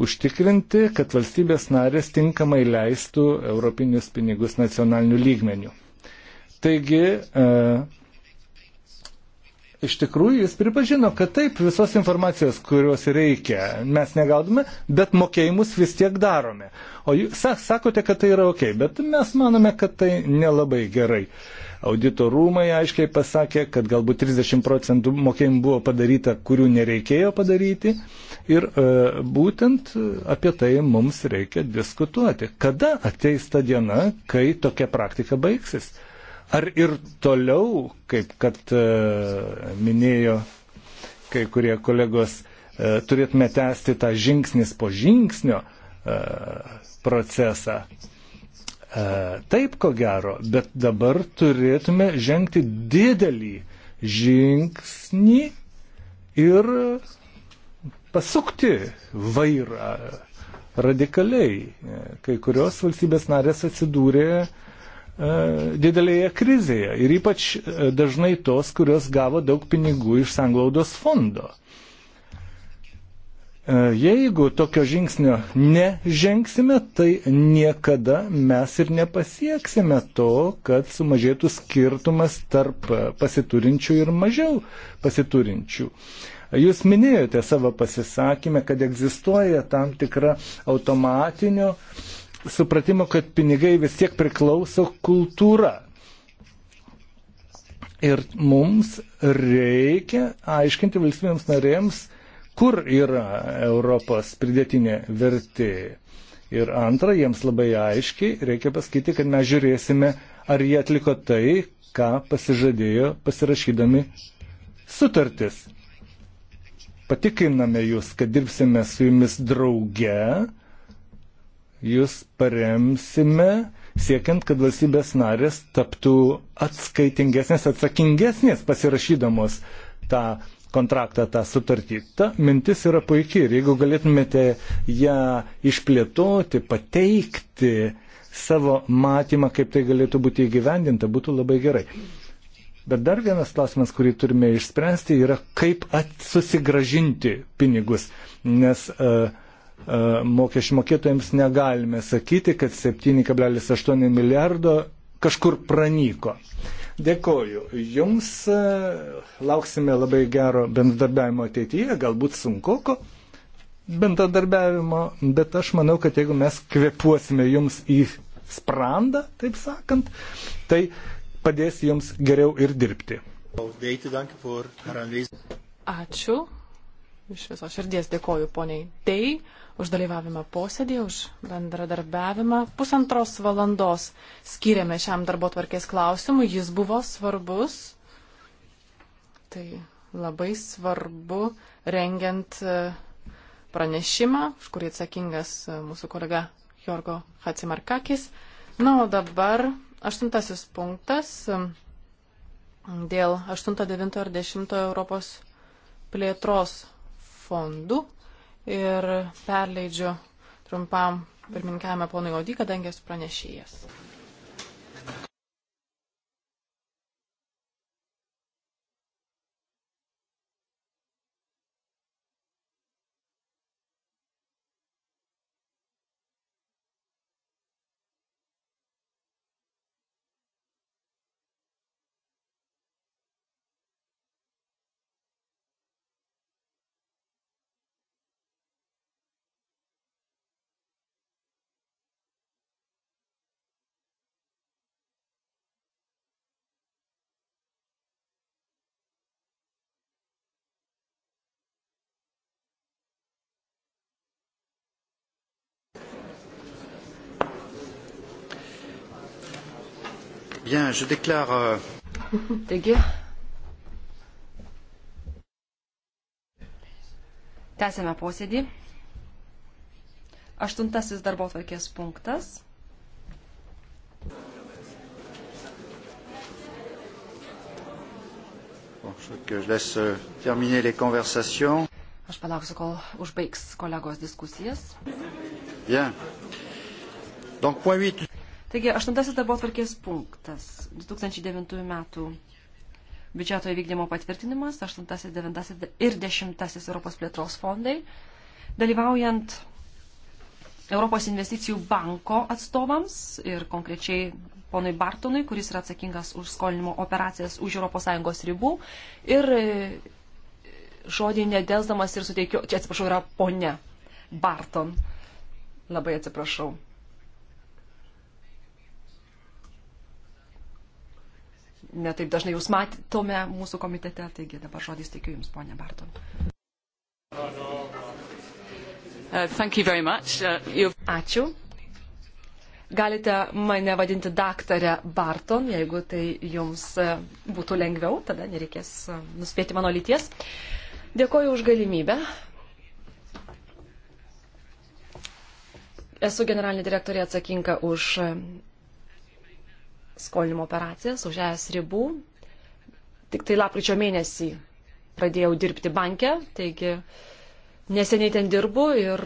užtikrinti, kad valstybės narės tinkamai leistų europinius pinigus nacionalinių lygmenių. Taigi, e, iš tikrųjų jis pripažino, kad taip, visos informacijos, kurios reikia, mes negaudome, bet mokėjimus vis tiek darome. O jūs sakote, kad tai yra ok, bet mes manome, kad tai nelabai gerai. E, Audito rūmai aiškiai pasakė, kad galbūt 30 procentų mokėjimų buvo padaryta, kurių nereikėjo padaryti. Ir e, būtent apie tai mums reikia diskutuoti. Kada ateis ta diena, kai tokia praktika baigsis? Ar ir toliau, kaip kad e, minėjo kai kurie kolegos, e, turėtume tęsti tą žingsnis po žingsnio e, procesą? E, taip, ko gero, bet dabar turėtume žengti didelį žingsnį ir pasukti vairą radikaliai. Kai kurios valstybės narės atsidūrė e, didelėje krizėje ir ypač e, dažnai tos, kurios gavo daug pinigų iš sanglaudos fondo. E, jeigu tokio žingsnio nežengsime, tai niekada mes ir nepasieksime to, kad sumažėtų skirtumas tarp pasiturinčių ir mažiau pasiturinčių. Jūs minėjote savo pasisakymę, kad egzistuoja tam tikra automatinio supratimo, kad pinigai vis tiek priklauso kultūra. Ir mums reikia aiškinti valstybėms narėms, kur yra Europos pridėtinė vertė. Ir antra, jiems labai aiškiai reikia pasakyti, kad mes žiūrėsime, ar jie atliko tai, ką pasižadėjo pasirašydami sutartis. Patikiname jūs, kad dirbsime su jumis drauge, jūs paremsime, siekiant, kad valstybės narės taptų atskaitingesnės, atsakingesnės pasirašydamos tą kontraktą, tą sutartį. Ta mintis yra puikiai ir jeigu galėtumėte ją išplėtoti, pateikti savo matymą, kaip tai galėtų būti įgyvendinta, būtų labai gerai. Bet dar vienas klausimas, kurį turime išspręsti, yra kaip susigražinti pinigus, nes uh, mokesčių mokėtojams negalime sakyti, kad 7,8 milijardo kažkur pranyko. Uh, Dėkoju Jums, e, lauksime labai gero bendradarbiavimo ateityje, galbūt sunku bendradarbiavimo, bet aš manau, kad jeigu mes kvepuosime Jums į sprandą, taip sakant, tai padės Jums geriau ir dirbti. Ačiū. Iš viso širdies dėkoju poniai Tei už dalyvavimą posėdėje, už bendradarbiavimą. Pusantros valandos skiriame šiam darbo tvarkės klausimui, jis buvo svarbus. Tai labai svarbu rengiant e, pranešimą, už kurį atsakingas e, mūsų kolega Jorgo Hatsimarkakis. Na, o dabar aštuntasis punktas e, dėl 8, 9 ir 10 Europos plėtros fondų ir perleidžiu trumpam pirmininkavimą ponui Odį, kadangi esu pranešėjas. Bien, je déclare. Euh, (laughs) Taigi. Tęsėme posėdį. Aštuntasis darbo tvarkės punktas. Euh, Aš palauksiu, kol užbaigs kolegos diskusijas. Bien. Donc, point 8. Taigi, aštuntasis darbo atvarkės punktas. 2009 metų biudžeto įvykdymo patvirtinimas, aštuntasis, devintasis ir dešimtasis Europos plėtros fondai. Dalyvaujant Europos investicijų banko atstovams ir konkrečiai ponui Bartonui, kuris yra atsakingas už skolinimo operacijas už ES ribų. Ir e, žodį nedelsdamas ir suteikiu, čia atsiprašau, yra ponia Barton. Labai atsiprašau. netaip dažnai jūs matome mūsų komitete, taigi dabar žodis teikiu Jums, ponė Barton. Uh, uh Ačiū. Galite mane vadinti daktarę Barton, jeigu tai Jums uh, būtų lengviau, tada nereikės uh, nuspėti mano lyties. Dėkoju už galimybę. Esu generalinė direktorė atsakinga už skolinimo operacijas už ES ribų. Tik tai lapkričio mėnesį pradėjau dirbti banke, taigi neseniai ten dirbu ir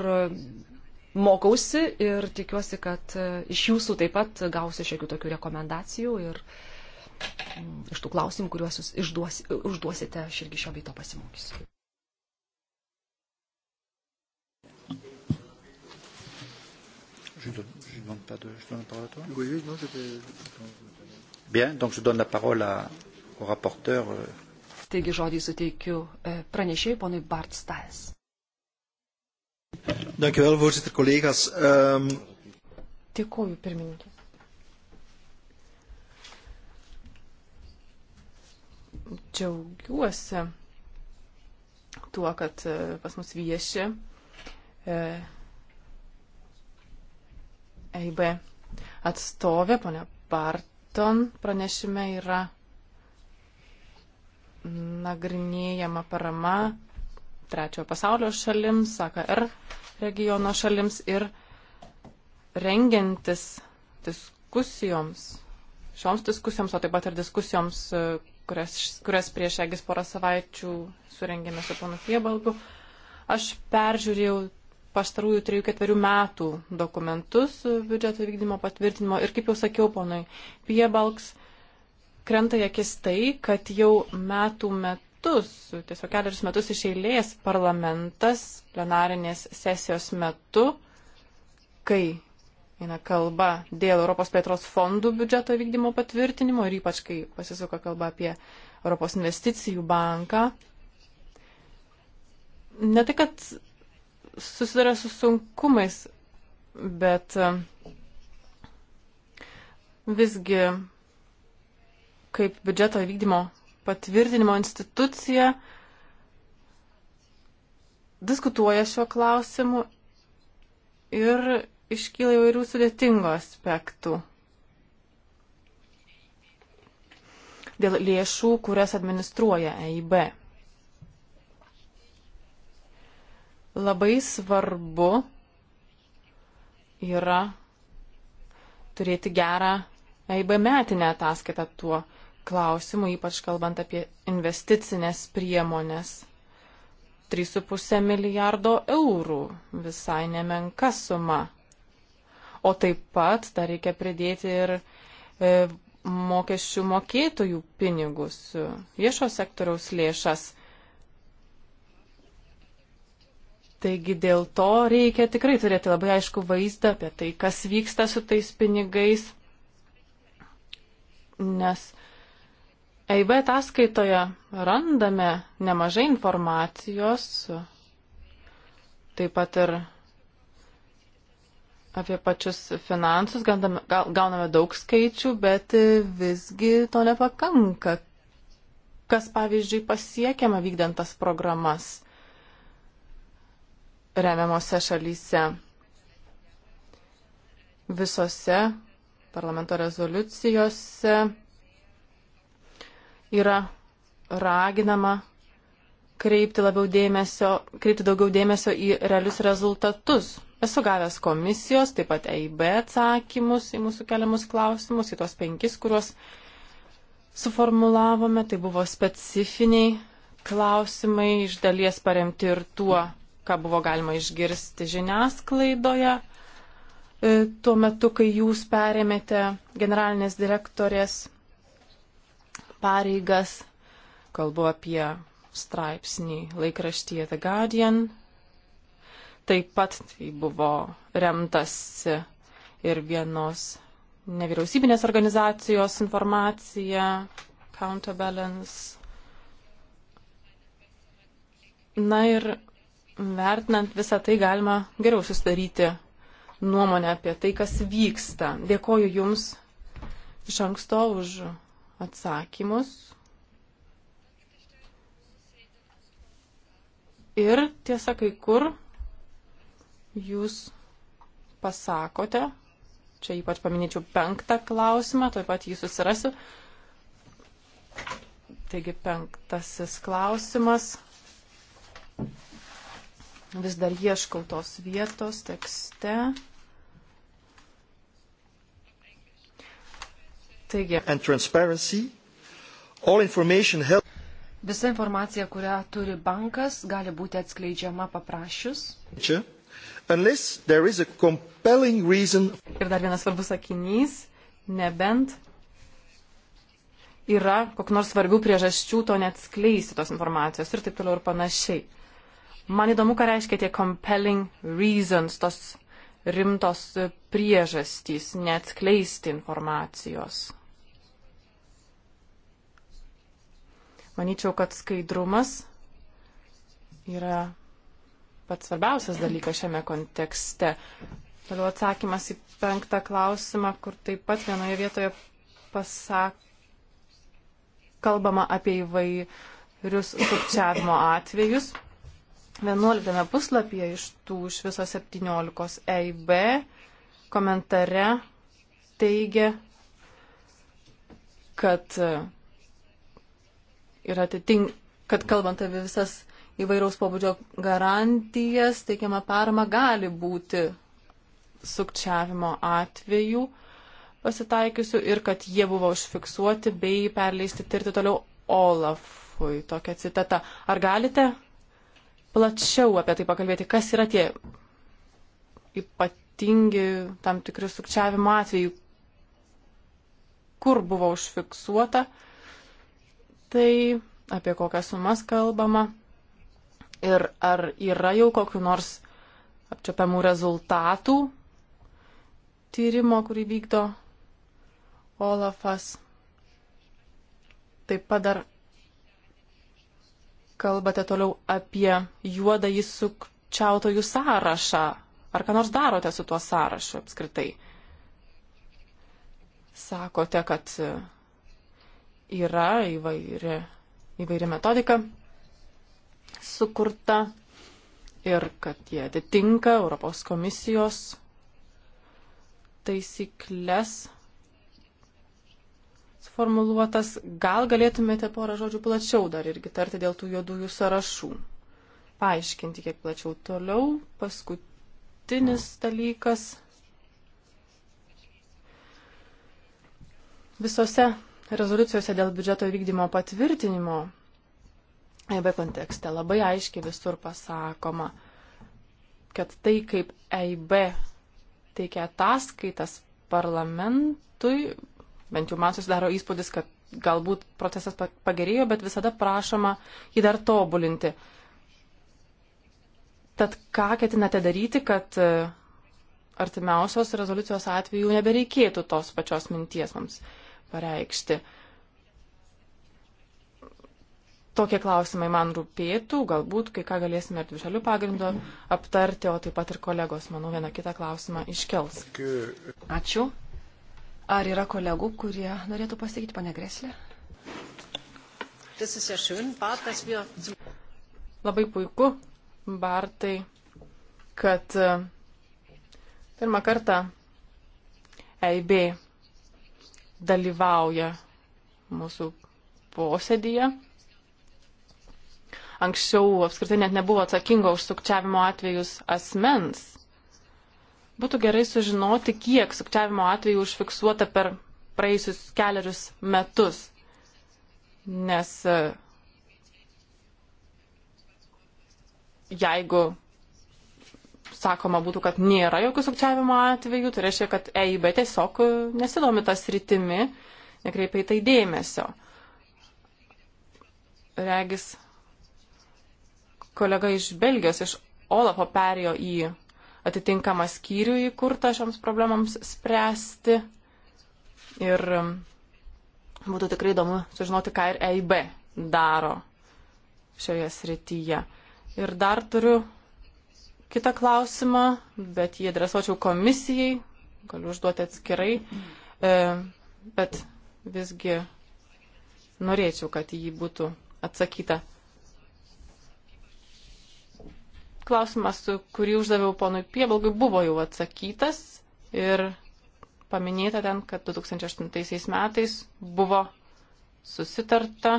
mokausi ir tikiuosi, kad e, iš jūsų taip pat gausiu šiokių tokių rekomendacijų ir mm, iš tų klausimų, kuriuos jūs išduos, užduosite, aš irgi šio beito pasimokysiu. Je donne demande pas de... Je donne la parole à toi Oui, oui, non, c'était... Bien, donc je donne la parole à, au rapporteur. Euh. Taigi žodį suteikiu e, pranešėjai ponui Bart Stais. Dankjewel, voorzitter, collega's. Um... Ehm, Dėkuoju, pirmininkė. Džiaugiuosi tuo, kad e, pas mus vieši e, EIB atstovė, ponia Barton, pranešime yra nagrinėjama parama trečiojo pasaulio šalims, AKR regiono šalims ir rengiantis diskusijoms, šioms diskusijoms, o taip pat ir diskusijoms, e, kurias, kurias prieš egis porą savaičių surengėme su ponu Fiebalgu, aš peržiūrėjau pastarųjų 3-4 metų dokumentus biudžeto vykdymo patvirtinimo. Ir kaip jau sakiau, ponai, Piebalks krenta į akis tai, kad jau metų metus, tiesiog keliarius metus iš eilės parlamentas plenarinės sesijos metu, kai eina kalba dėl Europos plėtros fondų biudžeto vykdymo patvirtinimo ir ypač kai pasisuka kalba apie Europos investicijų banką. Ne tai, kad susiduria su sunkumais, bet e, visgi kaip biudžeto vykdymo patvirtinimo institucija diskutuoja šiuo klausimu ir iškyla įvairių sudėtingų aspektų. Dėl lėšų, kurias administruoja EIB. Labai svarbu yra turėti gerą EIB metinę ataskaitą tuo klausimu, ypač kalbant apie investicinės priemonės. 3,5 milijardo eurų visai nemenka suma. O taip pat dar reikia pridėti ir e, mokesčių mokėtojų pinigus, viešo sektoriaus lėšas. Taigi dėl to reikia tikrai turėti labai aišku vaizdą apie tai, kas vyksta su tais pinigais, nes EIB ataskaitoje randame nemažai informacijos, taip pat ir apie pačius finansus, gauname, gauname daug skaičių, bet visgi to nepakanka. Kas pavyzdžiui pasiekiama vykdant tas programas? remiamose šalyse. Visose parlamento rezoliucijose yra raginama kreipti, dėmesio, kreipti daugiau dėmesio į realius rezultatus. Esu gavęs komisijos, taip pat EIB atsakymus į mūsų keliamus klausimus, į tuos penkis, kuriuos suformulavome. Tai buvo specifiniai klausimai, iš dalies paremti ir tuo, ką buvo galima išgirsti žiniasklaidoje e, tuo metu, kai jūs perėmėte generalinės direktorės pareigas. Kalbu apie straipsnį laikraštyje The Guardian. Taip pat tai buvo remtasi ir vienos nevyriausybinės organizacijos informacija, counterbalance. Na ir vertinant visą tai galima geriau susidaryti nuomonę apie tai, kas vyksta. Dėkoju Jums iš anksto už atsakymus. Ir tiesa, kai kur Jūs pasakote, čia ypač paminėčiau penktą klausimą, tuoj pat jį susirasiu. Taigi penktasis klausimas. Vis dar ieškau tos vietos tekste. Taigi. Visa informacija, kurią turi bankas, gali būti atskleidžiama paprašius. Čia. Ir dar vienas svarbus sakinys, nebent yra kok nors svarbių priežasčių to neatskleisti tos informacijos ir taip toliau ir panašiai. Man įdomu, ką reiškia tie compelling reasons, tos rimtos priežastys neatskleisti informacijos. Manyčiau, kad skaidrumas yra pats svarbiausias dalykas šiame kontekste. Toliau atsakymas į penktą klausimą, kur taip pat vienoje vietoje pasak... kalbama apie įvairius sukčiavimo atvejus. 11 puslapyje iš tų iš viso 17 EIB komentare teigia, kad ir e, atitink, kad kalbant apie visas įvairaus pobūdžio garantijas, teikiama parama gali būti sukčiavimo atveju pasitaikiusių ir kad jie buvo užfiksuoti bei perleisti tirti toliau Olafui. Tokia citata. Ar galite plačiau apie tai pakalbėti, kas yra tie ypatingi tam tikri sukčiavimo atvejai, kur buvo užfiksuota, tai apie kokias sumas kalbama ir ar yra jau kokiu nors apčiopiamų rezultatų tyrimo, kurį vykdo Olafas. Taip pat dar kalbate toliau apie juodąjį sukčiautojų sąrašą? Ar ką nors darote su tuo sąrašu apskritai? Sakote, kad yra įvairi, įvairi metodika sukurta ir kad jie atitinka Europos komisijos taisyklės sformuluotas, gal galėtumėte porą žodžių plačiau dar irgi tarti dėl tų juodųjų sąrašų. Paaiškinti kiek plačiau. Toliau paskutinis dalykas. Visose rezoliucijose dėl biudžeto vykdymo patvirtinimo EIB kontekste labai aiškiai visur pasakoma, kad tai, kaip EIB teikia ataskaitas parlamentui, Bent jau man susidaro įspūdis, kad galbūt procesas pagerėjo, bet visada prašoma jį dar tobulinti. Tad ką ketinate daryti, kad e, artimiausios rezoliucijos atveju nebereikėtų tos pačios minties mums pareikšti? Tokie klausimai man rūpėtų, galbūt kai ką galėsime ir dvišalių pagrindų aptarti, o taip pat ir kolegos, manau, vieną kitą klausimą iškels. Ačiū. Ar yra kolegų, kurie norėtų pasakyti, pane Greslė? Labai puiku, Bartai, kad e, pirmą kartą EIB dalyvauja mūsų posėdyje. Anksčiau apskritai net nebuvo atsakingo už sukčiavimo atvejus asmens. Būtų gerai sužinoti, kiek sukčiavimo atvejų užfiksuota per praėjusius keliarius metus. Nes e, jeigu sakoma būtų, kad nėra jokių sukčiavimo atvejų, tai reiškia, kad EIB tiesiog nesidomi tas rytimi, nekreipia į tai dėmesio. Regis kolega iš Belgijos, iš Olafo perėjo į atitinkamą skyrių įkurtą šioms problemams spręsti. Ir um, būtų tikrai įdomu sužinoti, ką ir EIB daro šioje srityje. Ir dar turiu kitą klausimą, bet jį adresuočiau komisijai, galiu užduoti atskirai, e, bet visgi norėčiau, kad jį būtų atsakyta Klausimas, kurį uždaviau ponui Piebalgui, buvo jau atsakytas ir paminėta ten, kad 2008 metais buvo susitarta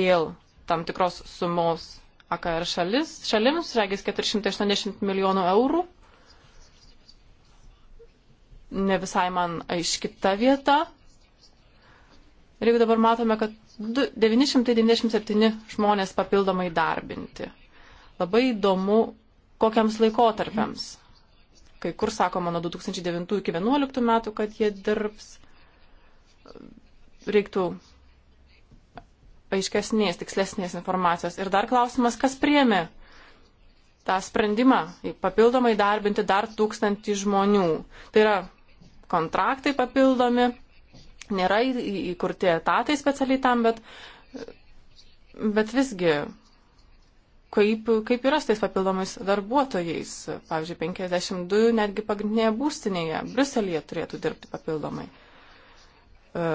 dėl tam tikros sumos AKR šalis, šalims, regis 480 milijonų eurų. Ne visai man aiški ta vieta. Ir jeigu dabar matome, kad 997 žmonės papildomai darbinti. Labai įdomu, kokiams laikotarpiams. Kai kur sakoma nuo 2009 iki 2011 metų, kad jie dirbs. Reiktų aiškesnės, tikslesnės informacijos. Ir dar klausimas, kas priemi tą sprendimą papildomai darbinti dar tūkstantį žmonių. Tai yra kontraktai papildomi, nėra įkurti etatai specialiai tam, bet, bet visgi kaip, kaip yra su tais papildomais darbuotojais. Pavyzdžiui, 52 netgi pagrindinėje būstinėje, Bruselėje turėtų dirbti papildomai. E,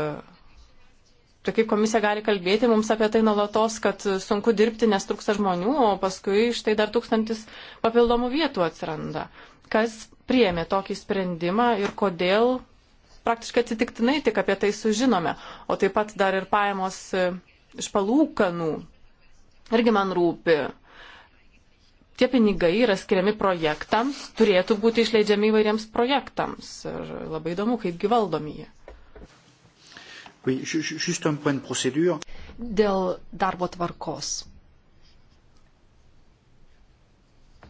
tai kaip komisija gali kalbėti mums apie tai nuolatos, kad sunku dirbti, nes trūksta žmonių, o paskui štai dar tūkstantis papildomų vietų atsiranda. Kas priėmė tokį sprendimą ir kodėl praktiškai atsitiktinai tik apie tai sužinome, o taip pat dar ir pajamos e, iš palūkanų irgi man rūpi tie pinigai yra skiriami projektams, turėtų būti išleidžiami įvairiems projektams. Ir labai įdomu, kaipgi valdomi jie. Dėl darbo tvarkos.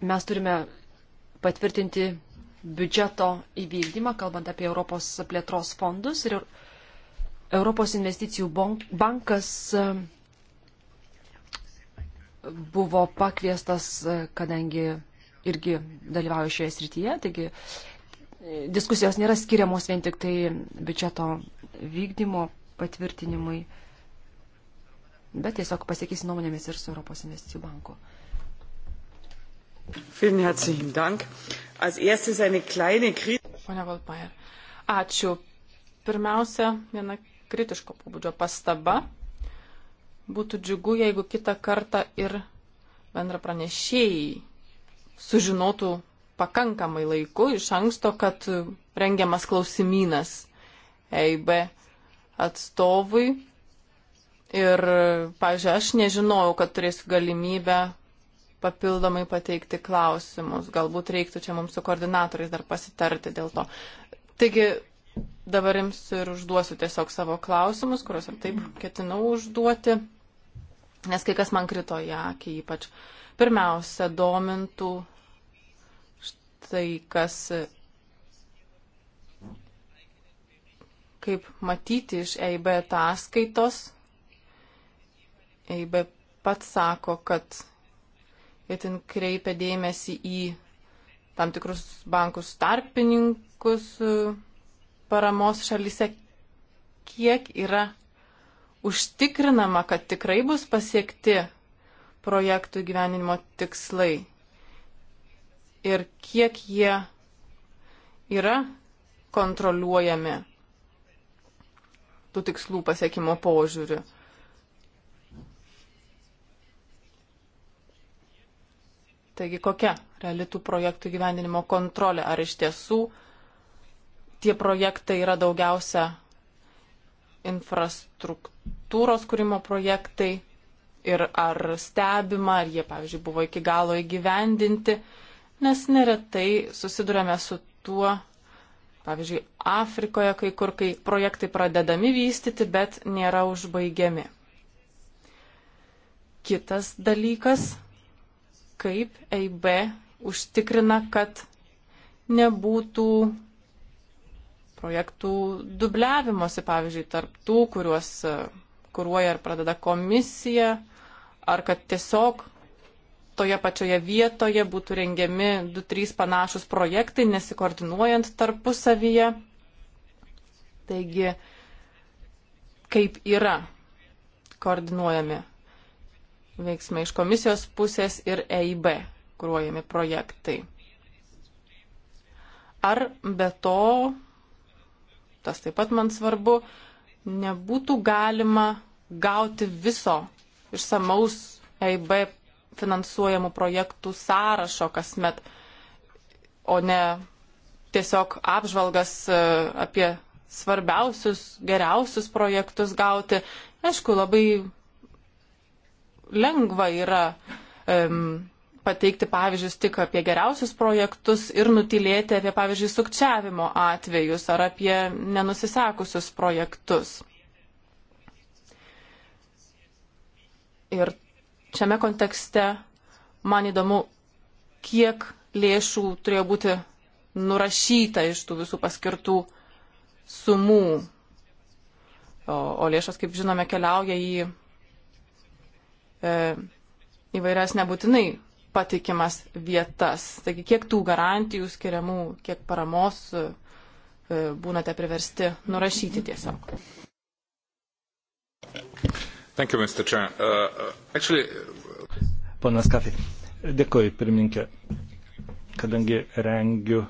Mes turime patvirtinti biudžeto įvykdymą, kalbant apie Europos plėtros fondus ir Europos investicijų bankas buvo pakviestas, kadangi irgi dalyvauju šioje srityje, taigi e, diskusijos nėra skiriamos vien tik tai biudžeto vykdymo patvirtinimui, bet tiesiog pasiekysi nuomonėmis ir su Europos investicijų banku. Vielen herzlichen Dank. Als erstes eine kleine Kritik. Ačiū. Pirmiausia, viena kritiško pobūdžio pastaba Būtų džiugu, jeigu kitą kartą ir bendra pranešėjai sužinotų pakankamai laiku iš anksto, kad rengiamas klausimynas EIB atstovui. Ir, pažiūrėjau, aš nežinojau, kad turėsiu galimybę papildomai pateikti klausimus. Galbūt reiktų čia mums su koordinatoriais dar pasitarti dėl to. Taigi, dabar jums ir užduosiu tiesiog savo klausimus, kuriuos ir taip ketinau užduoti nes kai kas man krito į akį ypač. Pirmiausia, domintų štai kas, kaip matyti iš EIB ataskaitos, EIB pats sako, kad itin kreipia dėmesį į tam tikrus bankus tarpininkus paramos šalyse, kiek yra užtikrinama, kad tikrai bus pasiekti projektų gyvenimo tikslai ir kiek jie yra kontroliuojami tų tikslų pasiekimo požiūriu. Taigi kokia reali tų projektų gyvendinimo kontrolė? Ar iš tiesų tie projektai yra daugiausia infrastruktūros kūrimo projektai ir ar stebima, ar jie, pavyzdžiui, buvo iki galo įgyvendinti, nes neretai susidurėme su tuo, pavyzdžiui, Afrikoje kai kur, kai projektai pradedami vystyti, bet nėra užbaigiami. Kitas dalykas, kaip EIB užtikrina, kad nebūtų projektų dubliavimosi, pavyzdžiui, tarp tų, kuriuos e, kūruoja ir pradeda komisija, ar kad tiesiog toje pačioje vietoje būtų rengiami 2-3 panašus projektai, nesikoordinuojant tarpusavyje. Taigi, kaip yra koordinuojami veiksmai iš komisijos pusės ir EIB kūruojami projektai. Ar be to tas taip pat man svarbu, nebūtų galima gauti viso išsamaus EIB finansuojamų projektų sąrašo kasmet, o ne tiesiog apžvalgas e, apie svarbiausius, geriausius projektus gauti. Aišku, labai lengva yra um, pateikti pavyzdžius tik apie geriausius projektus ir nutilėti apie, pavyzdžiui, sukčiavimo atvejus ar apie nenusisekusius projektus. Ir šiame kontekste man įdomu, kiek lėšų turėjo būti nurašyta iš tų visų paskirtų sumų. O, o lėšas, kaip žinome, keliauja į e, įvairias nebūtinai patikimas vietas. Taigi, kiek tų garantijų skiriamų, kiek paramos e, e, būnate priversti nurašyti tiesiog. Thank you, Mr. Chair. Uh, uh, actually... Ponas Kafi, dėkoju pirmininkė, kadangi rengiu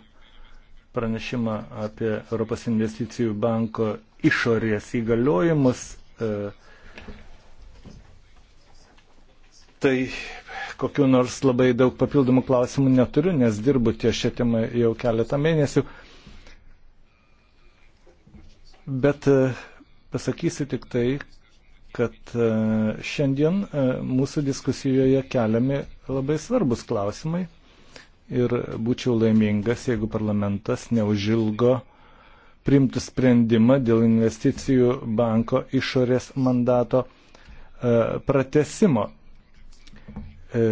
pranešimą apie Europos investicijų banko išorės įgaliojimus, uh, tai kokiu nors labai daug papildomų klausimų neturiu, nes dirbu ties šią temą jau keletą mėnesių. Bet e, pasakysiu tik tai, kad e, šiandien e, mūsų diskusijoje keliami labai svarbus klausimai ir būčiau laimingas, jeigu parlamentas neužilgo primtų sprendimą dėl investicijų banko išorės mandato pratesimo. E,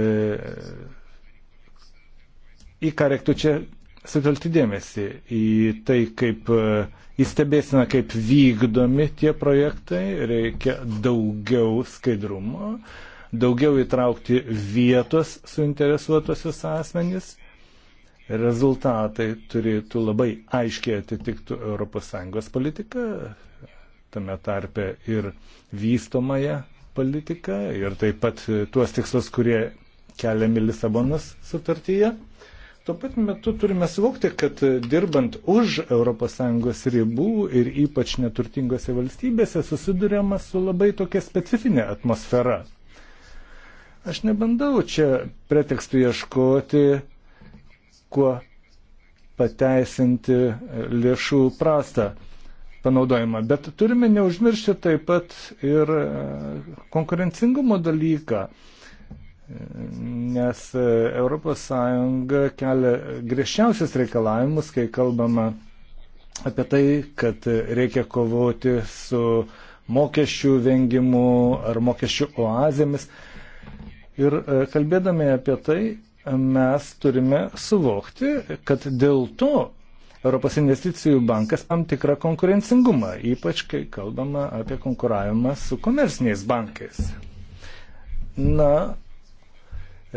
į ką reiktų čia sutelkti dėmesį, į tai, kaip e, įstebėsime, kaip vykdomi tie projektai, reikia daugiau skaidrumo, daugiau įtraukti vietos suinteresuotosius asmenys. Rezultatai turėtų labai aiškiai atitiktų ES politiką, tame tarpe ir vystomąją politiką ir taip pat tuos tikslus, kurie keliami Lisabonos sutartyje. Tuo pat metu turime suvokti, kad dirbant už ES ribų ir ypač neturtingose valstybėse susidurėma su labai tokia specifinė atmosfera. Aš nebandau čia pretekstų ieškoti, kuo pateisinti lėšų prastą panaudojimą. Bet turime neužmiršti taip pat ir e, konkurencingumo dalyką, e, nes ES kelia griežčiausias reikalavimus, kai kalbama apie tai, kad reikia kovoti su mokesčių vengimu ar mokesčių oazėmis. Ir e, kalbėdami apie tai, mes turime suvokti, kad dėl to Europos investicijų bankas tam tikrą konkurencingumą, ypač kai kalbama apie konkuravimą su komersiniais bankais. Na,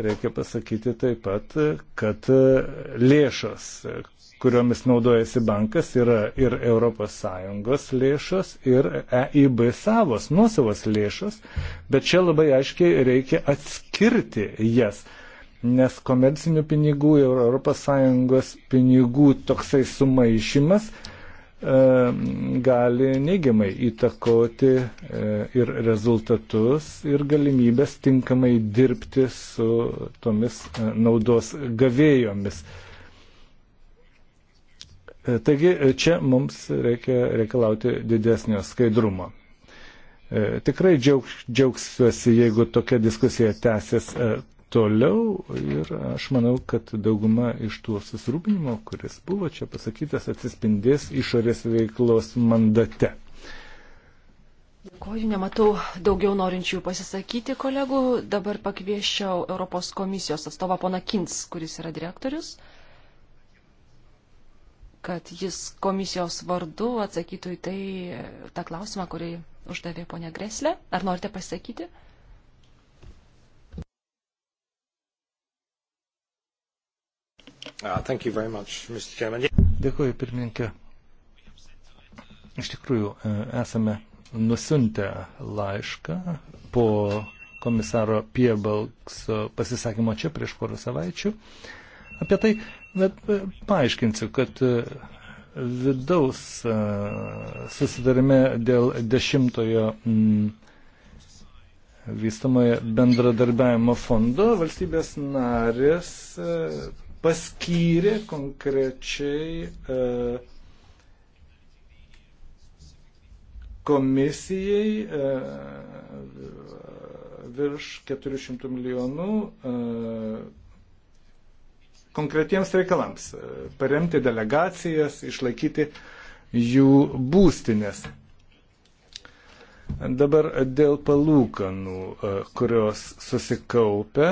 reikia pasakyti taip pat, kad lėšos, kuriomis naudojasi bankas, yra ir ES lėšos, ir EIB savos, nuosavos lėšos, bet čia labai aiškiai reikia atskirti jas. Yes nes komercinių pinigų ir ES pinigų toksai sumaišymas e, gali neigiamai įtakoti e, ir rezultatus, ir galimybės tinkamai dirbti su tomis e, naudos gavėjomis. Taigi čia mums reikia reikalauti didesnio skaidrumo. Tikrai džiaug, džiaugsiuosi, jeigu tokia diskusija tęsis toliau ir aš manau, kad dauguma iš tų susirūpinimo, kuris buvo čia pasakytas, atsispindės išorės veiklos mandate. Dėkoju, nematau daugiau norinčių pasisakyti kolegų. Dabar pakvieščiau Europos komisijos atstovą pona Kins, kuris yra direktorius, kad jis komisijos vardu atsakytų į tai tą klausimą, kurį uždavė ponia Greslė. Ar norite pasakyti? Uh, Dėkuoju, pirmininkė. Iš tikrųjų, e, esame nusiuntę laišką po komisaro Piebalks pasisakymo čia prieš porą savaičių apie tai, bet e, paaiškinsiu, kad e, vidaus susidarime dėl dešimtojo vystamojo bendradarbiavimo fondo valstybės narės paskyrė konkrečiai e, komisijai e, virš 400 milijonų e, konkretiems reikalams - paremti delegacijas, išlaikyti jų būstinės. Dabar dėl palūkanų, kurios susikaupia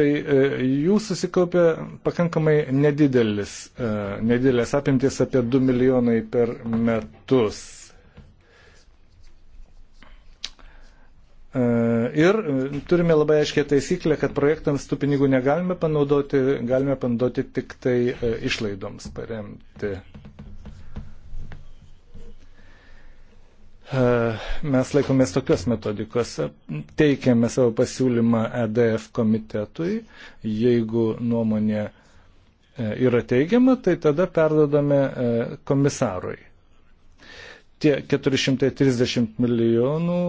tai e, jų susikaupė pakankamai nedidelis, e, nedidelės apimtis apie 2 milijonai per metus. E, ir turime labai aiškiai taisyklę, kad projektams tų pinigų negalime panaudoti, galime panaudoti tik tai išlaidoms paremti. E, mes laikomės tokios metodikos, teikėme savo pasiūlymą EDF komitetui, jeigu nuomonė e, yra teigiama, tai tada perdodame e, komisarui. Tie 430 milijonų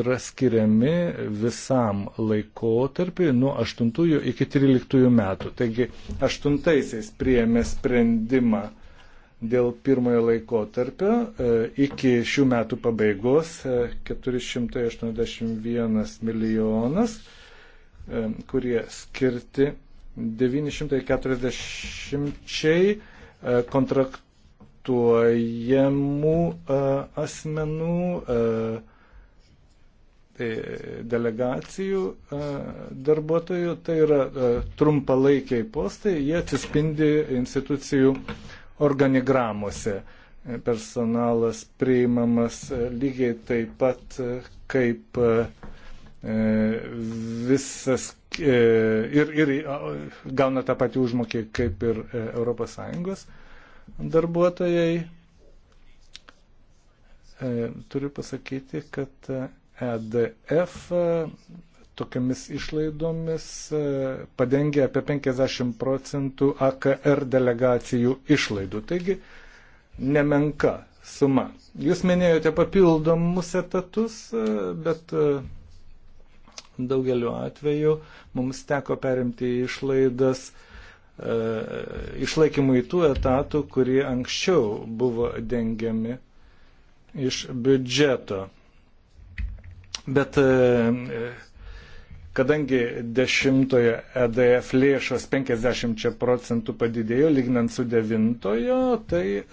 yra skiriami visam laikotarpiu nuo 8 iki 13 metų. Taigi 8 priėmė sprendimą dėl pirmojo laikotarpio e, iki šių metų pabaigos 481 e, milijonas, e, kurie skirti 940 kontraktuojamų asmenų tai delegacijų darbuotojų, tai yra trumpalaikiai postai, jie atsispindi institucijų organigramuose. Personalas priimamas lygiai taip pat e, kaip e, e, visas ir, ir gauna tą patį užmokį kaip ir ES darbuotojai. Turiu pasakyti, kad EDF tokiamis išlaidomis e, padengia apie 50 procentų AKR delegacijų išlaidų. Taigi nemenka suma. Jūs minėjote papildomus etatus, e, bet e, daugeliu atveju mums teko perimti išlaidas išlaikymui tų etatų, kurie anksčiau buvo dengiami iš biudžeto. Bet Kadangi dešimtojo EDF lėšos 50 procentų padidėjo, lygnant su devintojo, tai e,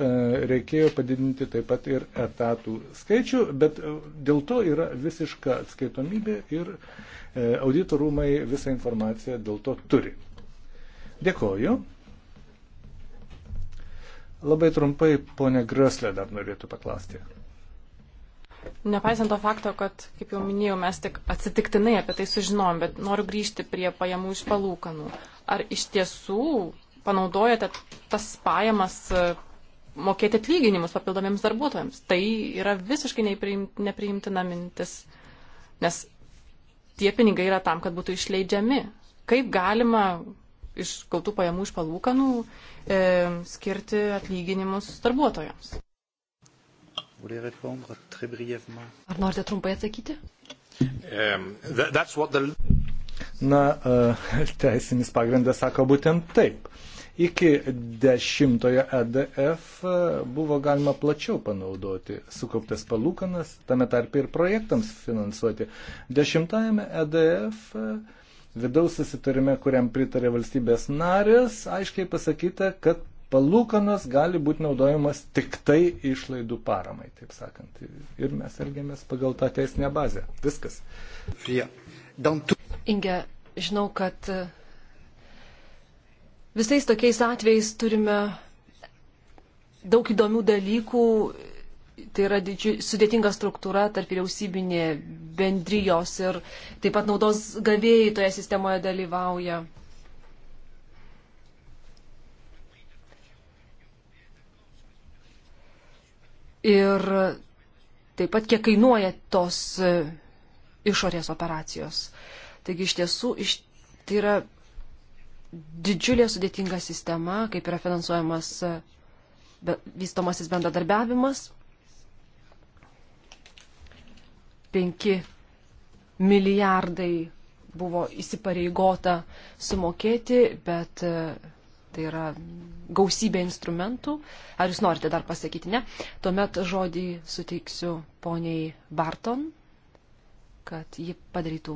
reikėjo padidinti taip pat ir etatų skaičių, bet e, dėl to yra visiška atskaitomybė ir e, auditorumai visą informaciją dėl to turi. Dėkoju. Labai trumpai, ponė Graslė dar norėtų paklausti. Nepaisant to fakto, kad, kaip jau minėjau, mes tik atsitiktinai apie tai sužinojom, bet noriu grįžti prie pajamų iš palūkanų. Ar iš tiesų panaudojate tas pajamas e, mokėti atlyginimus papildomiems darbuotojams? Tai yra visiškai nepriimtina mintis, nes tie pinigai yra tam, kad būtų išleidžiami. Kaip galima iš gautų pajamų iš palūkanų e, skirti atlyginimus darbuotojams? Ar norite trumpai atsakyti? Um, that, the... Na, e, (laughs) teisinis pagrindas sako būtent taip. Iki dešimtojo EDF e, buvo galima plačiau panaudoti sukauptas palūkanas, tame tarp ir projektams finansuoti. Dešimtajame EDF e, vidaus susitarime, kuriam pritarė valstybės narės, aiškiai pasakyta, kad palūkanas gali būti naudojamas tik tai išlaidų paramai, taip sakant. Ir mes elgiamės pagal tą teisinę bazę. Viskas. Inge, žinau, kad e, visais tokiais atvejais turime daug įdomių dalykų. Tai yra didžiu, sudėtinga struktūra tarp vyriausybinė bendrijos ir taip pat naudos gavėjai toje sistemoje dalyvauja. ir taip pat kiek kainuoja tos e, išorės operacijos. Taigi iš tiesų iš, tai yra didžiulė sudėtinga sistema, kaip yra finansuojamas e, be, vystomasis bendradarbiavimas. 5 milijardai buvo įsipareigota sumokėti, bet uh, tai yra gausybė instrumentų. Ar jūs norite dar pasakyti, ne? Tuomet žodį suteiksiu poniai Barton, kad ji padarytų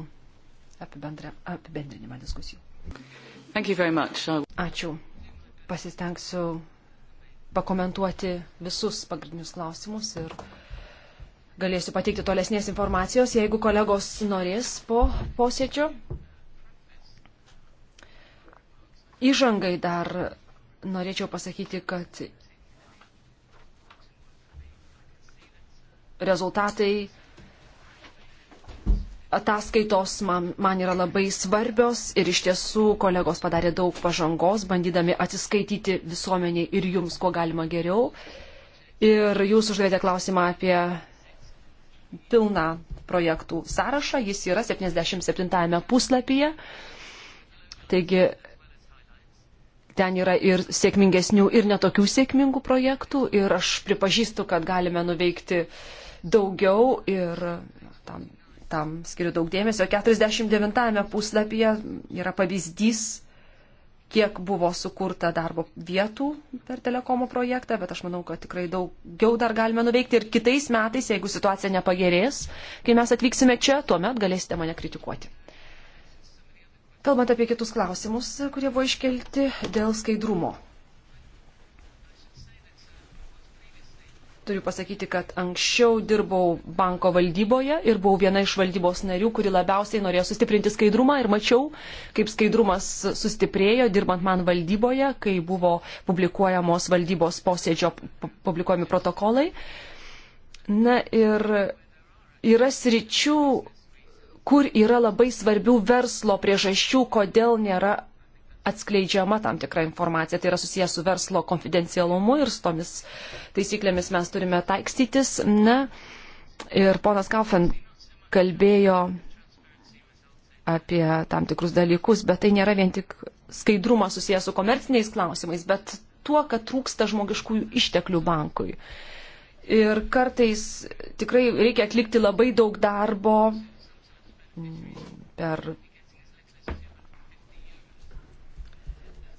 apibendrinimą diskusijų. Ačiū. Pasistengsiu pakomentuoti visus pagrindinius klausimus ir galėsiu pateikti tolesnės informacijos, jeigu kolegos norės po posėdžio. Įžangai dar norėčiau pasakyti, kad rezultatai ataskaitos man, man yra labai svarbios ir iš tiesų kolegos padarė daug pažangos, bandydami atsiskaityti visuomeniai ir jums, kuo galima geriau. Ir jūs užduodate klausimą apie pilną projektų sąrašą, jis yra 77 puslapyje. Taigi ten yra ir sėkmingesnių, ir netokių sėkmingų projektų. Ir aš pripažįstu, kad galime nuveikti daugiau ir tam, tam skiriu daug dėmesio. 49 puslapyje yra pavyzdys, kiek buvo sukurta darbo vietų per telekomo projektą, bet aš manau, kad tikrai daugiau dar galime nuveikti. Ir kitais metais, jeigu situacija nepagerės, kai mes atvyksime čia, tuomet galėsite mane kritikuoti. Kalbant apie kitus klausimus, kurie buvo iškelti dėl skaidrumo. Turiu pasakyti, kad anksčiau dirbau banko valdyboje ir buvau viena iš valdybos narių, kuri labiausiai norėjo sustiprinti skaidrumą ir mačiau, kaip skaidrumas sustiprėjo dirbant man valdyboje, kai buvo publikuojamos valdybos posėdžio publikuojami protokolai. Na ir yra sričių, kur yra labai svarbių verslo priežasčių, kodėl nėra atskleidžiama tam tikra informacija. Tai yra susijęs su verslo konfidencialumu ir su tomis taisyklėmis mes turime taikstytis. Na, ir ponas Kaufen kalbėjo apie tam tikrus dalykus, bet tai nėra vien tik skaidrumas susijęs su komerciniais klausimais, bet tuo, kad trūksta žmogiškųjų išteklių bankui. Ir kartais tikrai reikia atlikti labai daug darbo, per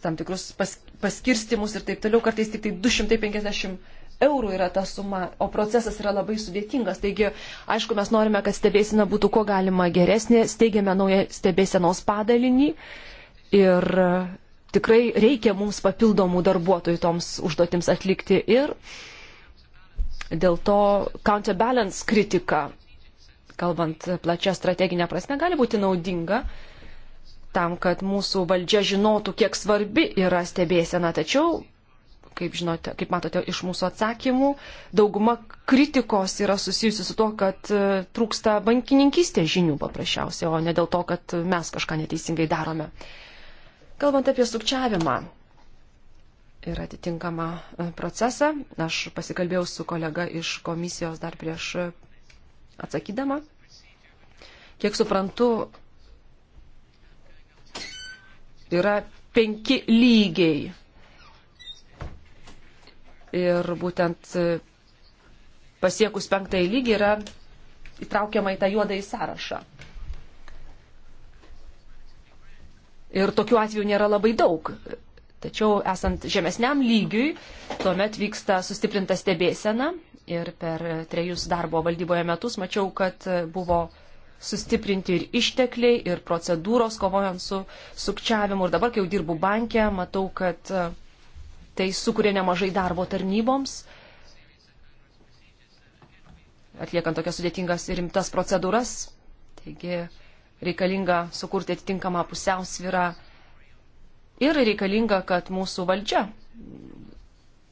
tam tikrus pas, paskirstimus ir taip toliau, kartais tik tai 250 eurų yra ta suma, o procesas yra labai sudėtingas. Taigi, aišku, mes norime, kad stebėsena būtų kuo galima geresnė, steigiame naują stebėsenos padalinį ir e, tikrai reikia mums papildomų darbuotojų toms užduotims atlikti ir dėl to counterbalance kritika kalbant plačia strateginė prasme, gali būti naudinga tam, kad mūsų valdžia žinotų, kiek svarbi yra stebėsena. Tačiau, kaip, žinote, kaip matote iš mūsų atsakymų, dauguma kritikos yra susijusi su to, kad e, trūksta bankininkystės žinių paprasčiausiai, o ne dėl to, kad mes kažką neteisingai darome. Kalbant apie sukčiavimą, ir atitinkamą e, procesą. Aš pasikalbėjau su kolega iš komisijos dar prieš atsakydama. Kiek suprantu, yra penki lygiai. Ir būtent pasiekus penktąjį lygį yra įtraukiama į tą juodąjį sąrašą. Ir tokių atvejų nėra labai daug. Tačiau esant žemesniam lygiui, tuomet vyksta sustiprinta stebėsena ir per trejus darbo valdyboje metus mačiau, kad buvo sustiprinti ir ištekliai, ir procedūros kovojant su sukčiavimu. Ir dabar, kai jau dirbu bankė, matau, kad e, tai sukuria nemažai darbo tarnyboms, atliekant tokias sudėtingas ir rimtas procedūras. Taigi reikalinga sukurti atitinkamą pusiausvyrą ir reikalinga, kad mūsų valdžia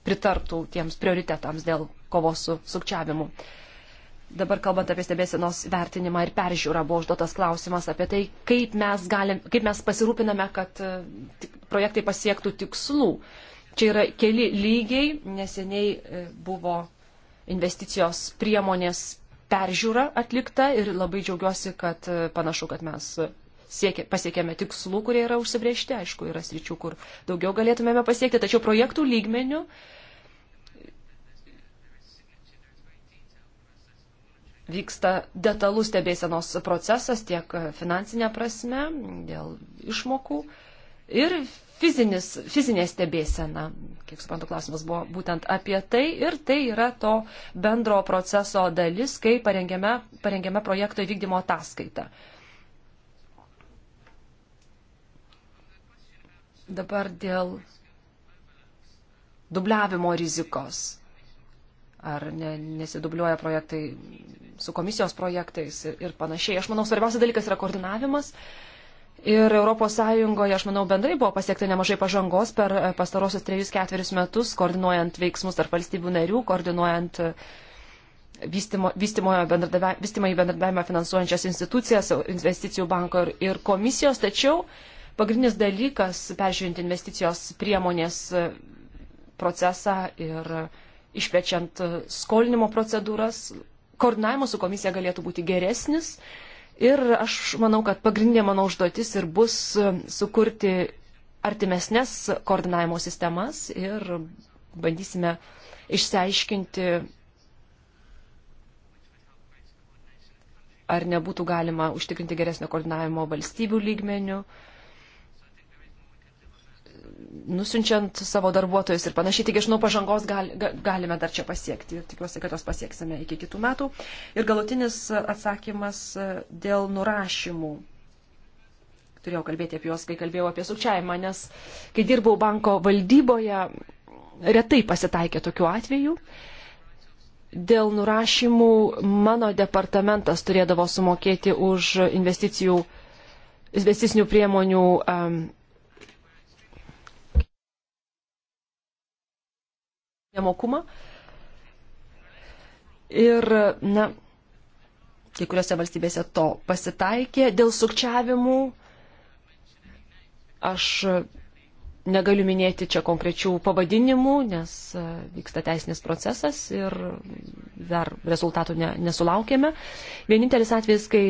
pritartų tiems prioritetams dėl kovos su sukčiavimu. Dabar kalbant apie stebėsienos vertinimą ir peržiūrą, buvo užduotas klausimas apie tai, kaip mes, galim, kaip mes pasirūpiname, kad e, projektai pasiektų tikslų. Čia yra keli lygiai, neseniai e, buvo investicijos priemonės peržiūra atlikta ir labai džiaugiuosi, kad e, panašu, kad mes siekia, pasiekėme tikslų, kurie yra užsibriežti. Aišku, yra sričių, kur daugiau galėtumėme pasiekti, tačiau projektų lygmenių uh, vyksta detalus stebėsenos procesas tiek finansinė prasme dėl išmokų ir fizinis, fizinė stebėsena. Kiek suprantu, klausimas buvo būtent apie tai ir tai yra to bendro proceso dalis, kai parengiame, parengiame projekto įvykdymo ataskaitą. Dabar dėl dubliavimo rizikos. Ar ne, nesidubliuoja projektai su komisijos projektais ir, ir panašiai. Aš manau, svarbiausias dalykas yra koordinavimas. Ir ES, aš manau, bendrai buvo pasiekta nemažai pažangos per e, pastarosius trejus ketverius metus, koordinuojant veiksmus tarp valstybių narių, koordinuojant e, vystimo, vystimo bendradarbiavimą finansuojančias institucijas, e, investicijų banko ir, ir komisijos. Tačiau pagrindinis dalykas, peržiūrint investicijos priemonės procesą ir išplečiant skolinimo procedūras, koordinavimas su komisija galėtų būti geresnis. Ir aš manau, kad pagrindinė mano užduotis ir bus e, sukurti artimesnės koordinavimo sistemas ir bandysime išsiaiškinti, ar nebūtų galima užtikrinti geresnio koordinavimo valstybių lygmenių. Uh, nusinčiant savo darbuotojus ir panašiai. Taigi aš žinau, pažangos gal, galime dar čia pasiekti ir tikiuosi, kad jos pasieksime iki kitų metų. Ir galutinis atsakymas e, dėl nurašymų. Turėjau kalbėti apie juos, kai kalbėjau apie sukčiavimą, nes kai dirbau banko valdyboje, retai pasitaikė tokių atvejų. Dėl nurašymų mano departamentas turėdavo sumokėti už investicijų, investicinių priemonių um, nemokumą. Ir, na, kai kuriuose valstybėse to pasitaikė. Dėl sukčiavimų aš negaliu minėti čia konkrečių pavadinimų, nes e, vyksta teisinis procesas ir dar rezultatų ne, nesulaukėme. Vienintelis atvejis, kai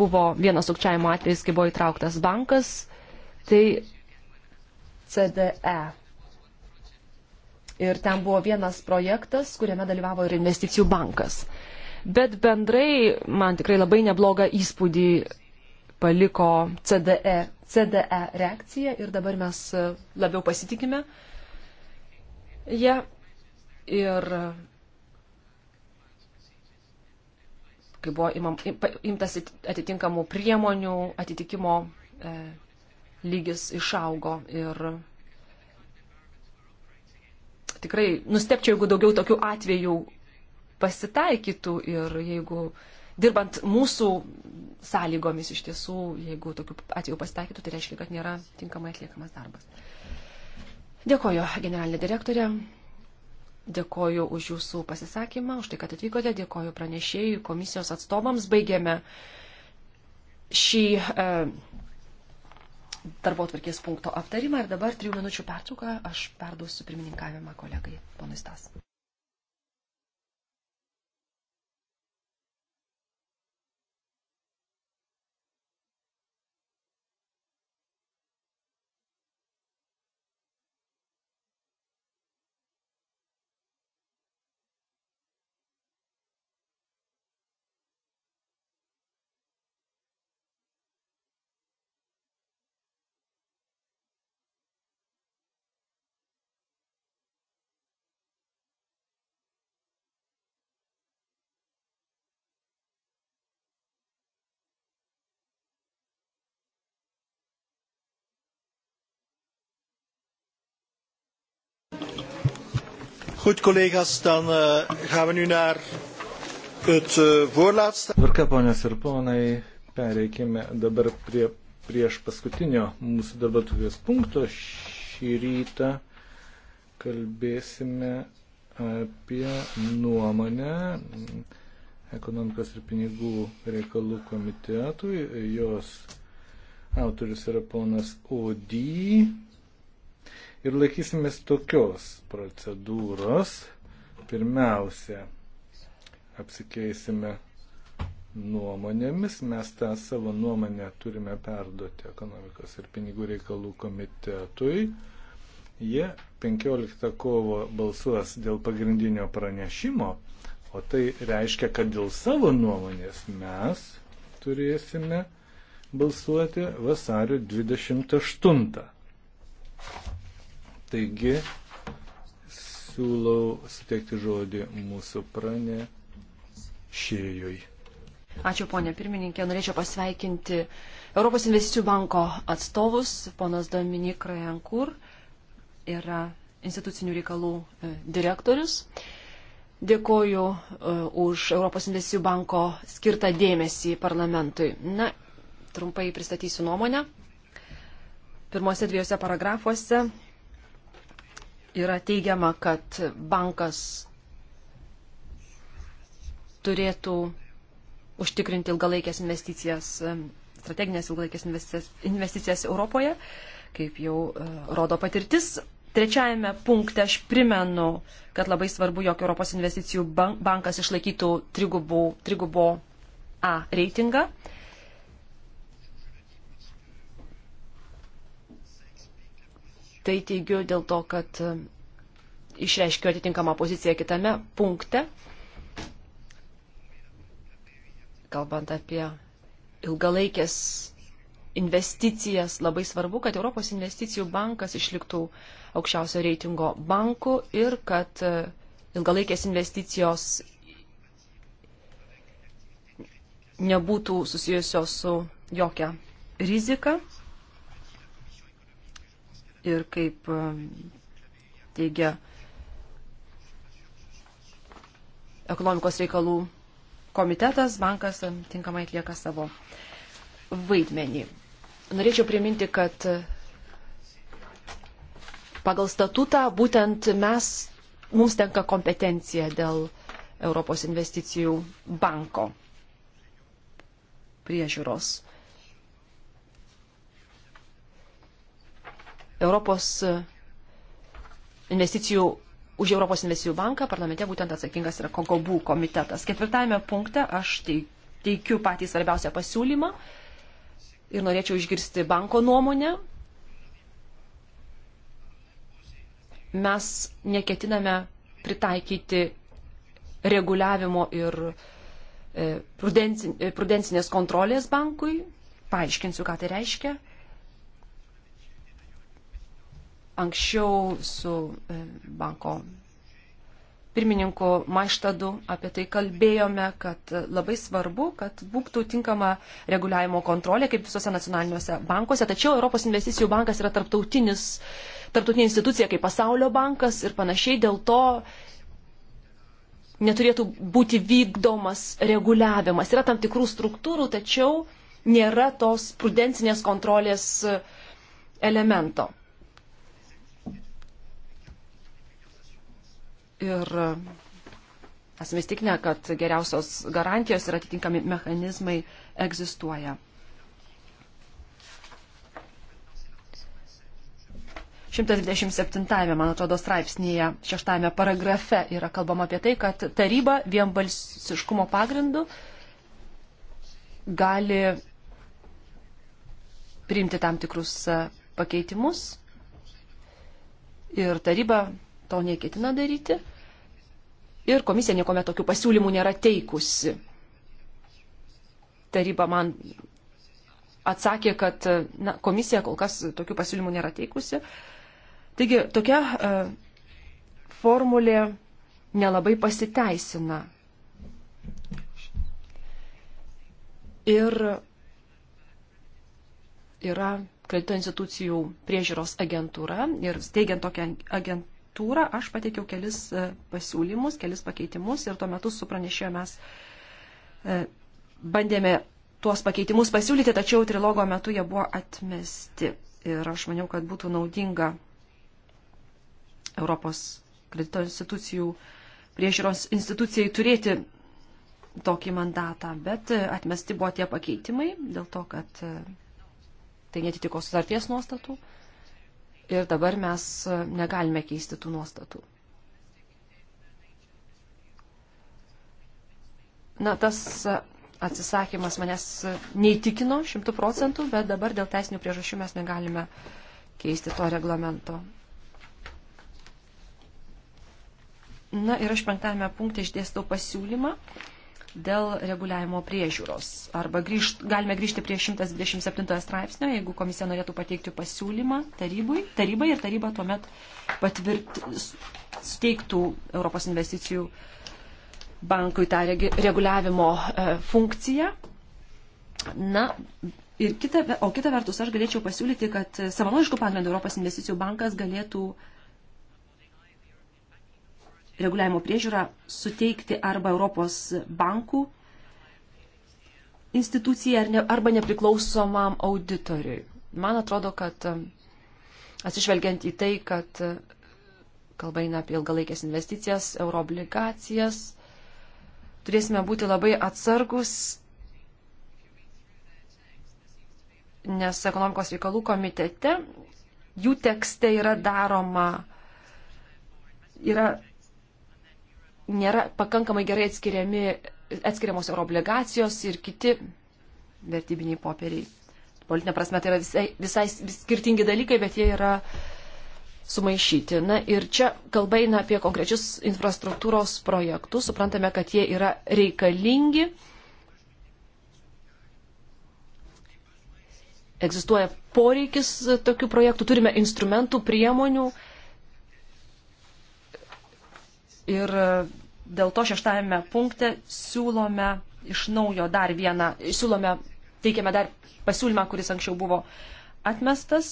buvo vienas sukčiavimo atvejis, kai buvo įtrauktas bankas, tai CDE Ir ten buvo vienas projektas, kuriame dalyvavo ir investicijų bankas. Bet bendrai man tikrai labai neblogą įspūdį paliko CDE, CDE reakcija ir dabar mes e, labiau pasitikime ją. Ja. Ir kai buvo imam, imtas atitinkamų priemonių, atitikimo e, lygis išaugo ir tikrai nustepčiau, jeigu daugiau tokių atvejų pasitaikytų ir jeigu dirbant mūsų sąlygomis iš tiesų, jeigu tokių atvejų pasitaikytų, tai reiškia, kad nėra tinkamai atliekamas darbas. Dėkoju, generalinė direktorė. Dėkoju už jūsų pasisakymą, už tai, kad atvykote. Dėkoju pranešėjui, komisijos atstovams. Baigėme šį. E, darbo tvarkės punkto aptarimą ir dabar trijų minučių pertrauką aš perduosiu pirmininkavimą kolegai ponui Stas. Goed, collega's, dan uh, gaan we nu naar het uh, voorlaatste. Tvarka, ponios ir ponai, pereikime dabar prie prieš paskutinio mūsų darbotuvės punkto. Šį rytą kalbėsime apie nuomonę ekonomikos ir pinigų reikalų komitetui. Jos autorius yra ponas Odį ir laikysimės tokios procedūros. Pirmiausia, apsikeisime nuomonėmis, mes tą savo nuomonę turime perduoti ekonomikos ir pinigų reikalų komitetui. Jie 15 kovo balsuos dėl pagrindinio pranešimo, o tai reiškia, kad dėl savo nuomonės mes turėsime balsuoti vasario 28. Taigi siūlau suteikti žodį mūsų pranešėjui. Ačiū, ponė pirmininkė. Norėčiau pasveikinti Europos investicijų banko atstovus. Ponas Dominik Rajankur yra institucinių reikalų e, direktorius. Dėkoju uh, už Europos investicijų banko skirtą dėmesį parlamentui. Na, trumpai pristatysiu nuomonę. Pirmose dviejose paragrafuose yra teigiama, kad bankas turėtų užtikrinti ilgalaikės investicijas, strateginės ilgalaikės investicijas, investicijas Europoje, kaip jau e, rodo patirtis. Trečiajame punkte aš primenu, kad labai svarbu, jog Europos investicijų bankas išlaikytų trigubo, trigubo A reitingą. Tai teigiu dėl to, kad um, išreiškiu atitinkamą poziciją kitame punkte, kalbant apie ilgalaikės investicijas, labai svarbu, kad Europos investicijų bankas išliktų aukščiausio reitingo banku ir kad uh, ilgalaikės investicijos nebūtų susijusios su jokia rizika ir kaip e, teigia ekonomikos reikalų komitetas, bankas e, tinkamai atlieka savo vaidmenį. Norėčiau priminti, kad e, pagal statutą būtent mes, mums tenka kompetencija dėl Europos investicijų banko priežiūros. Europos eh, investicijų, už Europos investicijų banką parlamente būtent atsakingas yra Kogobų komitetas. Ketvirtame punkte aš teikiu patį svarbiausią pasiūlymą ir norėčiau išgirsti banko nuomonę. Mes neketiname pritaikyti reguliavimo ir eh, prudencinės kontrolės bankui. Paaiškinsiu, ką tai reiškia anksčiau su e, banko pirmininku Maištadu apie tai kalbėjome, kad labai svarbu, kad būtų tinkama reguliavimo kontrolė, kaip visose nacionaliniuose bankuose. Tačiau Europos investicijų bankas yra tarptautinė institucija, kaip pasaulio bankas ir panašiai. Dėl to neturėtų būti vykdomas reguliavimas. Yra tam tikrų struktūrų, tačiau nėra tos prudencinės kontrolės e, elemento. Ir esame įstikinę, kad geriausios garantijos ir atitinkami mechanizmai egzistuoja. 127, man atrodo, straipsnėje, šeštame paragrafe yra kalbama apie tai, kad taryba vienbalsiškumo pagrindu gali priimti tam tikrus pakeitimus ir taryba to neketina daryti. Ir komisija niekuomet tokių pasiūlymų nėra teikusi. Taryba man atsakė, kad na, komisija kol kas tokių pasiūlymų nėra teikusi. Taigi tokia uh, formulė nelabai pasiteisina. Ir yra kredito institucijų priežiūros agentūra ir steigiant tokią agent, turą aš pateikiau kelis e, pasiūlymus, kelis pakeitimus ir tuo metu su pranešėjo mes e, bandėme tuos pakeitimus pasiūlyti, tačiau trilogo metu jie buvo atmesti. Ir aš maniau, kad būtų naudinga Europos kredito institucijų priežiūros institucijai turėti tokį mandatą, bet e, atmesti buvo tie pakeitimai dėl to, kad tai netitiko sutarties nuostatų ir dabar mes e, negalime keisti tų nuostatų. Na, tas e, atsisakymas manęs e, neįtikino šimtų procentų, bet dabar dėl teisinių priežasčių mes negalime keisti to reglamento. Na ir aš penktame punkte išdėstau pasiūlymą, dėl reguliavimo priežiūros. Arba grįžt, galime grįžti prie 127 straipsnio, jeigu komisija norėtų pateikti pasiūlymą tarybui, tarybai ir taryba tuomet patvirt, suteiktų Europos investicijų bankui tą reguliavimo e, funkciją. Na, ir kita, o kita vertus aš galėčiau pasiūlyti, kad savanoriškų pagrindų Europos investicijų bankas galėtų uh, reguliavimo priežiūrą suteikti arba Europos bankų institucijai ne, arba nepriklausomam auditoriui. Man atrodo, kad um, atsižvelgiant į tai, kad uh, kalba eina apie ilgalaikės investicijas, euroobligacijas, turėsime būti labai atsargus, nes ekonomikos reikalų komitete jų tekste yra daroma, yra nėra pakankamai gerai atskiriami, atskiriamos euroobligacijos ir kiti vertybiniai popieriai. Politinė prasme tai yra visai, visai skirtingi dalykai, bet jie yra sumaišyti. Na ir čia kalba eina apie konkrečius infrastruktūros projektus. Suprantame, kad jie yra reikalingi. Egzistuoja poreikis tokių projektų, turime instrumentų, priemonių, uh, Ir e, dėl to šeštajame punkte siūlome iš naujo dar vieną, siūlome, teikiame dar pasiūlymą, kuris anksčiau buvo atmestas,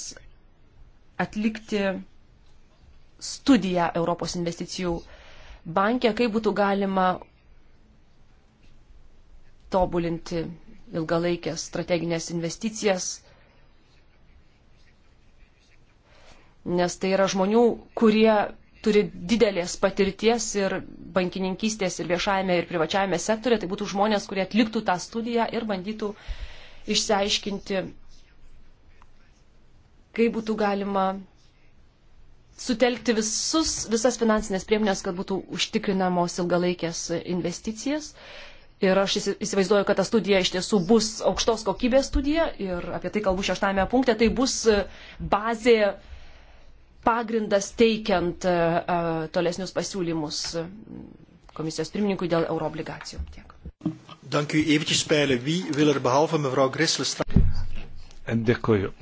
atlikti studiją Europos investicijų bankė, kaip būtų galima tobulinti ilgalaikės strateginės investicijas, nes tai yra žmonių, kurie turi didelės patirties ir bankininkystės ir viešajame ir privačiajame sektorė, tai būtų žmonės, kurie atliktų tą studiją ir bandytų išsiaiškinti, kaip būtų galima sutelkti visus, visas finansinės priemonės, kad būtų užtikrinamos ilgalaikės investicijas. Ir aš įsivaizduoju, kad ta studija iš tiesų bus aukštos kokybės studija ir apie tai kalbu šeštame punkte, tai bus bazė pagrindas teikiant e, e, tolesnius pasiūlymus komisijos pirmininkui dėl euroobligacijų. Tiek. Dank u eventjes peilen wie wil er behalve mevrouw Gressle straks. Dėkoju.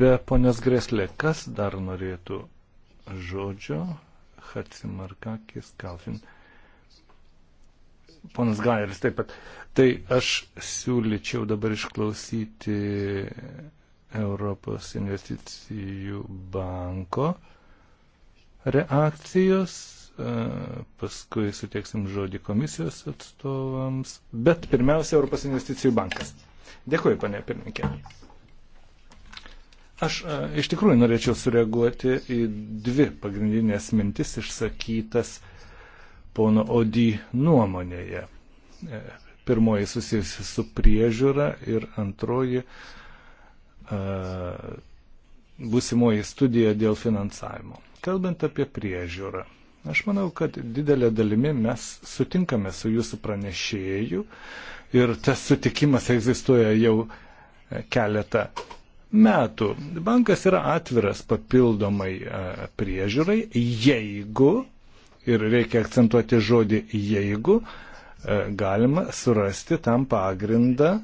Be ponios Greslė, kas dar norėtų žodžio? Hatsimarkakis Kalfin. Ponas Gairis taip pat. Tai aš siūlyčiau dabar išklausyti Europos investicijų banko reakcijos, e, paskui suteiksim žodį komisijos atstovams, bet pirmiausia Europos investicijų bankas. Dėkuoju, panė pirmininkė. Aš a, e, iš tikrųjų norėčiau sureaguoti į dvi pagrindinės mintis išsakytas pono Odį nuomonėje. E, pirmoji susijusi su priežiūra ir antroji uh, E, būsimoji studija dėl finansavimo. Kalbant apie priežiūrą, aš manau, kad didelė dalimi mes sutinkame su jūsų pranešėju ir tas sutikimas egzistuoja jau keletą metų. Bankas yra atviras papildomai e, priežiūrai, jeigu, ir reikia akcentuoti žodį jeigu, e, galima surasti tam pagrindą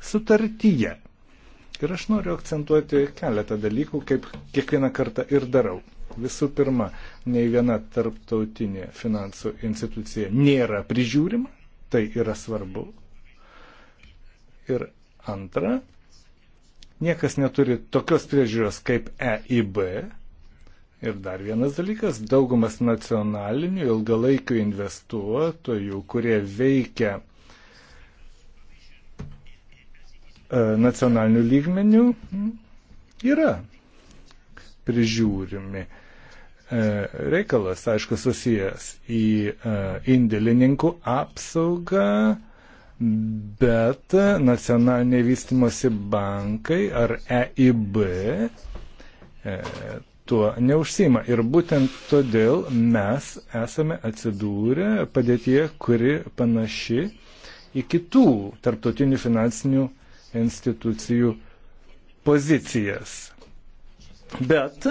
sutartyje. Ir aš noriu akcentuoti keletą dalykų, kaip kiekvieną kartą ir darau. Visų pirma, nei viena tarptautinė finansų institucija nėra prižiūrima, tai yra svarbu. Ir antra, niekas neturi tokios priežiūros kaip EIB. Ir dar vienas dalykas, daugumas nacionalinių ilgalaikių investuotojų, kurie veikia E, nacionalinių lygmenių yra prižiūrimi. E, reikalas, aišku, susijęs į e, indėlininkų apsaugą, bet nacionaliniai vystimosi bankai ar EIB tuo neužsima. Ir būtent todėl mes esame atsidūrę padėtyje, kuri panaši į kitų tarptautinių finansinių institucijų pozicijas. Bet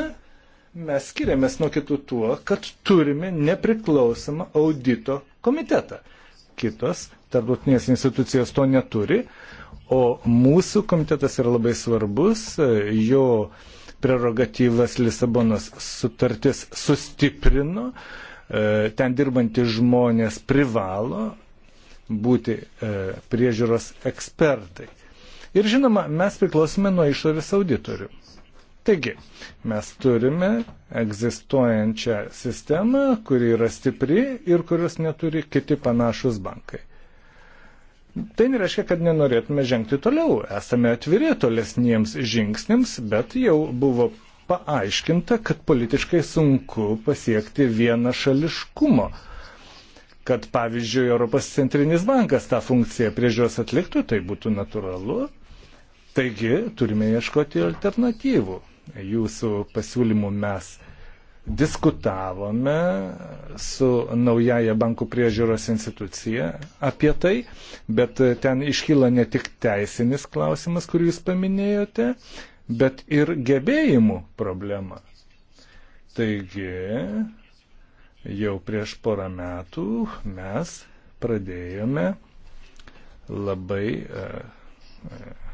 mes skiriamės nuo kitų tuo, kad turime nepriklausomą audito komitetą. Kitos tarptautinės institucijos to neturi, o mūsų komitetas yra labai svarbus, jo prerogatyvas Lisabonos sutartis sustiprino, e, ten dirbantys žmonės privalo būti e, priežiūros ekspertai. Ir žinoma, mes priklausome nuo išorės auditorių. Taigi, mes turime egzistuojančią sistemą, kuri yra stipri ir kurios neturi kiti panašus bankai. Tai nereiškia, kad nenorėtume žengti toliau. Esame atviri tolesniems žingsniams, bet jau buvo paaiškinta, kad politiškai sunku pasiekti vieną šališkumo. Kad pavyzdžiui, Europos centrinis bankas tą funkciją priežiūros atliktų, tai būtų natūralu, Taigi turime ieškoti alternatyvų. Jūsų pasiūlymų mes diskutavome su naujaja bankų priežiūros institucija apie tai, bet ten iškyla ne tik teisinis klausimas, kurį jūs paminėjote, bet ir gebėjimų problema. Taigi, jau prieš porą metų mes pradėjome labai uh, uh,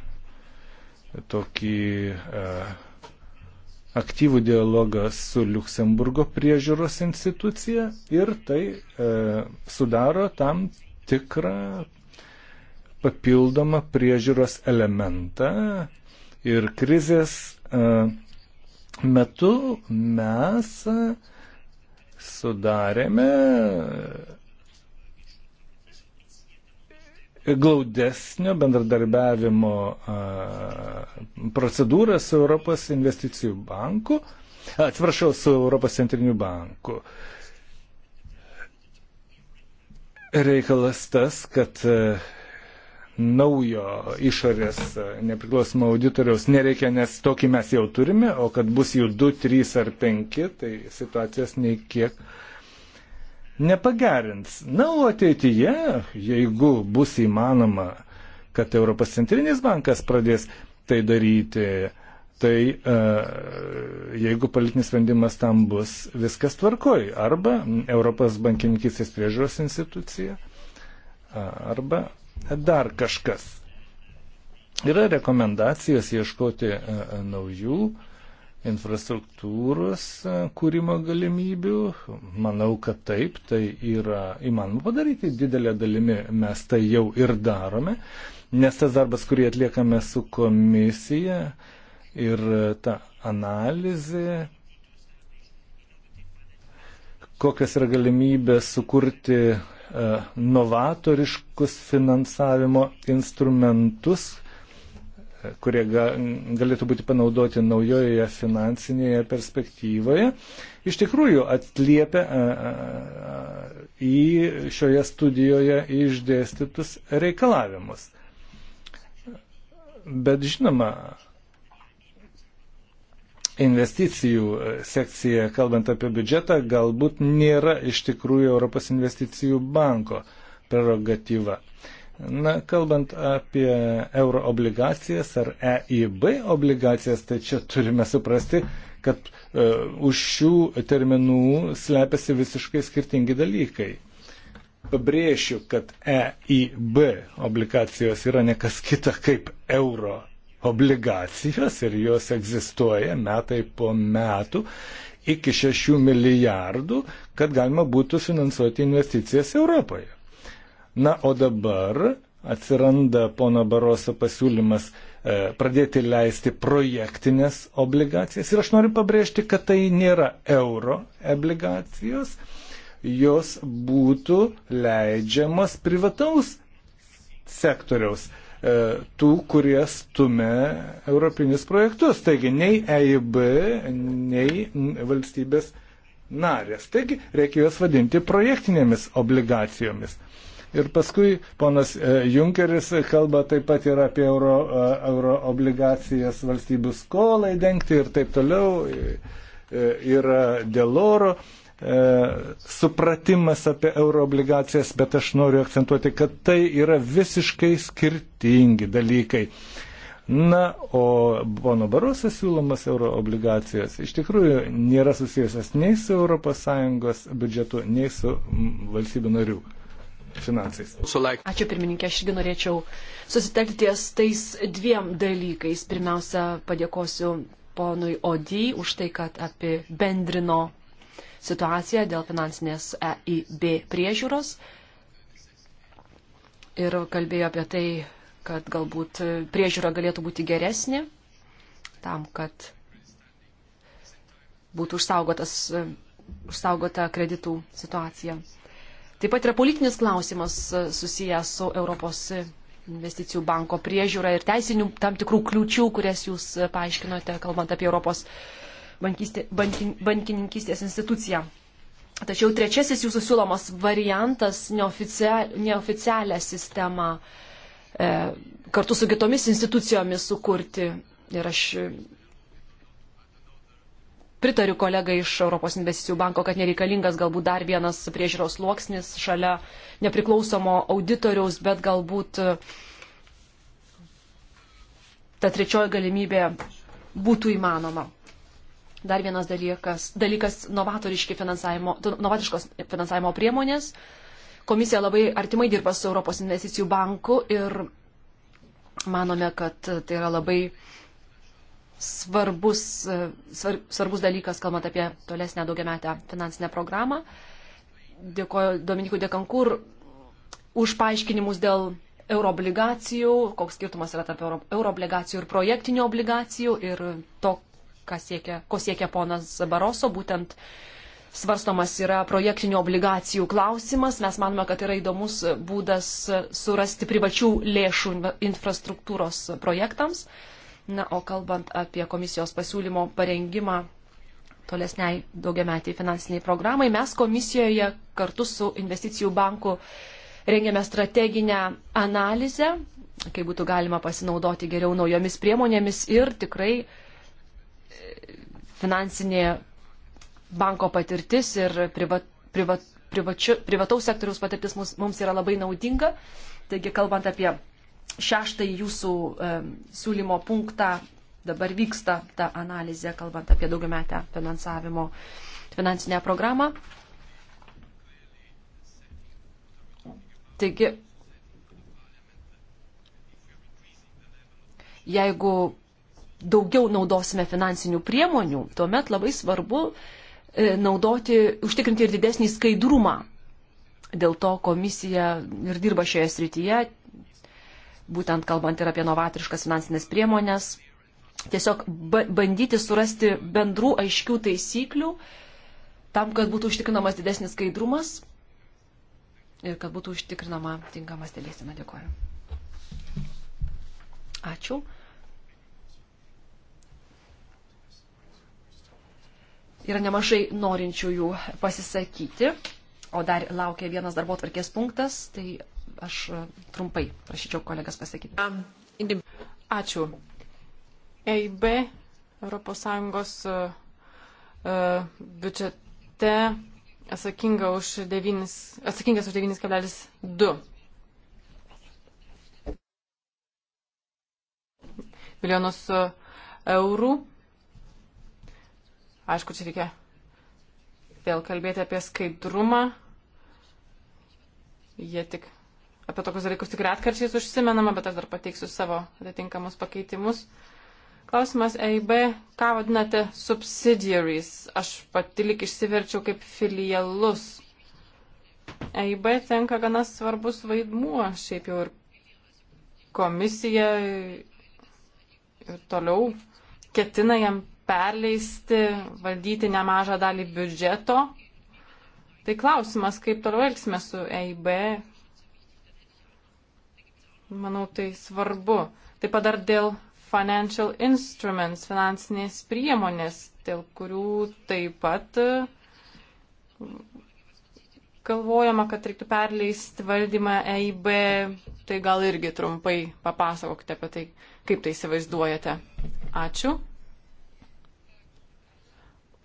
tokį e, aktyvų dialogą su Luksemburgo priežiūros institucija ir tai e, sudaro tam tikrą papildomą priežiūros elementą. Ir krizės e, metu mes e, sudarėme glaudesnio bendradarbiavimo procedūrą su Europos investicijų banku, atsiprašau, su Europos centriniu banku. Reikalas tas, kad naujo išorės nepriklausomo auditoriaus nereikia, nes tokį mes jau turime, o kad bus jų 2, 3 ar 5, tai situacijos nei kiek uh, nepagerins. Na, o ateityje, jeigu bus įmanoma, kad Europos centrinis bankas pradės tai daryti, tai e, jeigu politinis sprendimas tam bus, viskas tvarkoj. Arba Europos bankininkysės priežiūros institucija, arba dar kažkas. Yra rekomendacijos ieškoti e, e, naujų infrastruktūros e, kūrimo galimybių. Manau, kad taip, tai yra įmanoma padaryti. Didelė dalimi mes tai jau ir darome, nes tas darbas, kurį atliekame su komisija ir e, ta analizė, kokias yra galimybės sukurti e, novatoriškus finansavimo instrumentus, kurie ga, galėtų būti panaudoti naujoje finansinėje perspektyvoje, iš tikrųjų atliepia į šioje studijoje išdėstytus reikalavimus. Bet žinoma, investicijų sekcija, kalbant apie biudžetą, galbūt nėra iš tikrųjų Europos investicijų banko prerogatyva. Uh, Na, kalbant apie euro obligacijas ar EIB obligacijas, tai čia turime suprasti, kad e, už šių terminų slepiasi visiškai skirtingi dalykai. Pabrėšiu, kad EIB obligacijos yra nekas kita kaip euro obligacijos ir jos egzistuoja metai po metų iki 6 milijardų, kad galima būtų finansuoti investicijas Europoje. Na, o dabar atsiranda pono Baroso pasiūlymas e, pradėti leisti projektinės obligacijas. Ir aš noriu pabrėžti, kad tai nėra euro obligacijos, jos būtų leidžiamas privataus sektoriaus, e, tų, kurie stumia europinius projektus. Taigi nei EIB, nei valstybės narės. Taigi reikia juos vadinti projektinėmis obligacijomis. Ir paskui ponas e, Junkeris kalba taip pat ir apie euro, e, euro obligacijas valstybių skolai dengti ir taip toliau. E, yra dėl oro supratimas apie euro obligacijas, bet aš noriu akcentuoti, kad tai yra visiškai skirtingi dalykai. Na, o Bono Barosas siūlomas euro obligacijas iš tikrųjų nėra susijusios nei su ES biudžetu, nei su valstybių narių finansais. Ačiū pirmininkė, aš irgi norėčiau susitelkti ties tais dviem dalykais. Pirmiausia, padėkosiu ponui Odį už tai, kad apibendrino situaciją dėl finansinės EIB priežiūros ir kalbėjo apie tai, kad galbūt priežiūra galėtų būti geresnė tam, kad būtų užsaugotas, užsaugota kreditų situacija. Taip pat yra politinis klausimas e, susijęs su Europos investicijų banko priežiūra ir teisinių tam tikrų kliūčių, kurias jūs e, paaiškinote, kalbant apie Europos bankistė, bankin, bankininkystės instituciją. Tačiau trečiasis jūsų siūlomas variantas neoficialią, neoficialią sistemą e, kartu su kitomis institucijomis sukurti. Ir aš pritariu kolegai iš Europos investicijų banko, kad nereikalingas galbūt dar vienas priežiūros sluoksnis šalia nepriklausomo auditoriaus, bet galbūt e, ta trečioji galimybė būtų įmanoma. Dar vienas dalykas, dalykas finansavimo, novatiškos finansavimo priemonės. Komisija labai artimai dirba su Europos investicijų banku ir manome, kad tai yra labai svarbus, e, svar, svarbus dalykas, kalbant apie tolesnę daugiametę finansinę programą. Dėkoju Dominikui Dekankur už paaiškinimus dėl euroobligacijų, koks skirtumas yra tarp euroobligacijų ir projektinių obligacijų ir to, siekia, ko siekia ponas Baroso, būtent svarstomas yra projektinių obligacijų klausimas. Mes manome, kad yra įdomus būdas surasti privačių lėšų infrastruktūros projektams. Uh, Na, o kalbant apie komisijos pasiūlymo parengimą tolesniai daugiametiai finansiniai programai, mes komisijoje kartu su investicijų banku rengėme strateginę analizę, kaip būtų galima pasinaudoti geriau naujomis priemonėmis ir tikrai e, finansinė banko patirtis ir priva, priva, privačiu, privataus sektoriaus patirtis mums, mums yra labai naudinga. Taigi, kalbant apie šeštąjį jūsų e, siūlymo punktą dabar vyksta ta analizė, kalbant apie daugiametę finansavimo finansinę programą. Taigi, jeigu daugiau naudosime finansinių priemonių, tuomet labai svarbu e, naudoti, užtikrinti ir didesnį skaidrumą. Dėl to komisija ir dirba šioje srityje, būtent kalbant ir apie novatoriškas finansinės priemonės, tiesiog bandyti surasti bendrų aiškių taisyklių tam, kad būtų užtikrinamas didesnis skaidrumas ir kad būtų užtikrinama tinkama stebėsena. Dėkuoju. Ačiū. Yra nemažai norinčiųjų pasisakyti, o dar laukia vienas darbo tvarkės punktas, tai aš e, trumpai prašyčiau kolegas pasakyti. Um, Ačiū. EIB ES e, e, biudžete atsakinga už 9, atsakingas už 9,2 milijonus eurų. Aišku, čia reikia vėl kalbėti apie skaidrumą. Jie tik apie tokius dalykus tikrai atkarčiais užsimenama, bet aš dar pateiksiu savo atitinkamus pakeitimus. Klausimas EIB, ką vadinate subsidiaries? Aš pati lik išsiverčiau kaip filialus. EIB tenka gana svarbus vaidmuo, šiaip jau ir komisija ir toliau ketina jam perleisti, valdyti nemažą dalį biudžeto. Tai klausimas, kaip toliau elgsime su EIB, Manau, tai svarbu. Taip pat dar dėl financial instruments, finansinės priemonės, dėl kurių taip pat e, galvojama, kad reiktų perleisti valdymą EIB. Tai gal irgi trumpai papasakokite apie tai, kaip tai įsivaizduojate. Ačiū.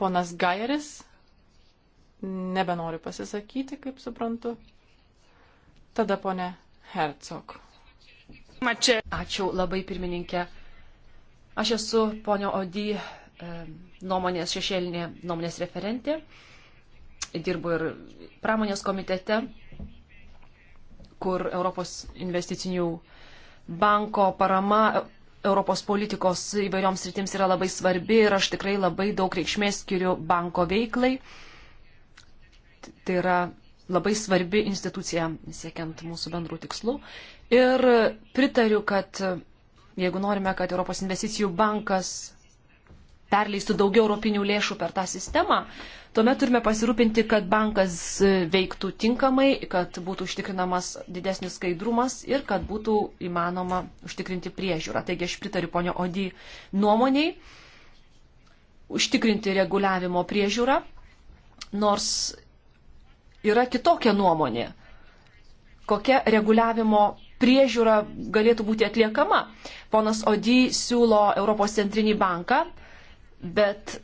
Ponas Gairis nebenori pasisakyti, kaip suprantu. Tada ponė Hercog. Ačiū labai pirmininkė. Aš esu ponio Odi e, nuomonės šešėlinė nuomonės referentė. Dirbu ir pramonės komitete, kur Europos investicinių banko parama Europos politikos įvairioms rytims yra labai svarbi ir aš tikrai labai daug reikšmės skiriu banko veiklai. Tai yra labai svarbi institucija siekiant mūsų bendrų tikslų. Ir pritariu, kad jeigu norime, kad Europos investicijų bankas perleistų daugiau europinių lėšų per tą sistemą, tuomet turime pasirūpinti, kad bankas veiktų tinkamai, kad būtų užtikrinamas didesnis skaidrumas ir kad būtų įmanoma užtikrinti priežiūrą. Taigi aš pritariu ponio Odį nuomoniai užtikrinti reguliavimo priežiūrą, nors yra kitokia nuomonė, kokia reguliavimo priežiūra galėtų būti atliekama. Ponas Odi siūlo Europos centrinį banką, bet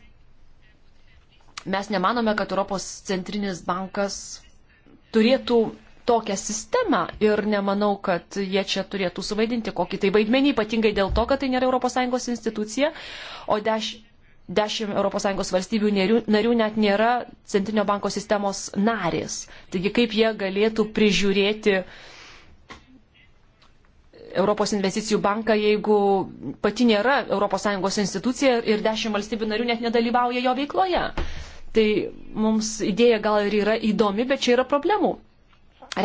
mes nemanome, kad Europos centrinis bankas turėtų tokią sistemą ir nemanau, kad jie čia turėtų suvaidinti kokį tai vaidmenį, ypatingai dėl to, kad tai nėra ES institucija, o deš, dešimt ES valstybių narių, narių net nėra Centrinio banko sistemos narės. Taigi kaip jie galėtų prižiūrėti uh, Europos investicijų banką, jeigu pati nėra ES institucija ir dešimt valstybių narių net nedalyvauja jo veikloje. Tai mums idėja gal ir yra įdomi, bet čia yra problemų.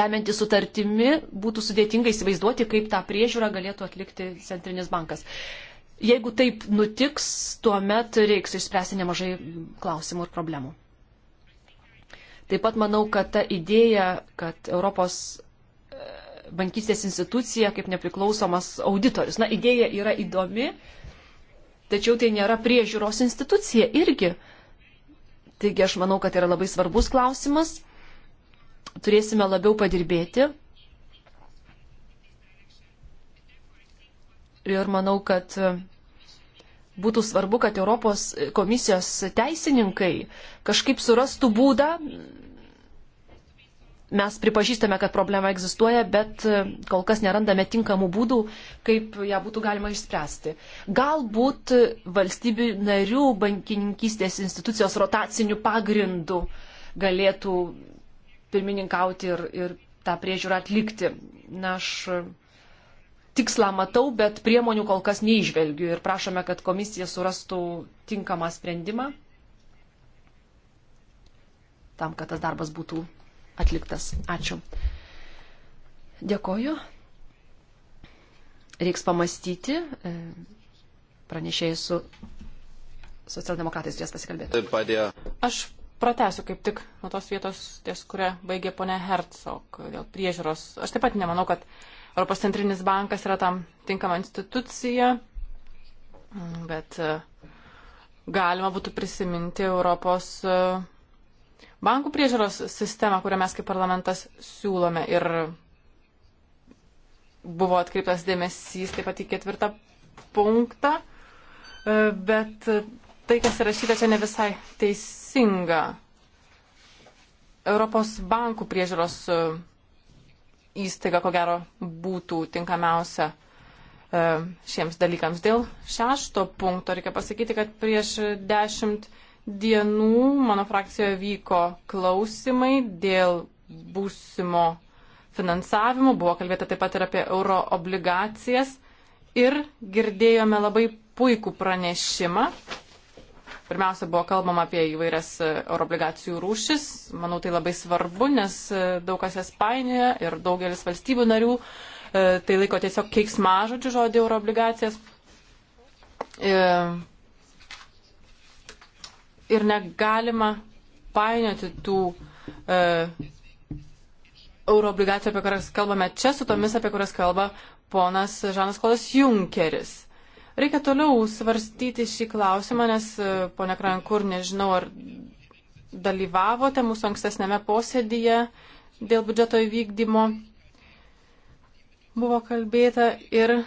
Remianti sutartimi būtų sudėtinga įsivaizduoti, kaip tą priežiūrą galėtų atlikti Centrinis bankas. Jeigu taip nutiks, tuomet reiks išspręsti nemažai klausimų ir problemų. Taip pat manau, kad ta idėja, kad Europos bankystės instituciją kaip nepriklausomas auditorius. Na, idėja yra įdomi, tačiau tai nėra priežiūros institucija irgi. Taigi aš manau, kad yra labai svarbus klausimas. Turėsime labiau padirbėti. Ir manau, kad būtų svarbu, kad Europos komisijos teisininkai kažkaip surastų būdą mes pripažįstame, kad problema egzistuoja, bet e, kol kas nerandame tinkamų būdų, kaip ją būtų galima išspręsti. Galbūt e, valstybių narių bankininkystės institucijos rotacinių pagrindų galėtų pirmininkauti ir, ir tą priežiūrą atlikti. Na, aš e, tikslą matau, bet priemonių kol kas neižvelgiu ir prašome, kad komisija surastų tinkamą sprendimą tam, kad tas darbas būtų atliktas. Ačiū. Dėkoju. Reiks pamastyti. E, pranešėjai su socialdemokratais turės pasikalbėti. Aš pratęsiu kaip tik nuo tos vietos, ties kurią baigė ponė Hertzog dėl priežiūros. Aš taip pat nemanau, kad Europos centrinis bankas yra tam tinkama institucija, bet e, galima būtų prisiminti Europos e, bankų priežiūros sistemą, kurią mes kaip parlamentas siūlome ir buvo atkreiptas dėmesys taip pat į ketvirtą punktą, e, bet tai, kas rašyta čia ne visai teisinga. Europos bankų priežiūros e, įstaiga, ko gero, būtų tinkamiausia e, šiems dalykams. Dėl šešto punkto reikia pasakyti, kad prieš dešimt metų dienų mano frakcijoje vyko klausimai dėl būsimo finansavimo, buvo kalbėta taip pat ir apie euro obligacijas ir girdėjome labai puikų pranešimą. Pirmiausia, buvo kalbama apie įvairias euroobligacijų rūšis. Manau, tai labai svarbu, nes daug kas jas painioja ir daugelis valstybių narių e, tai laiko tiesiog keiksmažodžių žodį euroobligacijas. E, ir negalima painioti tų e, euroobligacijų, apie kurias kalbame čia, su tomis, apie kurias kalba ponas Žanas Klodas Junkeris. Reikia toliau svarstyti šį klausimą, nes e, ponia Krankur, nežinau, ar dalyvavote mūsų ankstesnėme posėdyje dėl biudžeto įvykdymo. Buvo kalbėta ir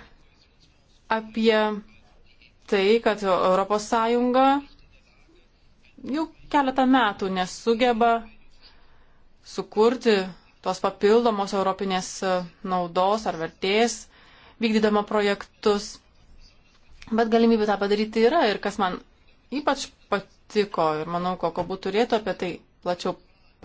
apie tai, kad ES jau keletą metų nesugeba sukurti tos papildomos europinės e, naudos ar vertės, vykdydama projektus. Bet galimybė tą padaryti yra ir kas man ypač patiko ir manau, koko būtų turėtų apie tai plačiau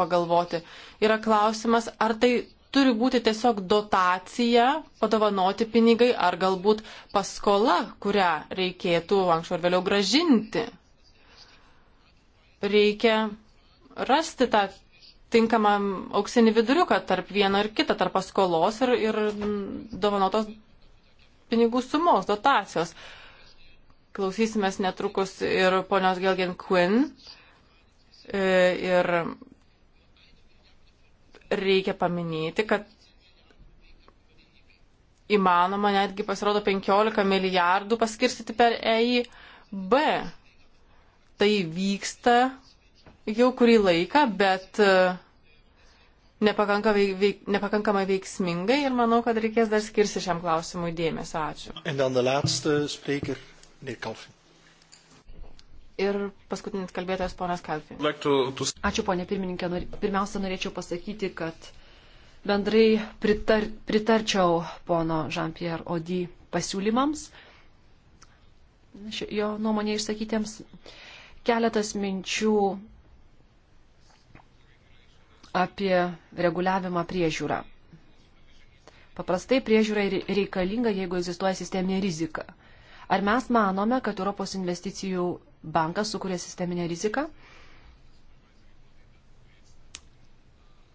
pagalvoti, yra klausimas, ar tai turi būti tiesiog dotacija, padovanoti pinigai, ar galbūt paskola, kurią reikėtų anksčiau ar vėliau gražinti reikia rasti tą tinkamą auksinį viduriuką tarp vieno ir kito, tarp paskolos ir, ir dovanotos pinigų sumos, dotacijos. Klausysimės netrukus ir ponios Gelgen Quinn. E, ir reikia paminėti, kad įmanoma netgi pasirodo 15 milijardų paskirstyti per EIB tai vyksta jau kurį laiką, bet e, nepakankamai, veik, nepakankamai veiksmingai ir manau, kad reikės dar skirsi šiam klausimui dėmesio. Ačiū. Ir paskutinis kalbėtojas ponas Kalfin. Ačiū ponė pirmininkė. Pirmiausia, norėčiau pasakyti, kad bendrai pritar, pritarčiau pono Jean-Pierre Odi pasiūlymams, jo nuomonė išsakytiems. Uh, Keletas minčių apie reguliavimą priežiūrą. Paprastai priežiūra reikalinga, jeigu egzistuoja sisteminė rizika. Ar mes manome, kad Europos investicijų bankas sukuria sisteminę riziką?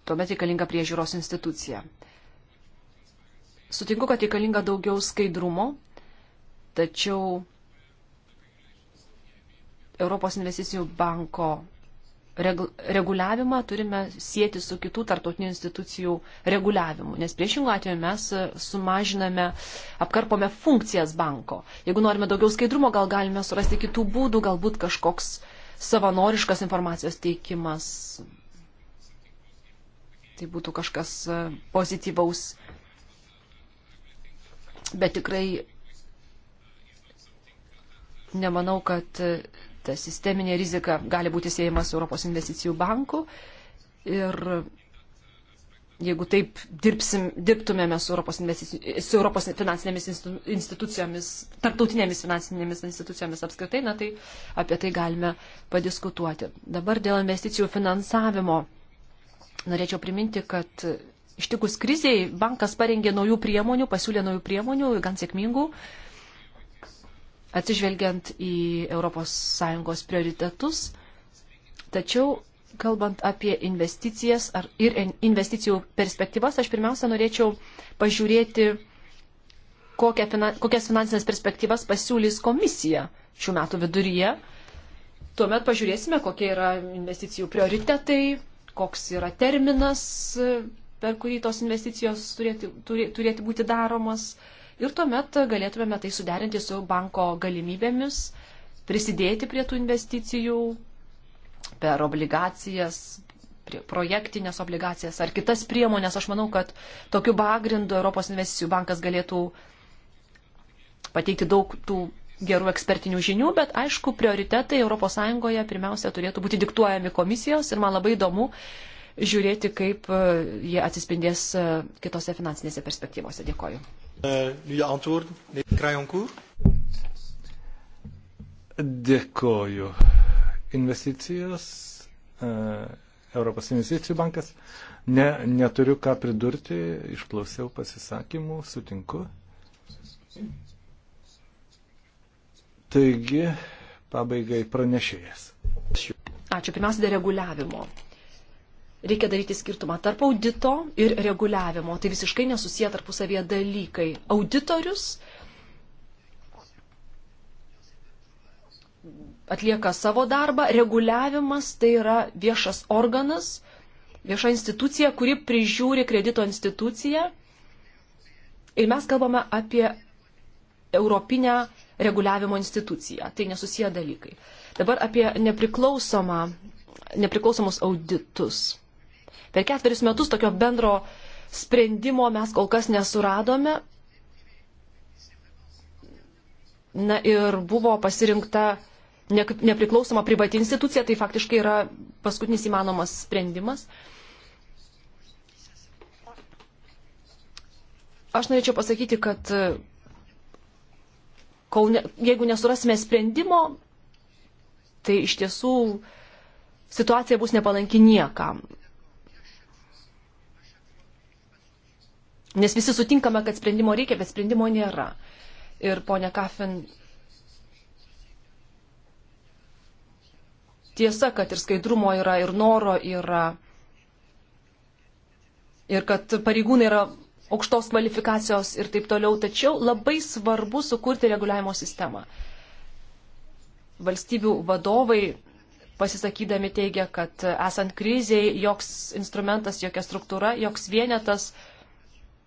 Tuomet reikalinga priežiūros institucija. Sutinku, kad reikalinga daugiau skaidrumo, tačiau Europos investicijų banko reguliavimą turime sieti su kitų tartutinių institucijų reguliavimu, nes priešingų atveju mes sumažiname, apkarpome funkcijas banko. Jeigu norime daugiau skaidrumo, gal galime surasti kitų būdų, galbūt kažkoks savanoriškas informacijos teikimas. Tai būtų kažkas e, pozityvaus. Bet tikrai nemanau, kad ta sisteminė rizika gali būti siejama su Europos investicijų banku. Ir jeigu taip dirbsim, dirbtumėme su Europos, su Europos finansinėmis institucijomis, tarptautinėmis finansinėmis institucijomis apskritai, na tai apie tai galime padiskutuoti. Dabar dėl investicijų finansavimo norėčiau priminti, kad ištikus kriziai bankas parengė naujų priemonių, pasiūlė naujų priemonių, gan sėkmingų, uh, atsižvelgiant į ES prioritetus. Tačiau, kalbant apie investicijas ar, ir investicijų perspektyvas, aš pirmiausia norėčiau pažiūrėti, kokia, kokias finansinės perspektyvas pasiūlys komisija šių metų viduryje. Tuomet pažiūrėsime, kokie yra investicijų prioritetai, koks yra terminas, per kurį tos investicijos turėti, turėti būti daromas ir tuomet galėtumėme tai suderinti su banko galimybėmis, prisidėti prie tų investicijų per obligacijas, projektinės obligacijas ar kitas priemonės. Aš manau, kad tokiu pagrindu Europos investicijų bankas galėtų pateikti daug tų gerų ekspertinių žinių, bet aišku, prioritetai ES pirmiausia turėtų būti diktuojami komisijos ir man labai įdomu žiūrėti, kaip e, jie atsispindės e, kitose finansinėse perspektyvose. Dėkoju. Eh, nu, Dėkoju. Investicijos, eh, Europos investicijų bankas. Ne, neturiu ką pridurti, išklausiau pasisakymų, sutinku. Taigi, pabaigai pranešėjas. Ačiū. Pirmiausia, dėl reguliavimo reikia daryti skirtumą tarp audito ir reguliavimo. Tai visiškai nesusiję tarpusavėje dalykai. Auditorius atlieka savo darbą, reguliavimas tai yra viešas organas, vieša institucija, kuri prižiūri kredito instituciją. Ir mes kalbame apie Europinę reguliavimo instituciją. Tai nesusiję dalykai. Dabar apie nepriklausomą nepriklausomus auditus. Per ketverius metus tokio bendro sprendimo mes kol kas nesuradome. Na ir buvo pasirinkta nepriklausoma privati institucija, tai faktiškai yra paskutinis įmanomas sprendimas. Aš norėčiau pasakyti, kad e, kol ne, jeigu nesurasime sprendimo, tai iš tiesų situacija bus nepalanki niekam. Nes visi sutinkame, kad sprendimo reikia, bet sprendimo nėra. Ir ponia Kafin, tiesa, kad ir skaidrumo yra, ir noro yra, ir kad pareigūnai yra aukštos kvalifikacijos ir taip toliau, tačiau labai svarbu sukurti reguliavimo sistemą. Valstybių vadovai pasisakydami teigia, kad esant kriziai, joks instrumentas, jokia struktūra, joks vienetas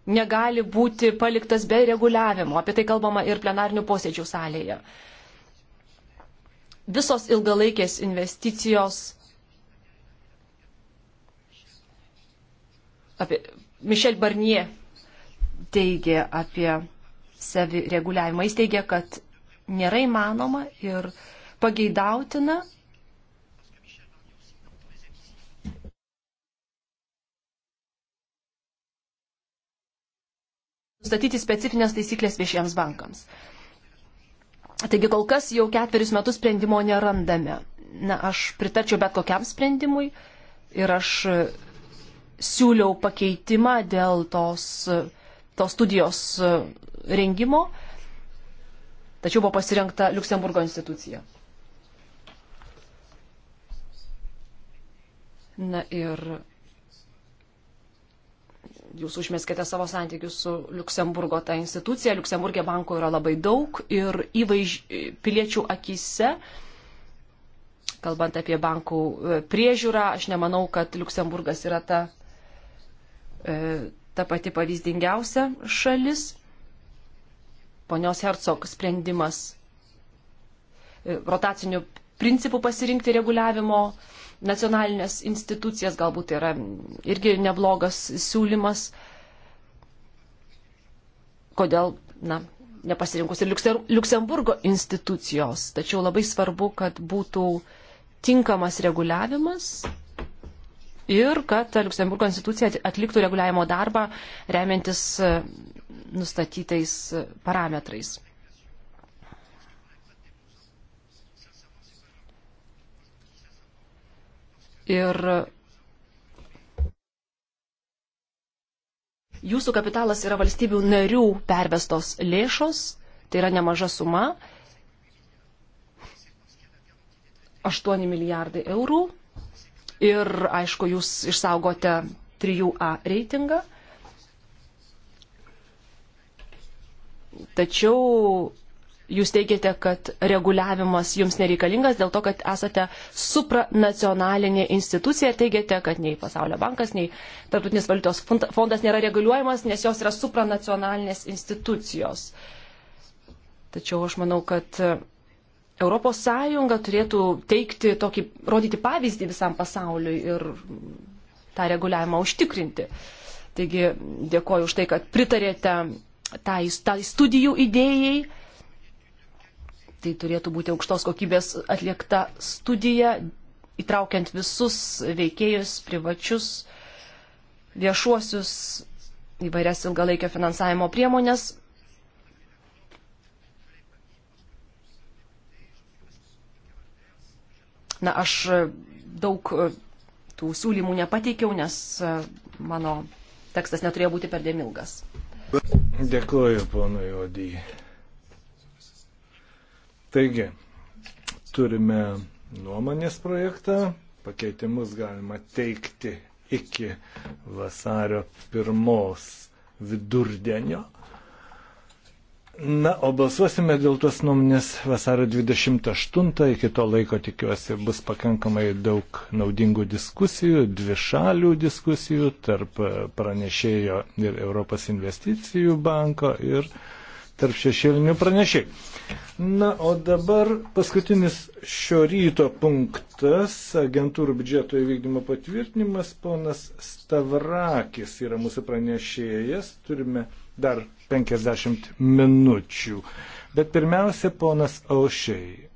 negali būti paliktas be reguliavimo. Apie tai kalbama ir plenarnių posėdžių salėje. Visos ilgalaikės investicijos. Apie Mišel Barnie teigė apie savireguliavimą. Jis teigia, kad nėra įmanoma ir pageidautina nustatyti specifines taisyklės viešiems bankams. Taigi kol kas jau ketverius metus sprendimo nerandame. Na, aš pritarčiau bet kokiam sprendimui ir aš e, siūliau pakeitimą dėl tos, e, tos studijos e, rengimo, tačiau buvo pasirinkta Luksemburgo institucija. Na ir jūs užmėskite savo santykius su Luksemburgo ta institucija. Luksemburgė banko yra labai daug ir įvaiž, piliečių akise, kalbant apie bankų e, priežiūrą, aš nemanau, kad Luksemburgas yra ta, e, ta pati pavyzdingiausia šalis. Ponios Hercog sprendimas e, rotacinių principų pasirinkti reguliavimo nacionalinės institucijas, galbūt yra irgi neblogas siūlymas, kodėl, na, nepasirinkus ir Luksemburgo institucijos. Tačiau labai svarbu, kad būtų tinkamas reguliavimas ir kad Luksemburgo institucija atliktų reguliavimo darbą remiantis e, nustatytais e, parametrais. Ir jūsų kapitalas yra valstybių narių pervestos lėšos, tai yra nemaža suma. 8 milijardai eurų. Ir aišku, jūs išsaugote 3A reitingą. Tačiau jūs teigiate, kad reguliavimas jums nereikalingas dėl to, kad esate supranacionalinė institucija ir teigiate, kad nei Pasaulio bankas, nei Tartutinis valiutos fondas nėra reguliuojamas, nes jos yra supranacionalinės institucijos. Tačiau aš manau, kad ES turėtų teikti tokį, rodyti pavyzdį visam pasauliui ir tą reguliavimą užtikrinti. Taigi dėkoju už tai, kad pritarėte tai, tai studijų idėjai Tai turėtų būti aukštos kokybės atliekta studija, įtraukiant visus veikėjus, privačius, viešuosius, įvairias ilgalaikio finansavimo priemonės. Na, aš daug e, tų siūlymų nepateikiau, nes e, mano tekstas neturėjo būti per dėmilgas. Dėkuoju, ponui Odijai. Taigi, turime nuomonės projektą, pakeitimus galima teikti iki vasario pirmos vidurdienio. Na, o balsuosime dėl tos nuomonės vasario 28. Iki to laiko tikiuosi bus pakankamai daug naudingų diskusijų, dvišalių diskusijų tarp pranešėjo ir Europos investicijų banko ir uh, tarp šešėlinių pranešiai. Na, o dabar paskutinis šio ryto punktas - agentūrų biudžeto įvykdymo patvirtinimas. Ponas Stavrakis yra mūsų pranešėjas. Turime dar 50 minučių. Bet pirmiausia, ponas Aušiai.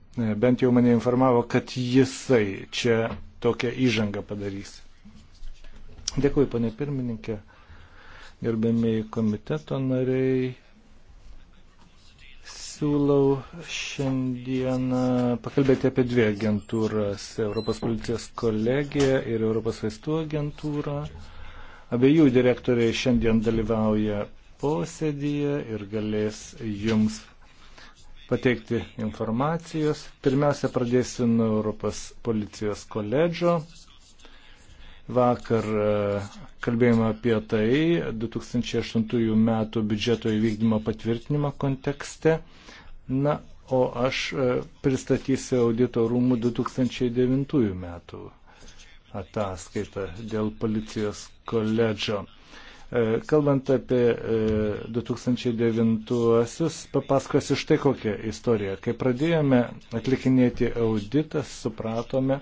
Bent jau mane informavo, kad jisai čia tokią įžangą padarys. Dėkui, ponė pirmininkė, gerbėmiai komiteto nariai, siūlau šiandieną pakalbėti apie dvi agentūras - Europos policijos kolegiją ir Europos vaistų agentūrą. Abiejų direktoriai šiandien dalyvauja posėdyje ir galės jums pateikti informacijos. Pirmiausia, pradėsiu nuo Europos policijos koledžo. Vakar e, kalbėjome apie tai 2008 metų biudžeto įvykdymo patvirtinimo kontekste. Na, o aš e, pristatysiu audito rūmų 2009 metų ataskaitą dėl policijos koledžo. E, kalbant apie 2009-uosius, papasakosiu štai kokią istoriją. Kai pradėjome atlikinėti auditą, supratome,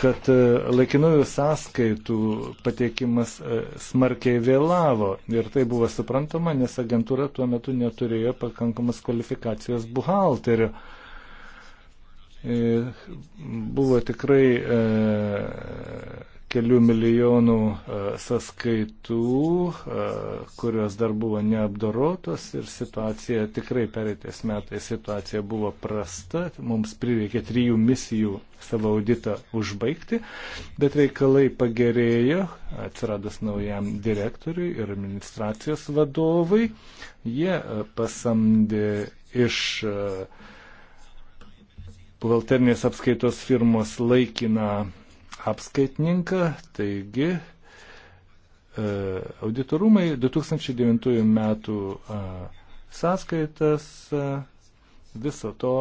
kad e, laikinųjų sąskaitų pateikimas e, smarkiai vėlavo ir tai buvo suprantama, nes agentūra tuo metu neturėjo pakankamas kvalifikacijos buhalterio. E, buvo tikrai e, kelių milijonų e, sąskaitų, e, kurios dar buvo neapdorotos ir situacija tikrai pereitais metais situacija buvo prasta, mums prireikė trijų misijų savo auditą užbaigti, bet reikalai pagerėjo atsiradus naujam direktoriui ir administracijos vadovai. Jie e, pasamdė iš buhalterinės apskaitos firmos laikiną apskaitininką, taigi e, auditorumai 2009 metų e, sąskaitas e, viso to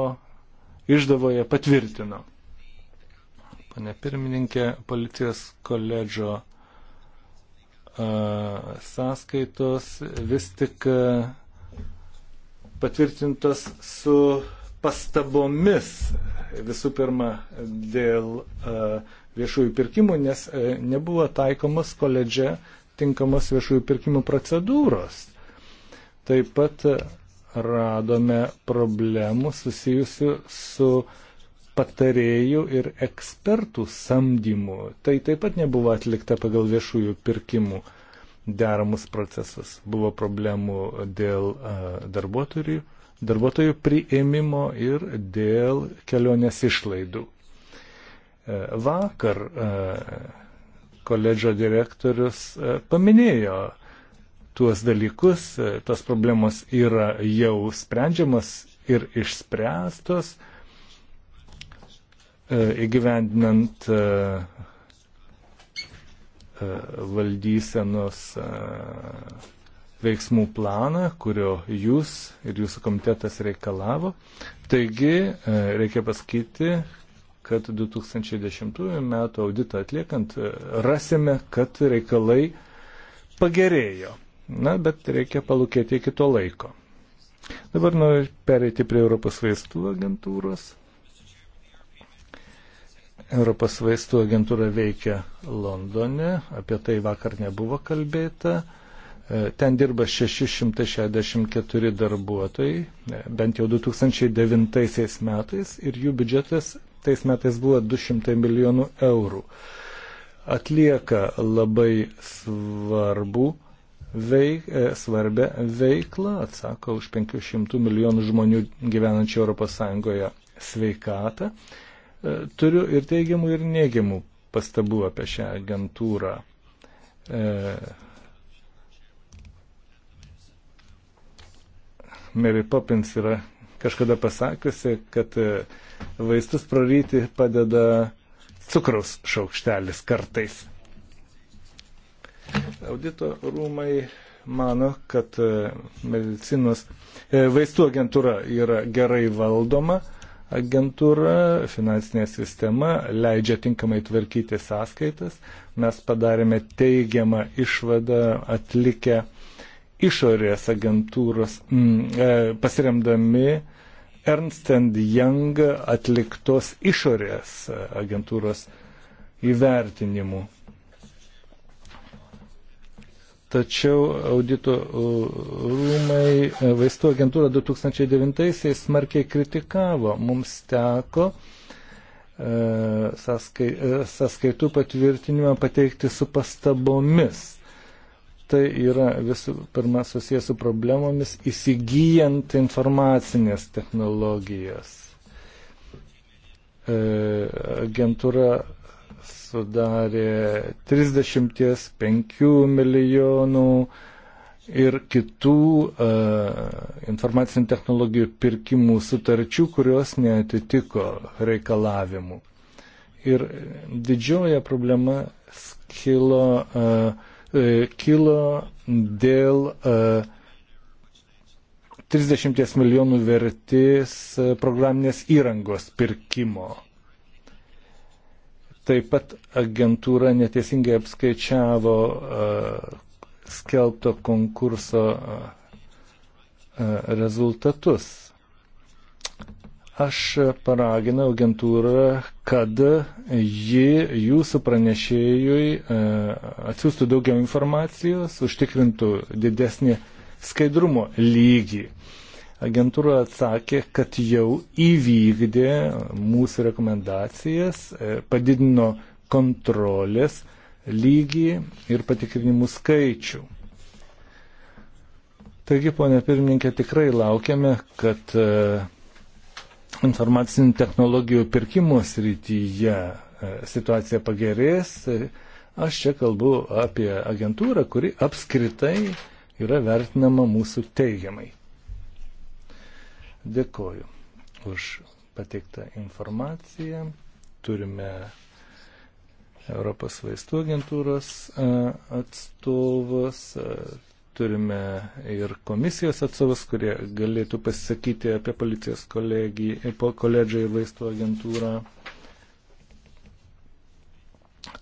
išdavoje patvirtino. Pane pirmininkė, policijos koledžo sąskaitos vis tik patvirtintos su pastabomis visų pirma dėl uh, viešųjų pirkimų, nes e, nebuvo taikomas koledže tinkamas viešųjų pirkimų procedūros. Taip pat e, radome problemų susijusių su patarėjų ir ekspertų samdymu. Tai taip pat nebuvo atlikta pagal viešųjų pirkimų deramus procesus. Buvo problemų dėl e, darbuotojų, darbuotojų priėmimo ir dėl kelionės išlaidų. Vakar e, koledžo direktorius e, paminėjo tuos dalykus, e, tos problemos yra jau sprendžiamas ir išspręstos įgyvendinant valdysenos veiksmų planą, kurio jūs ir jūsų komitetas reikalavo. Taigi, reikia pasakyti, kad 2010 metų auditą atliekant e, rasime, kad reikalai pagerėjo. Na, bet reikia palūkėti iki to laiko. Dabar noriu pereiti prie Europos vaistų agentūros. Europos vaistų agentūra veikia Londone, apie tai vakar nebuvo kalbėta. E, ten dirba 664 darbuotojai, e, bent jau 2009 metais, ir jų biudžetas tais metais buvo 200 milijonų eurų. Atlieka labai svarbu veik, e, svarbę veiklą, atsako už 500 milijonų žmonių gyvenančių ES sveikatą. E, turiu ir teigiamų, ir neigiamų pastabų apie šią agentūrą. E, Mary Poppins yra kažkada pasakiusi, kad Vaistus praryti padeda cukraus šaukštelis kartais. Audito rūmai mano, kad e, medicinos e, vaistų agentūra yra gerai valdoma agentūra, finansinė sistema leidžia tinkamai tvarkyti sąskaitas. Mes padarėme teigiamą išvadą atlikę išorės agentūros, mm, pasiremdami Ernst Young atliktos išorės agentūros įvertinimų. Tačiau audito rūmai e, vaistų agentūrą 2009-aisiais smarkiai kritikavo. Mums teko e, e, sąskaitų patvirtinimą pateikti su pastabomis tai yra visų pirma susijęs su problemomis įsigijant informacinės technologijas. E, agentūra sudarė 35 milijonų ir kitų uh, informacinių technologijų pirkimų sutarčių, kurios neatitiko reikalavimų. Ir didžioja problema skilo uh, E, kilo dėl 30 e, milijonų vertės e, programinės įrangos pirkimo. Taip pat agentūra neteisingai apskaičiavo skelbto konkurso rezultatus. Aš paraginau agentūrą, kad ji jūsų pranešėjui e, atsiųstų daugiau informacijos, užtikrintų didesnį skaidrumo lygį. Agentūra atsakė, kad jau įvykdė mūsų rekomendacijas, e, padidino kontrolės lygį ir patikrinimų skaičių. Taigi, ponė pirmininkė, tikrai laukiame, kad uh, informacinių technologijų pirkimo srityje e, situacija pagerės. E, aš čia kalbu apie agentūrą, kuri apskritai yra vertinama mūsų teigiamai. Dėkoju už pateiktą informaciją. Turime Europos vaistų agentūros e, atstovus, turime ir komisijos atstovus, kurie galėtų pasisakyti apie policijos kolegiją, koledžą ir vaistų agentūrą.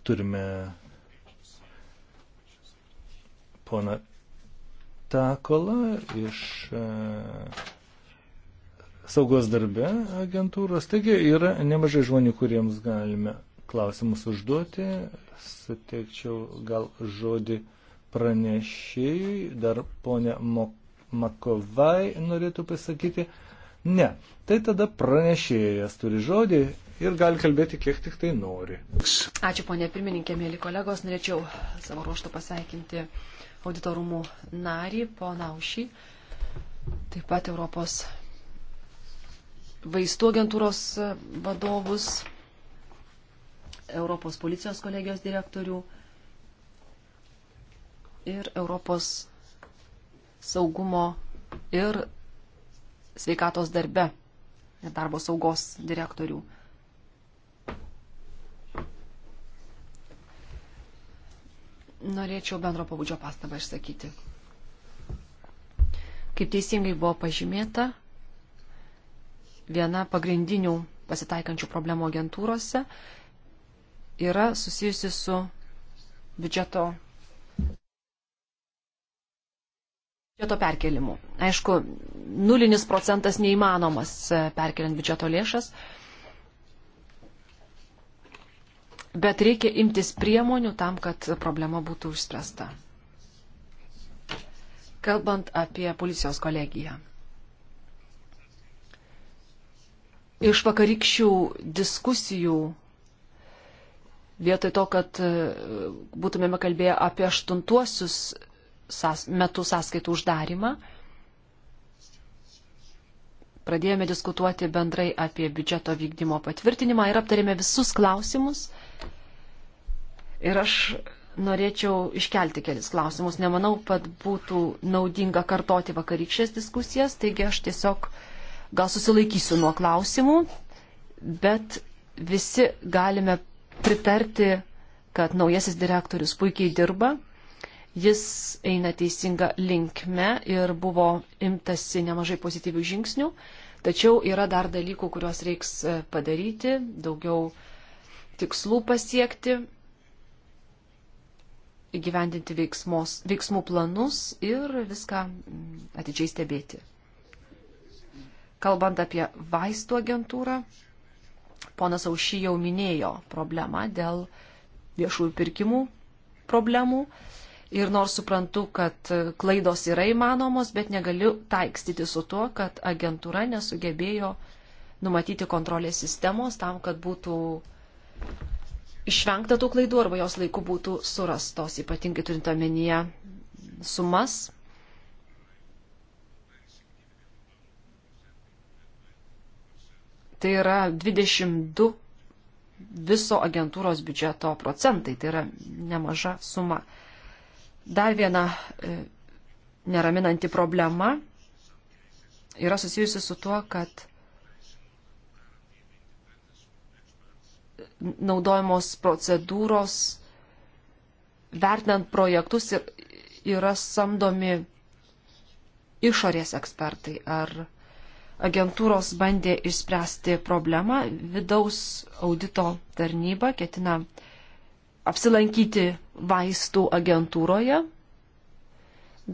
Turime poną Takolą iš e, saugos darbe agentūros. Taigi yra nemažai žmonių, kuriems galime klausimus užduoti. Suteikčiau gal žodį uh, pranešėjui, dar ponė Makovai norėtų pasakyti. Ne, tai tada pranešėjas turi žodį ir gali kalbėti kiek tik tai nori. Ačiū ponė pirmininkė, mėly kolegos, norėčiau savo ruoštų pasveikinti auditorumų narį, poną Aušį, taip pat Europos vaistų agentūros vadovus, Europos policijos kolegijos direktorių ir Europos saugumo ir sveikatos darbe ir darbo saugos direktorių. Norėčiau bendro pabudžio pastabą išsakyti. Kaip teisingai buvo pažymėta, viena pagrindinių pasitaikančių problemų agentūrose yra susijusi su biudžeto biudžeto perkelimu. Aišku, nulinis procentas neįmanomas e, perkeliant biudžeto lėšas, bet reikia imtis priemonių tam, kad problema būtų išspręsta. Kalbant apie policijos kolegiją. Iš vakarykščių diskusijų vietoj to, kad e, būtumėme kalbėję apie aštuntuosius metu sąskaitų uždarimą. Pradėjome diskutuoti bendrai apie biudžeto vykdymo patvirtinimą ir aptarėme visus klausimus. Ir aš norėčiau iškelti kelis klausimus. Nemanau, kad būtų naudinga kartoti vakarykščias diskusijas, taigi aš tiesiog gal susilaikysiu nuo klausimų, bet visi galime pritarti, kad naujasis direktorius puikiai dirba Jis eina teisinga linkme ir buvo imtasi nemažai pozityvių žingsnių, tačiau yra dar dalykų, kuriuos reiks e, padaryti, daugiau tikslų pasiekti, įgyvendinti veiksmos, veiksmų planus ir viską mm, atidžiai stebėti. Kalbant apie vaistų agentūrą, ponas Aušy jau minėjo problemą dėl viešųjų pirkimų problemų. Uh, Ir nors suprantu, kad klaidos yra įmanomos, bet negaliu taikstyti su tuo, kad agentūra nesugebėjo numatyti kontrolės sistemos tam, kad būtų išvengta tų klaidų arba jos laiku būtų surastos, ypatingai turint omenyje sumas. Tai yra 22 viso agentūros biudžeto procentai, tai yra nemaža suma. Dar viena e, neraminanti problema yra susijusi su tuo, kad naudojamos procedūros, vertinant projektus, yra samdomi išorės ekspertai ar agentūros bandė išspręsti problemą, vidaus audito tarnyba ketina uh, apsilankyti vaistų agentūroje.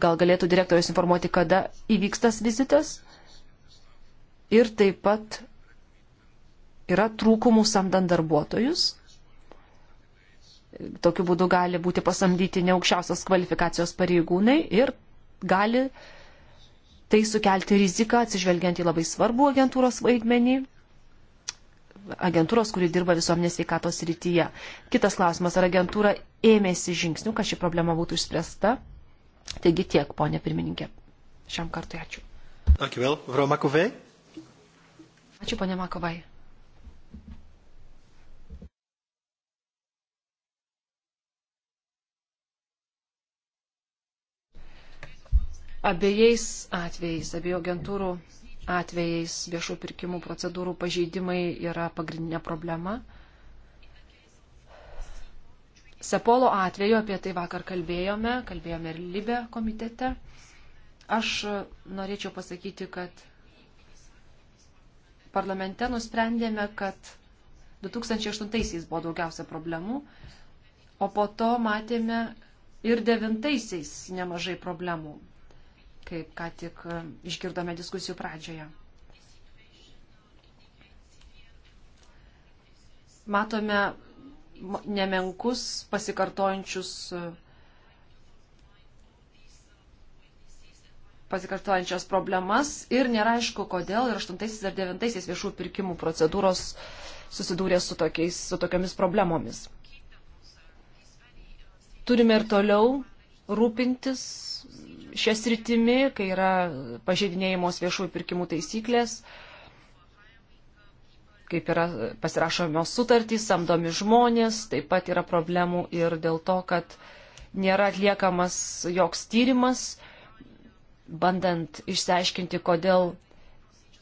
Gal galėtų direktorius informuoti, kada įvyks tas vizitas. Ir taip pat yra trūkumų samdant darbuotojus. Tokiu būdu gali būti pasamdyti neaukščiausios kvalifikacijos pareigūnai ir gali tai sukelti riziką atsižvelgiant į labai svarbų agentūros vaidmenį agentūros, kuri dirba visuomenės veikatos rytyje. Kitas klausimas, ar agentūra ėmėsi žingsnių, kad ši problema būtų išspręsta? Taigi tiek, ponė pirmininkė. Šiam kartui ačiū. Ačiū vėl, Vro Makovei. Ačiū, ponė Makovai. Abiejais atvejais, abiejų agentūrų atvejais viešų pirkimų procedūrų pažeidimai yra pagrindinė problema. Sepolo atveju apie tai vakar kalbėjome, kalbėjome ir Libė komitete. Aš norėčiau pasakyti, kad parlamente nusprendėme, kad 2008-aisiais buvo daugiausia problemų, o po to matėme ir 2009-aisiais nemažai problemų kaip ką tik e, išgirdome diskusijų pradžioje. Matome nemenkus pasikartojančius e, pasikartojančias problemas ir nėra aišku, kodėl ir 8 ar 9 viešų pirkimų procedūros susidūrė su, tokiais, su tokiamis problemomis turime ir toliau rūpintis šią sritimi, kai yra pažeidinėjimos viešųjų pirkimų taisyklės, kaip yra pasirašomios sutartys, samdomi žmonės, taip pat yra problemų ir dėl to, kad nėra atliekamas joks tyrimas, bandant išsiaiškinti, kodėl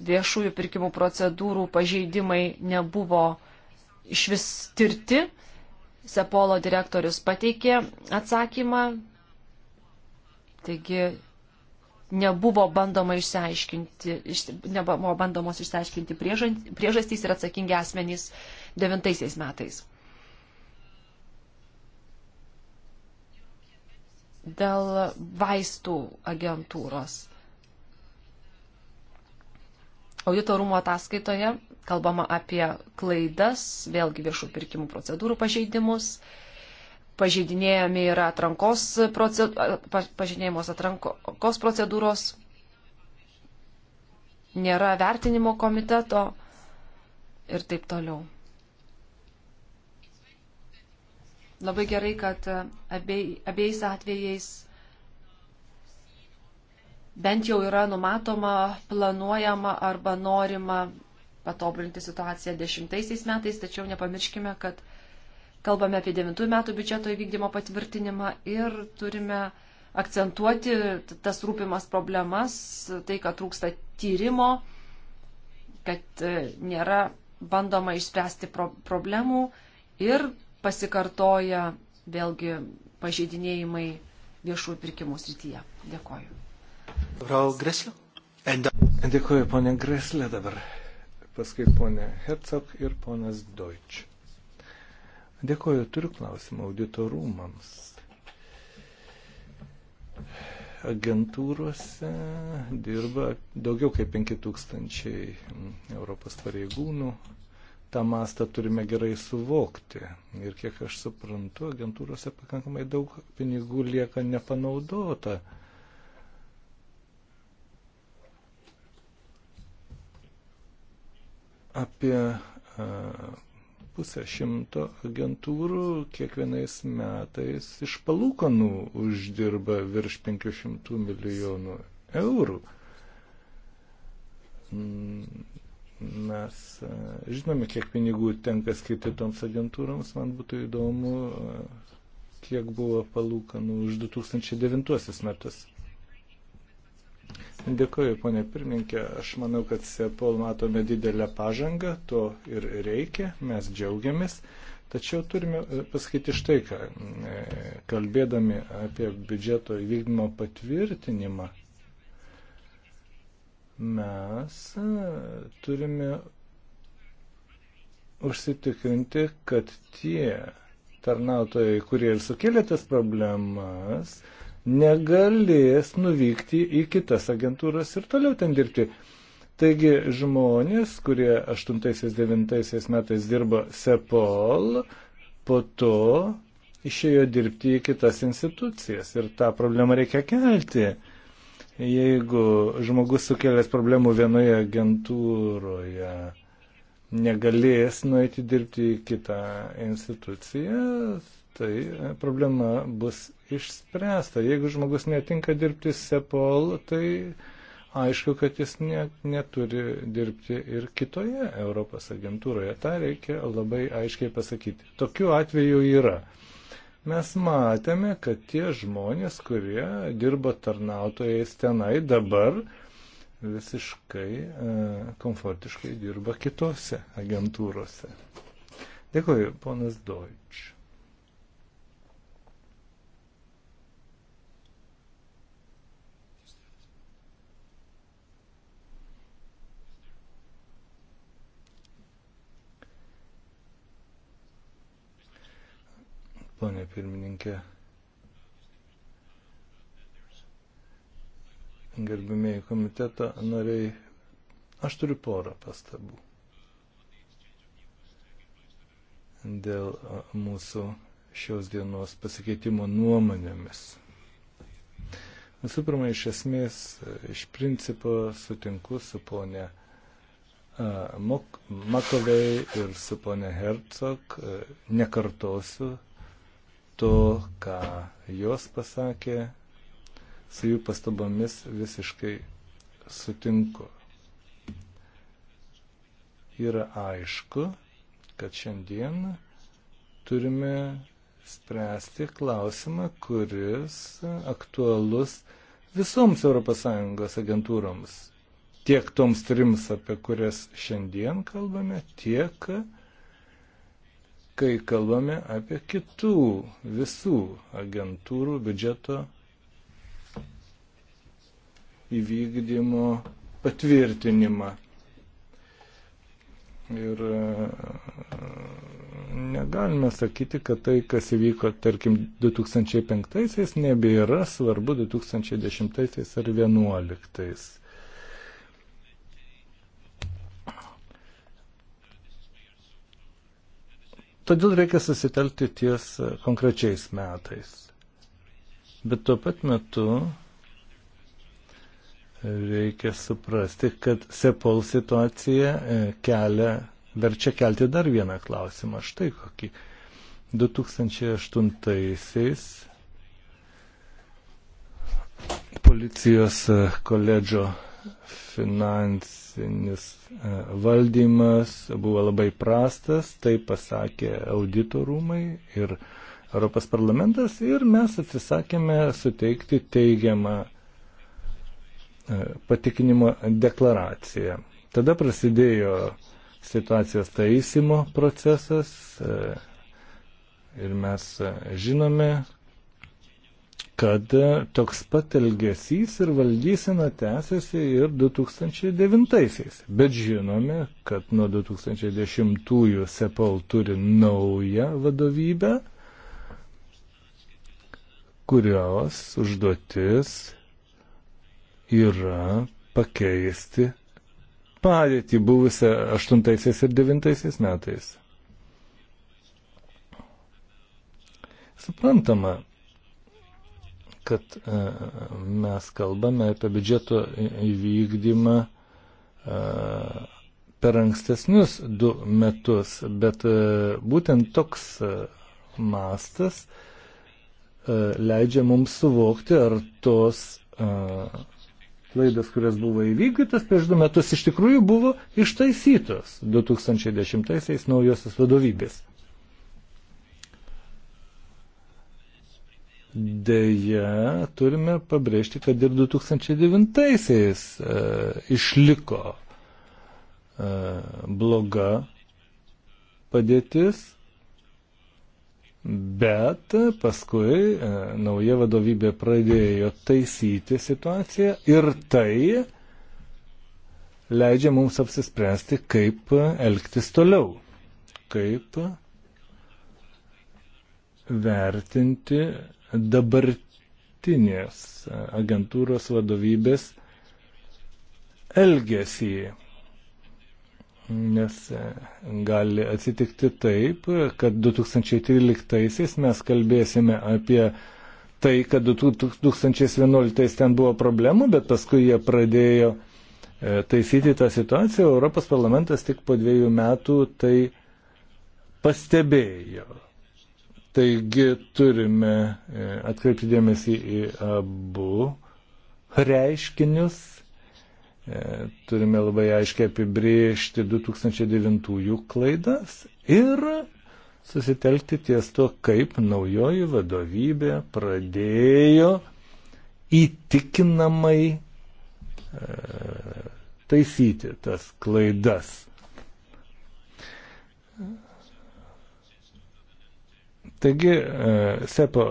viešųjų pirkimų procedūrų pažeidimai nebuvo iš vis tirti. Sepolo direktorius pateikė atsakymą, Taigi nebuvo, bandoma išsiaiškinti, iš, nebuvo bandomos išsiaiškinti priežastys ir atsakingi asmenys devintaisiais metais. Dėl vaistų agentūros. Audito rūmo ataskaitoje kalbama apie klaidas, vėlgi viešų pirkimų procedūrų pažeidimus, uh, pažeidinėjami yra atrankos, pažeidinėjamos atrankos procedūros, nėra vertinimo komiteto ir taip toliau. Labai gerai, kad abiej, abiejais atvejais bent jau yra numatoma, planuojama arba norima patobulinti situaciją dešimtaisiais metais, tačiau nepamirškime, kad kalbame apie 9 metų biudžeto įvykdymo patvirtinimą ir turime akcentuoti tas rūpimas problemas, tai, kad trūksta tyrimo, kad e, nėra bandoma išspręsti pro problemų ir pasikartoja vėlgi pažeidinėjimai viešųjų pirkimų srityje. Dėkoju. Dėkoju, ponė Greslė dabar. Paskui ponė Herzog ir ponas Deutsch. Dėkoju, turiu klausimą auditorumams. Agentūrose dirba daugiau kaip 5000 Europos pareigūnų. Ta mastą turime gerai suvokti. Ir kiek aš suprantu, agentūrose pakankamai daug pinigų lieka nepanaudota. Apie pusę šimto agentūrų kiekvienais metais iš palūkanų uždirba virš 500 milijonų eurų. Mes e, žinome, kiek pinigų tenka skirti toms agentūroms. Man būtų įdomu, e, kiek buvo palūkanų už 2009 metus. Dėkuoju, ponė pirmininkė. Aš manau, kad Sepol matome didelę pažangą, to ir reikia, mes džiaugiamės. Tačiau turime e, pasakyti štai ką, e, kalbėdami apie biudžeto įvykdymo patvirtinimą, mes e, turime užsitikrinti, kad tie tarnautojai, kurie ir sukėlė tas problemas, negalės nuvykti į kitas agentūras ir toliau ten dirbti. Taigi žmonės, kurie 8-9 metais dirbo SEPOL, po to išėjo dirbti į kitas institucijas ir tą problemą reikia kelti. Jeigu žmogus sukelęs problemų vienoje agentūroje negalės nueiti dirbti į kitą instituciją, tai problema bus išspręsta. Jeigu žmogus netinka dirbti SEPOL, tai aišku, kad jis ne, neturi dirbti ir kitoje Europos agentūroje. Ta reikia labai aiškiai pasakyti. Tokių atvejų yra mes matėme, kad tie žmonės, kurie dirba tarnautojais tenai dabar, visiškai e, komfortiškai dirba kitose agentūrose. Dėkuoju, ponas Deutsch. ponė pirmininkė. Gerbimieji komiteto nariai, aš turiu porą pastabų dėl mūsų šios dienos pasikeitimo nuomonėmis. Visų pirma, iš esmės, iš principo sutinku su ponė Makovei ir su ponė Hercog, nekartosiu to, ką jos pasakė, su jų pastabomis visiškai sutinku. Yra aišku, kad šiandien turime spręsti klausimą, kuris aktualus visoms ES agentūroms. Tiek toms trims, apie kurias šiandien kalbame, tiek uh, kai kalbame apie kitų visų agentūrų biudžeto įvykdymo patvirtinimą. Ir e, negalime sakyti, kad tai, kas įvyko, tarkim, 2005-aisiais, nebėra svarbu 2010-aisiais ar 2011-aisiais. Todėl reikia susitelti ties konkrečiais metais. Bet tuo pat metu reikia suprasti, kad Sepol situacija e, kelia, verčia kelti dar vieną klausimą. Štai kokį. 2008-aisiais policijos e, koledžo finansinis e, valdymas buvo labai prastas, tai pasakė auditorumai ir Europos parlamentas ir mes atsisakėme suteikti teigiamą e, patikinimo deklaraciją. Tada prasidėjo situacijos taisimo procesas e, ir mes žinome, kad toks pat elgesys ir valdysena tęsiasi ir 2009-aisiais. Bet žinome, kad nuo 2010-ųjų Sepal turi naują vadovybę, kurios užduotis yra pakeisti padėtį buvusią 8-aisiais ir 9-aisiais metais. Suprantama, kad e, mes kalbame apie biudžeto įvykdymą e, per ankstesnius du metus, bet e, būtent toks mastas leidžia mums suvokti, ar tos klaidas, kurias buvo įvykdytas prieš du metus, iš tikrųjų buvo ištaisytos 2010-aisiais naujosios vadovybės. Deja, turime pabrėžti, kad ir 2009-aisiais e, išliko e, bloga padėtis, bet paskui e, nauja vadovybė pradėjo taisyti situaciją ir tai leidžia mums apsispręsti, kaip elgtis toliau, kaip vertinti dabartinės agentūros vadovybės elgesį. Nes gali atsitikti taip, kad 2013 mes kalbėsime apie tai, kad 2011 ten buvo problemų, bet paskui jie pradėjo e, taisyti tą situaciją, Europos parlamentas tik po dviejų metų tai pastebėjo. Taigi turime e, atkreipti dėmesį į abu reiškinius. E, turime labai aiškiai apibriežti 2009 klaidas ir susitelkti ties to, kaip naujoji vadovybė pradėjo įtikinamai e, taisyti tas klaidas. Taigi, e, SEPO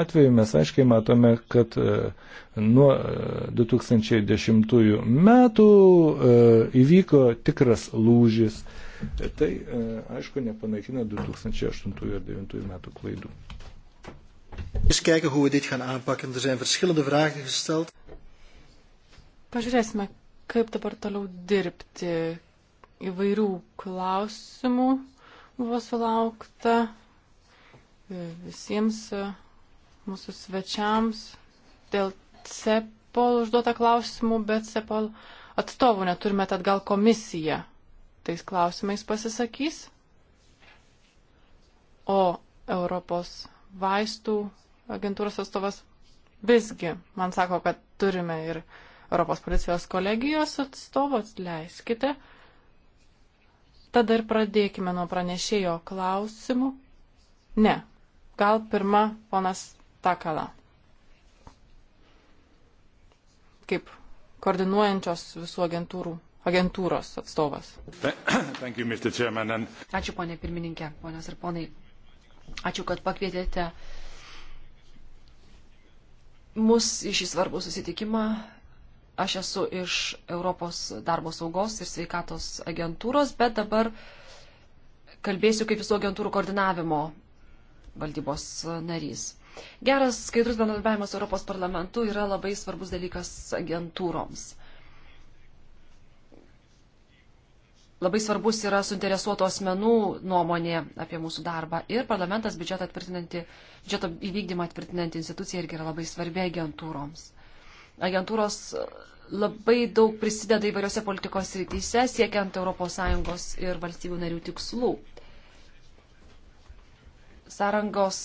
atveju mes aiškiai matome, kad e, nuo 2010 e, metų įvyko tikras lūžis. Tai, aišku, nepanaikina 2008 ir 2009 metų klaidų. Eens kijken hoe we dit gaan aanpakken. Er zijn verschillende vragen gesteld. Pažiūrėsime, kaip dabar toliau dirbti. Įvairių klausimų buvo sulaukta visiems e, mūsų svečiams dėl CEPOL užduota klausimų, bet CEPOL atstovų neturime, tad gal komisija tais klausimais pasisakys. O Europos vaistų agentūros atstovas visgi man sako, kad turime ir Europos policijos kolegijos atstovą, leiskite. Tada ir pradėkime nuo pranešėjo klausimų. Ne, Gal pirma ponas Takala. Kaip koordinuojančios visų agentūrų, agentūros atstovas. You, And... Ačiū, ponė pirmininkė, ponios ir ponai. Ačiū, kad pakvietėte mus į šį svarbų susitikimą. Aš esu iš Europos darbo saugos ir sveikatos agentūros, bet dabar kalbėsiu kaip visų agentūrų koordinavimo valdybos narys. Geras skaidrus bendradarbiavimas Europos parlamentu yra labai svarbus dalykas agentūroms. Labai svarbus yra suinteresuoto asmenų nuomonė apie mūsų darbą ir parlamentas biudžetą atvirtinanti, biudžeto įvykdymą atvirtinanti institucija irgi yra labai svarbi agentūroms. Agentūros labai daug prisideda įvairiose politikos rytise, siekiant ES ir valstybių narių tikslų sąrangos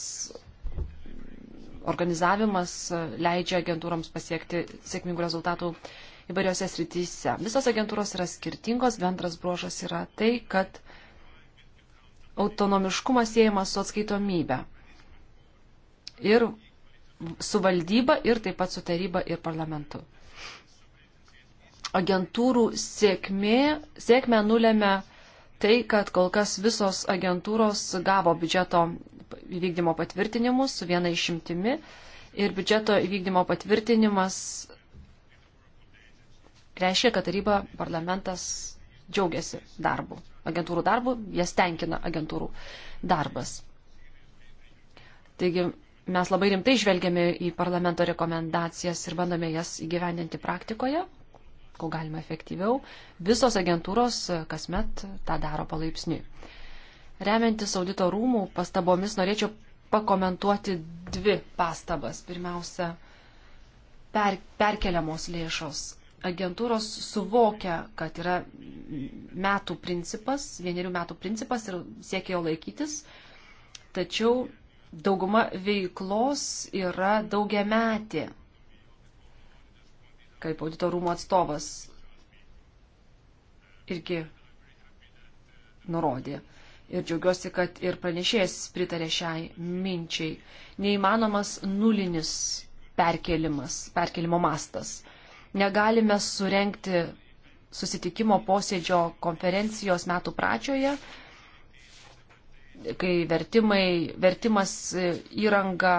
organizavimas leidžia agentūroms pasiekti sėkmingų rezultatų įvairiose srityse. Visos agentūros yra skirtingos, bendras bruožas yra tai, kad autonomiškumas siejamas su atskaitomybė. Ir su valdyba ir taip pat su taryba ir parlamentu. Agentūrų sėkmė, sėkmę nulėmė tai, kad kol kas visos agentūros gavo biudžeto įvykdymo patvirtinimus su viena išimtimi ir biudžeto įvykdymo patvirtinimas reiškia, kad taryba parlamentas džiaugiasi darbu, agentūrų darbu, jas tenkina agentūrų darbas. Taigi mes labai rimtai žvelgiame į parlamento rekomendacijas ir bandome jas įgyvendinti praktikoje, ko galima efektyviau. Visos agentūros e, kasmet tą daro palaipsniui. Remiantis audito rūmų pastabomis norėčiau pakomentuoti dvi pastabas. Pirmiausia, per, perkeliamos lėšos. Agentūros suvokia, kad yra metų principas, vienerių metų principas ir siekia jo laikytis, tačiau dauguma veiklos yra daugiametė, kaip audito rūmų atstovas irgi nurodė ir džiaugiuosi, kad ir pranešėjas pritarė šiai minčiai. Neįmanomas nulinis perkelimas, perkelimo mastas. Negalime surenkti susitikimo posėdžio konferencijos metų pradžioje, kai vertimai, vertimas e, įranga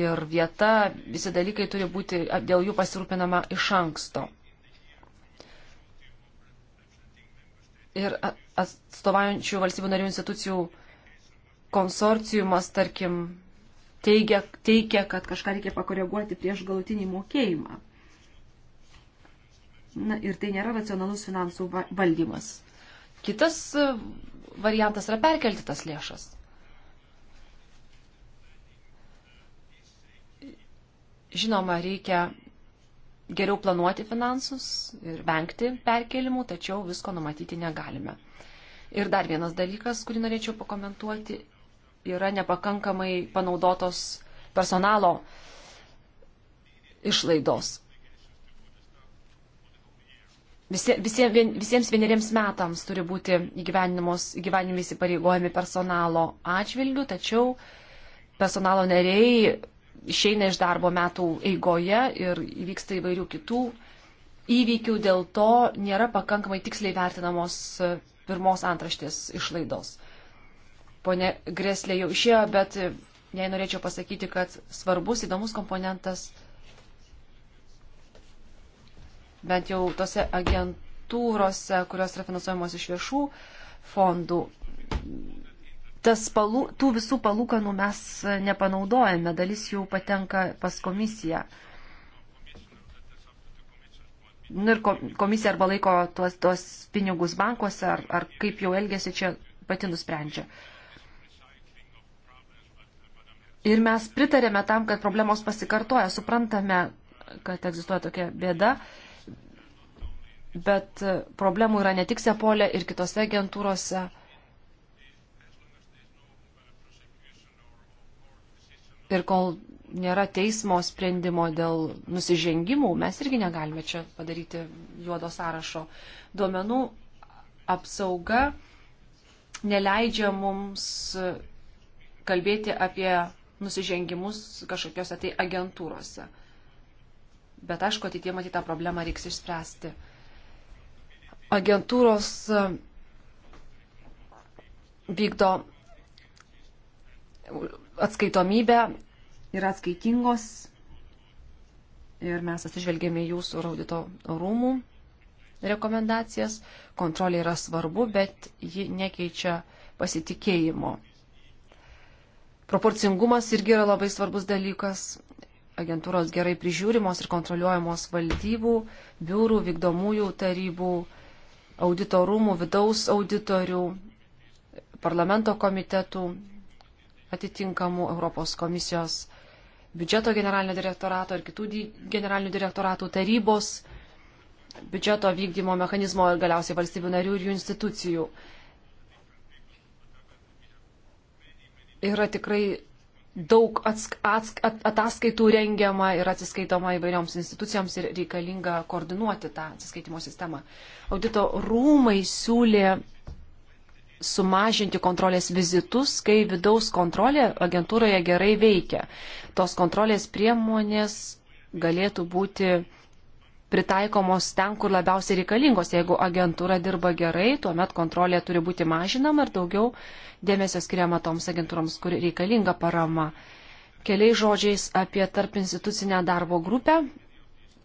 ir vieta, visi dalykai turi būti, dėl jų pasirūpinama iš anksto. ir atstovaujančių valstybių narių institucijų konsorciumas, tarkim, teigia, teikia, kad kažką reikia pakoreguoti prieš galutinį mokėjimą. Na ir tai nėra racionalus finansų valdymas. Kitas e, variantas yra perkelti tas lėšas. Žinoma, reikia geriau planuoti finansus ir vengti perkelimų, tačiau visko numatyti negalime. Ir dar vienas dalykas, kurį norėčiau pakomentuoti, yra nepakankamai panaudotos personalo išlaidos. Visie, visie, vien, visiems vieneriems metams turi būti įgyvenimai įsipareigojami personalo atžvilgių, tačiau personalo nariai išeina iš darbo metų eigoje ir įvyksta įvairių kitų įvykių, dėl to nėra pakankamai tiksliai vertinamos e, pirmos antraštės išlaidos. Pone Greslė jau išėjo, bet e, jai norėčiau pasakyti, kad svarbus įdomus komponentas bent jau tose agentūrose, kurios yra finansuojamos iš viešų fondų, palų, tų visų palūkanų mes nepanaudojame, dalis jų patenka pas komisiją. Nu ir komisija arba laiko tuos, tuos pinigus bankuose, ar, ar kaip jau elgesi čia pati nusprendžia. Ir mes pritarėme tam, kad problemos pasikartoja, suprantame, kad egzistuoja tokia bėda, bet problemų yra ne tik Sepolė ir kitose agentūrose ir kol nėra teismo sprendimo dėl nusižengimų, mes irgi negalime čia padaryti juodo sąrašo. Duomenų apsauga neleidžia mums kalbėti apie nusižengimus kažkokiose tai agentūrose. Bet aišku, ateitie matyti tą problemą reiks išspręsti. Agentūros e, vykdo atskaitomybę, yra atskaitingos ir mes atsižvelgėme jūsų audito rūmų rekomendacijas. Kontrolė yra svarbu, bet ji nekeičia pasitikėjimo. Proporcingumas irgi yra labai svarbus dalykas. Agentūros gerai prižiūrimos ir kontroliuojamos valdybų, biurų, vykdomųjų tarybų, auditorumų, vidaus auditorių, parlamento komitetų, atitinkamų Europos komisijos biudžeto generalinio direktorato ir kitų generalinių direktoratų tarybos biudžeto vykdymo mechanizmo ir galiausiai valstybių narių ir jų institucijų. Yra tikrai daug atsk, atsk, at, ataskaitų rengiama ir atsiskaitoma įvairioms institucijoms ir reikalinga koordinuoti tą atsiskaitimo sistemą. Audito rūmai siūlė sumažinti kontrolės vizitus, kai vidaus kontrolė agentūroje gerai veikia. Tos kontrolės priemonės galėtų būti pritaikomos ten, kur labiausiai reikalingos. Jeigu agentūra dirba gerai, tuomet kontrolė turi būti mažinama ir daugiau dėmesio skiriama toms agentūroms, kur reikalinga parama. Keliais žodžiais apie tarp institucinę darbo grupę,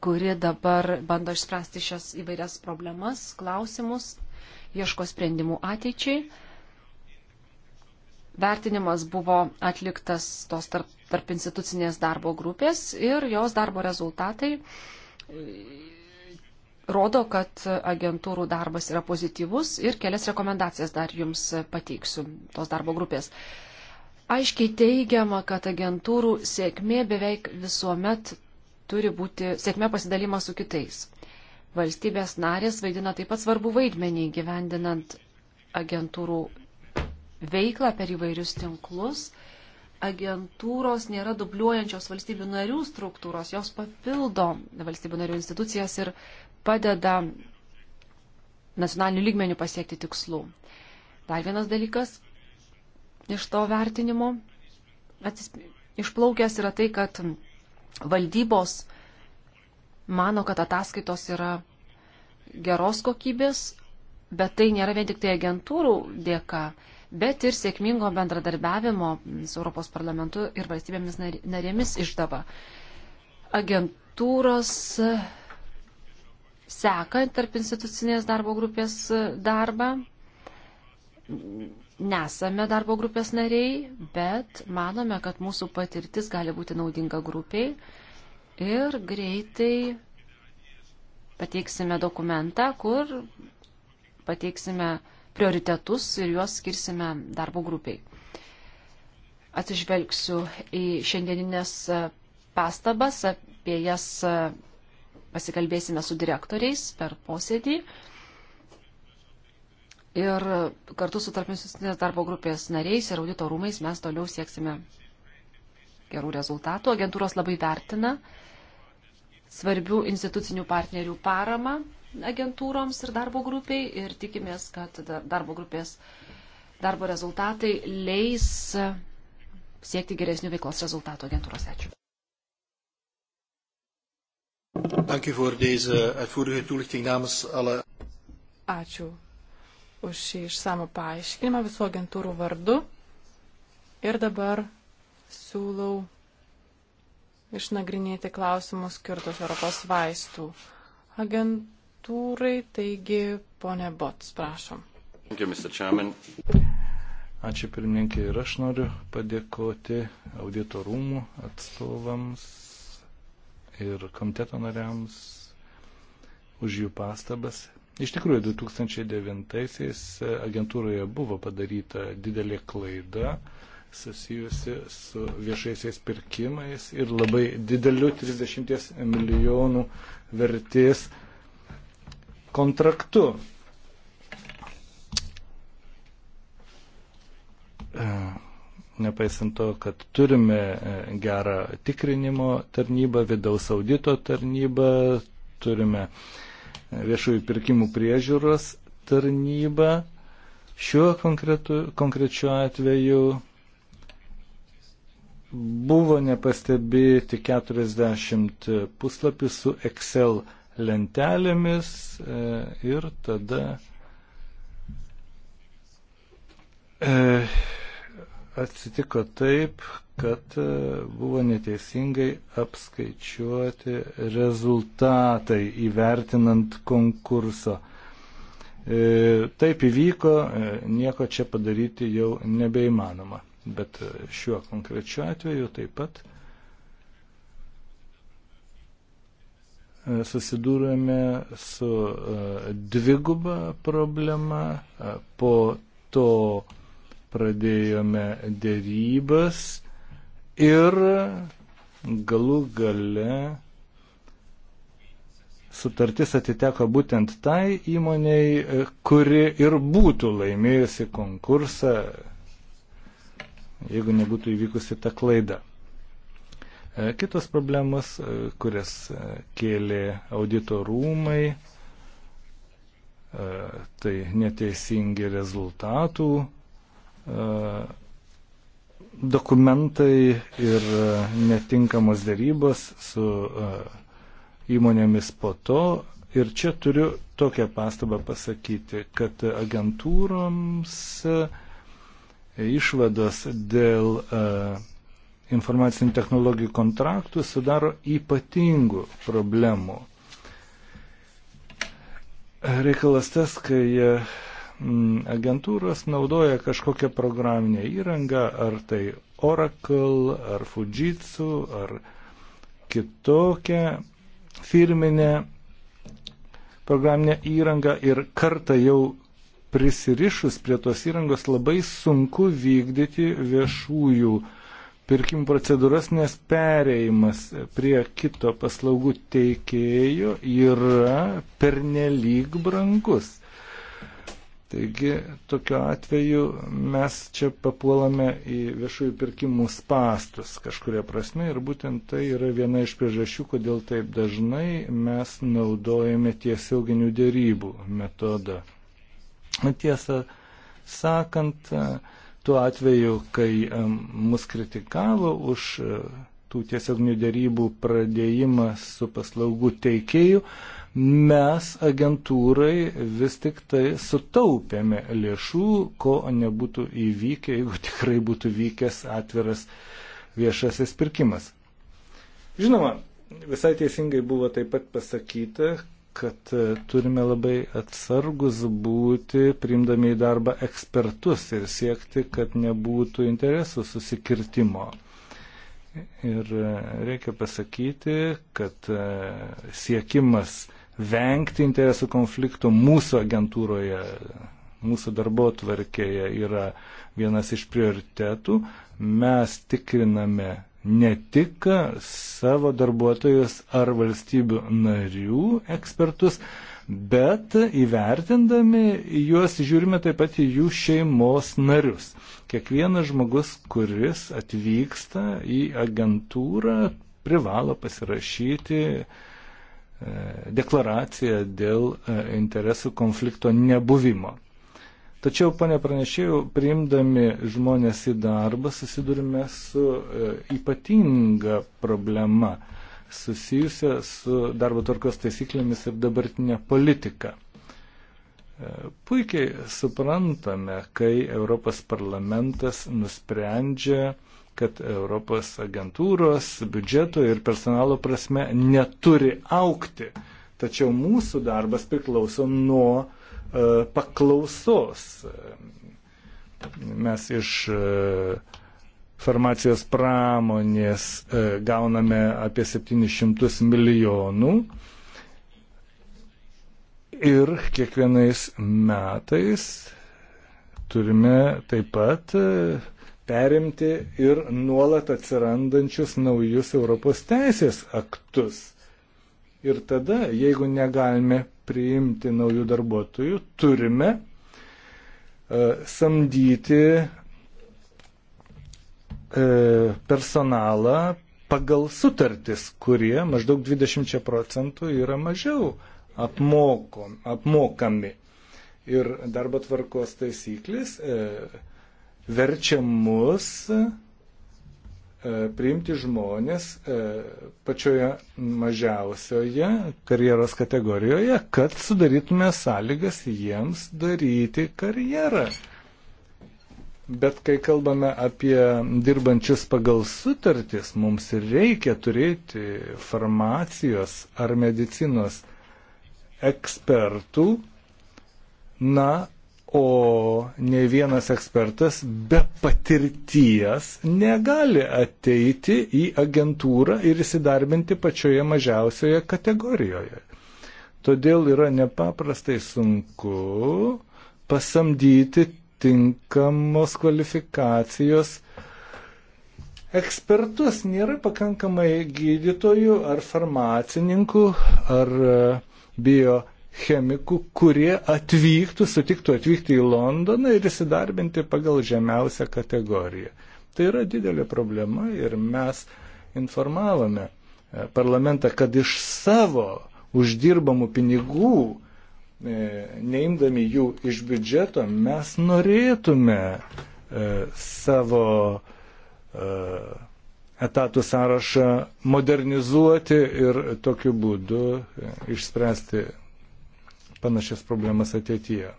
kuri dabar bando išspręsti šias įvairias problemas, klausimus ieško sprendimų ateičiai. Vertinimas buvo atliktas tos tarp, tarp institucinės darbo grupės ir jos darbo rezultatai e, rodo, kad agentūrų darbas yra pozityvus ir kelias rekomendacijas dar jums pateiksiu tos darbo grupės. Aiškiai teigiama, kad agentūrų sėkmė beveik visuomet turi būti sėkmė pasidalima su kitais valstybės narės vaidina taip pat svarbu vaidmenį gyvendinant agentūrų veiklą per įvairius tinklus. Agentūros nėra dubliuojančios valstybių narių struktūros, jos papildo valstybių narių institucijas ir padeda nacionalinių lygmenių pasiekti tikslų. Dar vienas dalykas iš to vertinimo atsisp... išplaukęs yra tai, kad valdybos mano, kad ataskaitos yra geros kokybės, bet tai nėra vien tik tai agentūrų dėka, bet ir sėkmingo bendradarbiavimo su Europos parlamentu ir valstybėmis narėmis išdava. Agentūros seka tarp institucinės darbo grupės darbą. Nesame darbo grupės nariai, bet manome, kad mūsų patirtis gali būti naudinga grupiai ir greitai pateiksime dokumentą, kur pateiksime prioritetus ir juos skirsime darbo grupiai. Atsižvelgsiu į šiandieninės pastabas, apie jas pasikalbėsime su direktoriais per posėdį. Ir kartu su tarpinstitucinės darbo grupės nariais ir audito rūmais mes toliau sieksime gerų rezultatų. Agentūros labai vertina uh, svarbių institucinių partnerių paramą agentūroms ir darbo grupiai ir tikimės, kad darbo grupės darbo rezultatai leis siekti geresnių veiklos rezultatų agentūros. Ačiū. Dank u voor deze eh, uitvoerige toelichting namens alle. Ačiū už šį išsamų paaiškinimą visų agentūrų vardu. Ir dabar siūlau išnagrinėti klausimus skirtus Europos vaistų agentūrai. Taigi, ponė Bots, prašom. Ačiū pirmininkė ir aš noriu padėkoti auditorumų atstovams ir komiteto nariams už jų pastabas. Iš tikrųjų, 2009-aisiais agentūroje buvo padaryta didelė klaida, susijusi su viešaisiais pirkimais ir labai dideliu 30 milijonų vertės kontraktu. E, nepaisant to, kad turime e, gerą tikrinimo tarnybą, vidaus audito tarnybą, turime e, viešųjų pirkimų priežiūros tarnybą, šiuo konkretu, konkrečiu atveju Buvo nepastebėti 40 puslapių su Excel lentelėmis e, ir tada e, atsitiko taip, kad e, buvo neteisingai apskaičiuoti rezultatai įvertinant konkurso. Taip įvyko, nieko čia padaryti jau nebeįmanoma. Bet e, šiuo konkrečiu atveju taip pat e, susidūrėme su e, dviguba problema. Po to pradėjome dėrybas ir galų gale sutartis atiteko būtent tai įmoniai, kuri ir būtų laimėjusi konkursą jeigu nebūtų įvykusi ta klaida. E, kitos problemos, e, kurias e, kėlė audito rūmai, tai neteisingi rezultatų dokumentai ir netinkamos dėrybos su įmonėmis po to. Ir čia turiu tokią pastabą pasakyti, kad agentūroms uh, išvados dėl e, informacinių technologijų kontraktų sudaro ypatingų problemų. Reikalas tas, kai e, agentūros naudoja kažkokią programinę įrangą, ar tai Oracle, ar Fujitsu, ar kitokią firminę programinę įrangą ir kartą jau prisirišus prie tos įrangos labai sunku vykdyti viešųjų pirkimų procedūras, nes pereimas prie kito paslaugų teikėjo yra pernelyg brangus. Taigi tokiu atveju mes čia papuolame į viešųjų pirkimų spastus kažkuria prasme ir būtent tai yra viena iš priežasčių, kodėl taip dažnai mes naudojame tiesioginių dėrybų metodą. Tiesą sakant, tuo atveju, kai mus kritikavo už e, tų tiesioginių dėrybų pradėjimą su paslaugų teikėju, mes agentūrai vis tik tai sutaupėme lėšų, ko nebūtų įvykę, jeigu tikrai būtų vykęs atviras viešasis pirkimas. Žinoma, visai teisingai buvo taip pat pasakyta, kad e, turime labai atsargus būti, priimdami į darbą ekspertus ir siekti, kad nebūtų interesų susikirtimo. Ir e, reikia pasakyti, kad e, siekimas vengti interesų konflikto mūsų agentūroje, mūsų darbo tvarkėje yra vienas iš prioritetų. Mes tikriname ne tik savo darbuotojus ar valstybių narių ekspertus, bet įvertindami juos žiūrime taip pat į jų šeimos narius. Kiekvienas žmogus, kuris atvyksta į agentūrą, privalo pasirašyti e, deklaraciją dėl e, interesų konflikto nebuvimo. Tačiau, pane pranešėjau, priimdami žmonės į darbą susidurime su e, ypatinga problema susijusia su darbo tvarkos taisyklėmis ir dabartinė politika. E, puikiai suprantame, kai Europos parlamentas nusprendžia, kad Europos agentūros biudžeto ir personalo prasme neturi aukti. Tačiau mūsų darbas priklauso nuo uh, E, paklausos. Mes iš e, farmacijos pramonės e, gauname apie 700 milijonų ir kiekvienais metais turime taip pat perimti ir nuolat atsirandančius naujus Europos teisės aktus. Ir tada, jeigu negalime priimti naujų darbuotojų, turime e, samdyti e, personalą pagal sutartis, kurie maždaug 20 procentų yra mažiau apmokom, apmokami. Ir darbo tvarkos taisyklės e, verčia mus E, priimti žmonės e, pačioje mažiausioje karjeros kategorijoje, kad sudarytume sąlygas jiems daryti karjerą. Bet kai kalbame apie dirbančius pagal sutartis, mums reikia turėti farmacijos ar medicinos ekspertų, na, o ne vienas ekspertas be patirties negali ateiti į agentūrą ir įsidarbinti pačioje mažiausioje kategorijoje. Todėl yra nepaprastai sunku pasamdyti tinkamos kvalifikacijos ekspertus. Nėra pakankamai gydytojų ar farmacininkų ar e, bio chemikų, kurie atvyktų, sutiktų atvykti į Londoną ir įsidarbinti pagal žemiausią kategoriją. Tai yra didelė problema ir mes informavome e, parlamentą, kad iš savo uždirbamų pinigų, e, neimdami jų iš biudžeto, mes norėtume e, savo etatų sąrašą modernizuoti ir tokiu būdu išspręsti panašias problemas ateityje.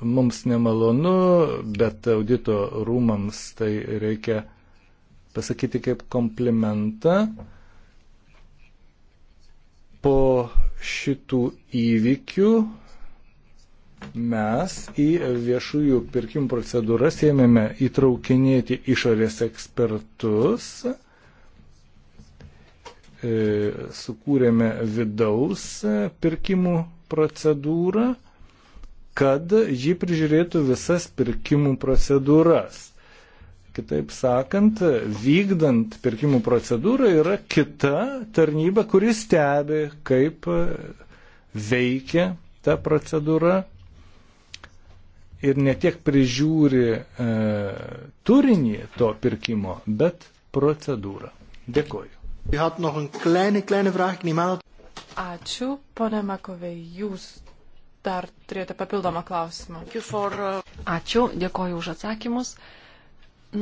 Mums nemalonu, bet audito rūmams tai reikia pasakyti kaip komplimentą. Po šitų įvykių mes į viešųjų pirkimų procedūras ėmėme įtraukinėti išorės ekspertus, E, sukūrėme vidaus pirkimų procedūrą, kad ji prižiūrėtų visas pirkimų procedūras. Kitaip sakant, vykdant pirkimų procedūrą yra kita tarnyba, kuri stebi, kaip veikia ta procedūra ir ne tiek prižiūri e, turinį to pirkimo, bet procedūrą. Dėkoju. Ačiū, ponė Makovei, jūs dar turėjote papildomą klausimą. Uh, Ačiū, dėkoju už atsakymus.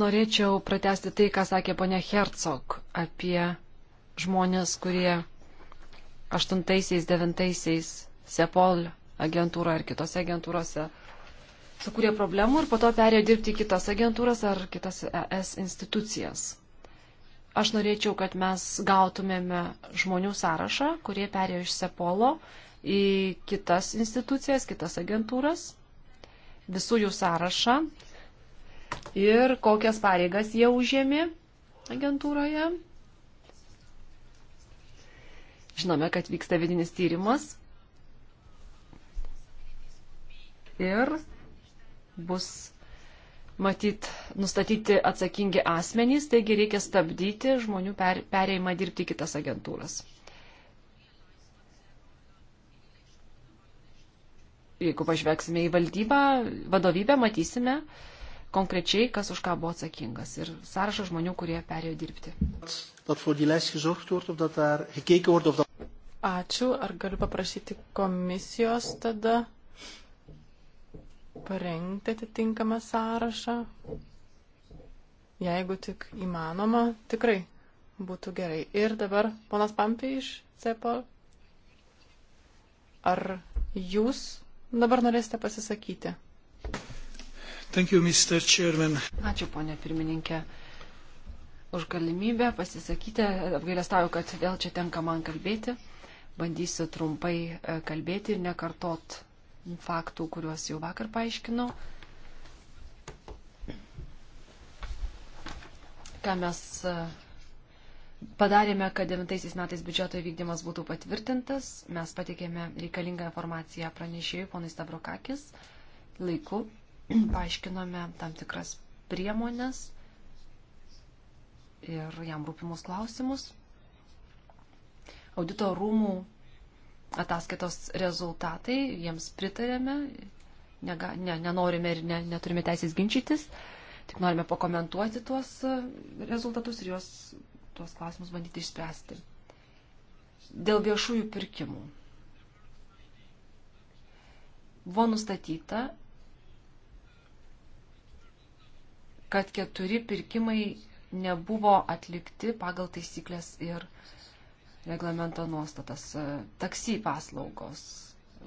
Norėčiau pratesti tai, ką sakė ponė Hercog apie žmonės, kurie 8-9 Sepol agentūra ar kitose agentūrose sukūrė problemų ir po to perėjo dirbti kitas agentūras ar kitas ES institucijas. Aš norėčiau, kad mes gautumėme žmonių sąrašą, kurie perėjo iš Sepolo į kitas institucijas, kitas agentūras, visų jų sąrašą ir kokias pareigas jie užėmė agentūroje. Žinome, kad vyksta vidinis tyrimas ir bus matyt, nustatyti atsakingi asmenys, taigi reikia stabdyti žmonių per, pereimą dirbti į kitas agentūras. Jeigu pažvelgsime į valdybą, vadovybę, matysime konkrečiai, kas už ką buvo atsakingas ir sąrašą žmonių, kurie perėjo dirbti. Ačiū. Ar galiu paprašyti komisijos tada parengti atitinkamą sąrašą. Jeigu tik įmanoma, tikrai būtų gerai. Ir dabar ponas Pampiai iš CEPOL. Ar jūs dabar norėsite pasisakyti? Thank you, Mr. Chairman. Ačiū, ponė pirmininkė, už galimybę pasisakyti. Apgailestauju, kad vėl čia tenka man kalbėti. Bandysiu trumpai e, kalbėti ir nekartot faktų, kuriuos jau vakar paaiškinau. Ką mes e, padarėme, kad 9 metais biudžeto įvykdymas būtų patvirtintas. Mes patikėme reikalingą informaciją pranešėjui, ponai Stavrokakis, laiku (clears throat) paaiškinome tam tikras priemonės ir jam rūpimus klausimus. Audito rūmų ataskaitos rezultatai, jiems pritarėme, nega, ne, nenorime ir ne, neturime teisės ginčytis, tik norime pakomentuoti tuos e, rezultatus ir juos, tuos klausimus bandyti išspręsti. Dėl viešųjų pirkimų. Buvo nustatyta, kad keturi pirkimai nebuvo atlikti pagal taisyklės ir uh, reglamento nuostatas, e, taksi paslaugos,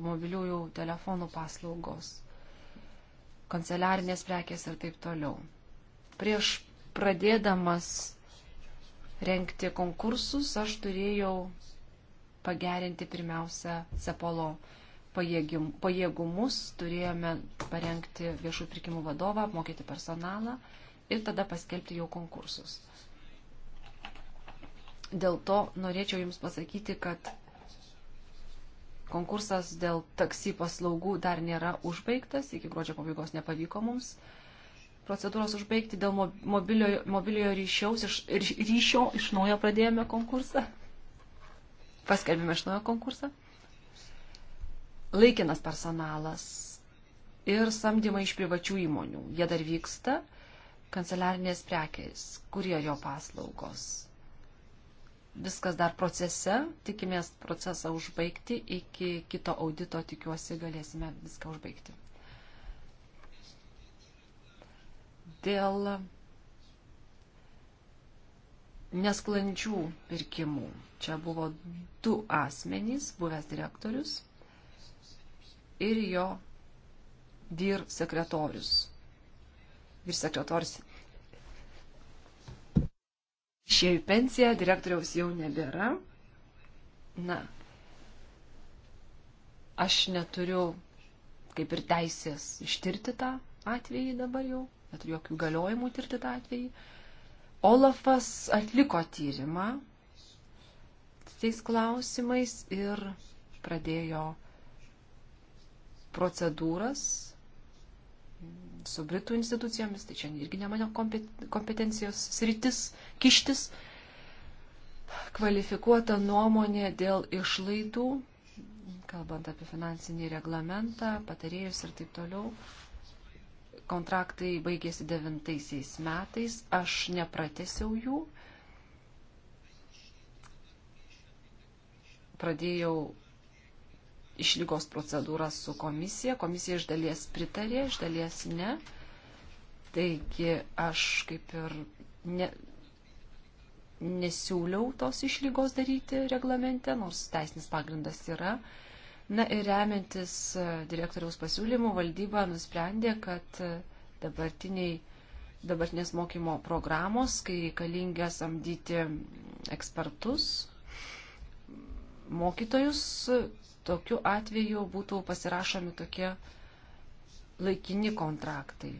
mobiliųjų telefonų paslaugos, kanceliarinės prekės ir taip toliau. Prieš pradėdamas renkti konkursus aš turėjau pagerinti pirmiausia Cepolo pajėgumus, turėjome parengti viešų pirkimų vadovą, apmokyti personalą ir tada paskelbti jau konkursus. Dėl to norėčiau Jums pasakyti, kad konkursas dėl taksi paslaugų dar nėra užbaigtas, iki gruodžio pabaigos nepavyko mums procedūros užbaigti, dėl mobiliojo, mobiliojo ryšiaus, iš, ryšio iš naujo pradėjome konkursą, paskelbėme iš naujo konkursą, laikinas personalas ir samdymai iš privačių įmonių, jie dar vyksta, kanceliarinės prekės, kurie jo paslaugos viskas dar procese, tikimės procesą užbaigti, iki kito audito tikiuosi galėsime viską užbaigti. Dėl nesklandžių pirkimų. Čia buvo du asmenys, buvęs direktorius ir jo vyr sekretorius. Vyr sekretorius išėjo į pensiją, direktoriaus jau nebėra. Na, aš neturiu kaip ir teisės ištirti tą atvejį dabar jau, neturiu jokių galiojimų tirti tą atvejį. Olafas atliko tyrimą tais klausimais ir pradėjo procedūras su Britų institucijomis, tai čia irgi ne mano kompetencijos sritis kištis. Kvalifikuota nuomonė dėl išlaidų, kalbant apie finansinį reglamentą, patarėjus ir taip toliau. Kontraktai baigėsi devintaisiais metais, aš nepratesiau jų. Pradėjau išlygos procedūrą su komisija. Komisija iš dalies pritarė, iš dalies ne. Taigi aš kaip ir ne, nesiūliau tos išlygos daryti reglamente, nors teisinis pagrindas yra. Na ir remiantis e, direktoriaus pasiūlymų valdyba nusprendė, kad e, dabartiniai dabartinės mokymo programos, kai reikalinga samdyti ekspertus, mokytojus, tokiu atveju būtų pasirašomi tokie laikini kontraktai.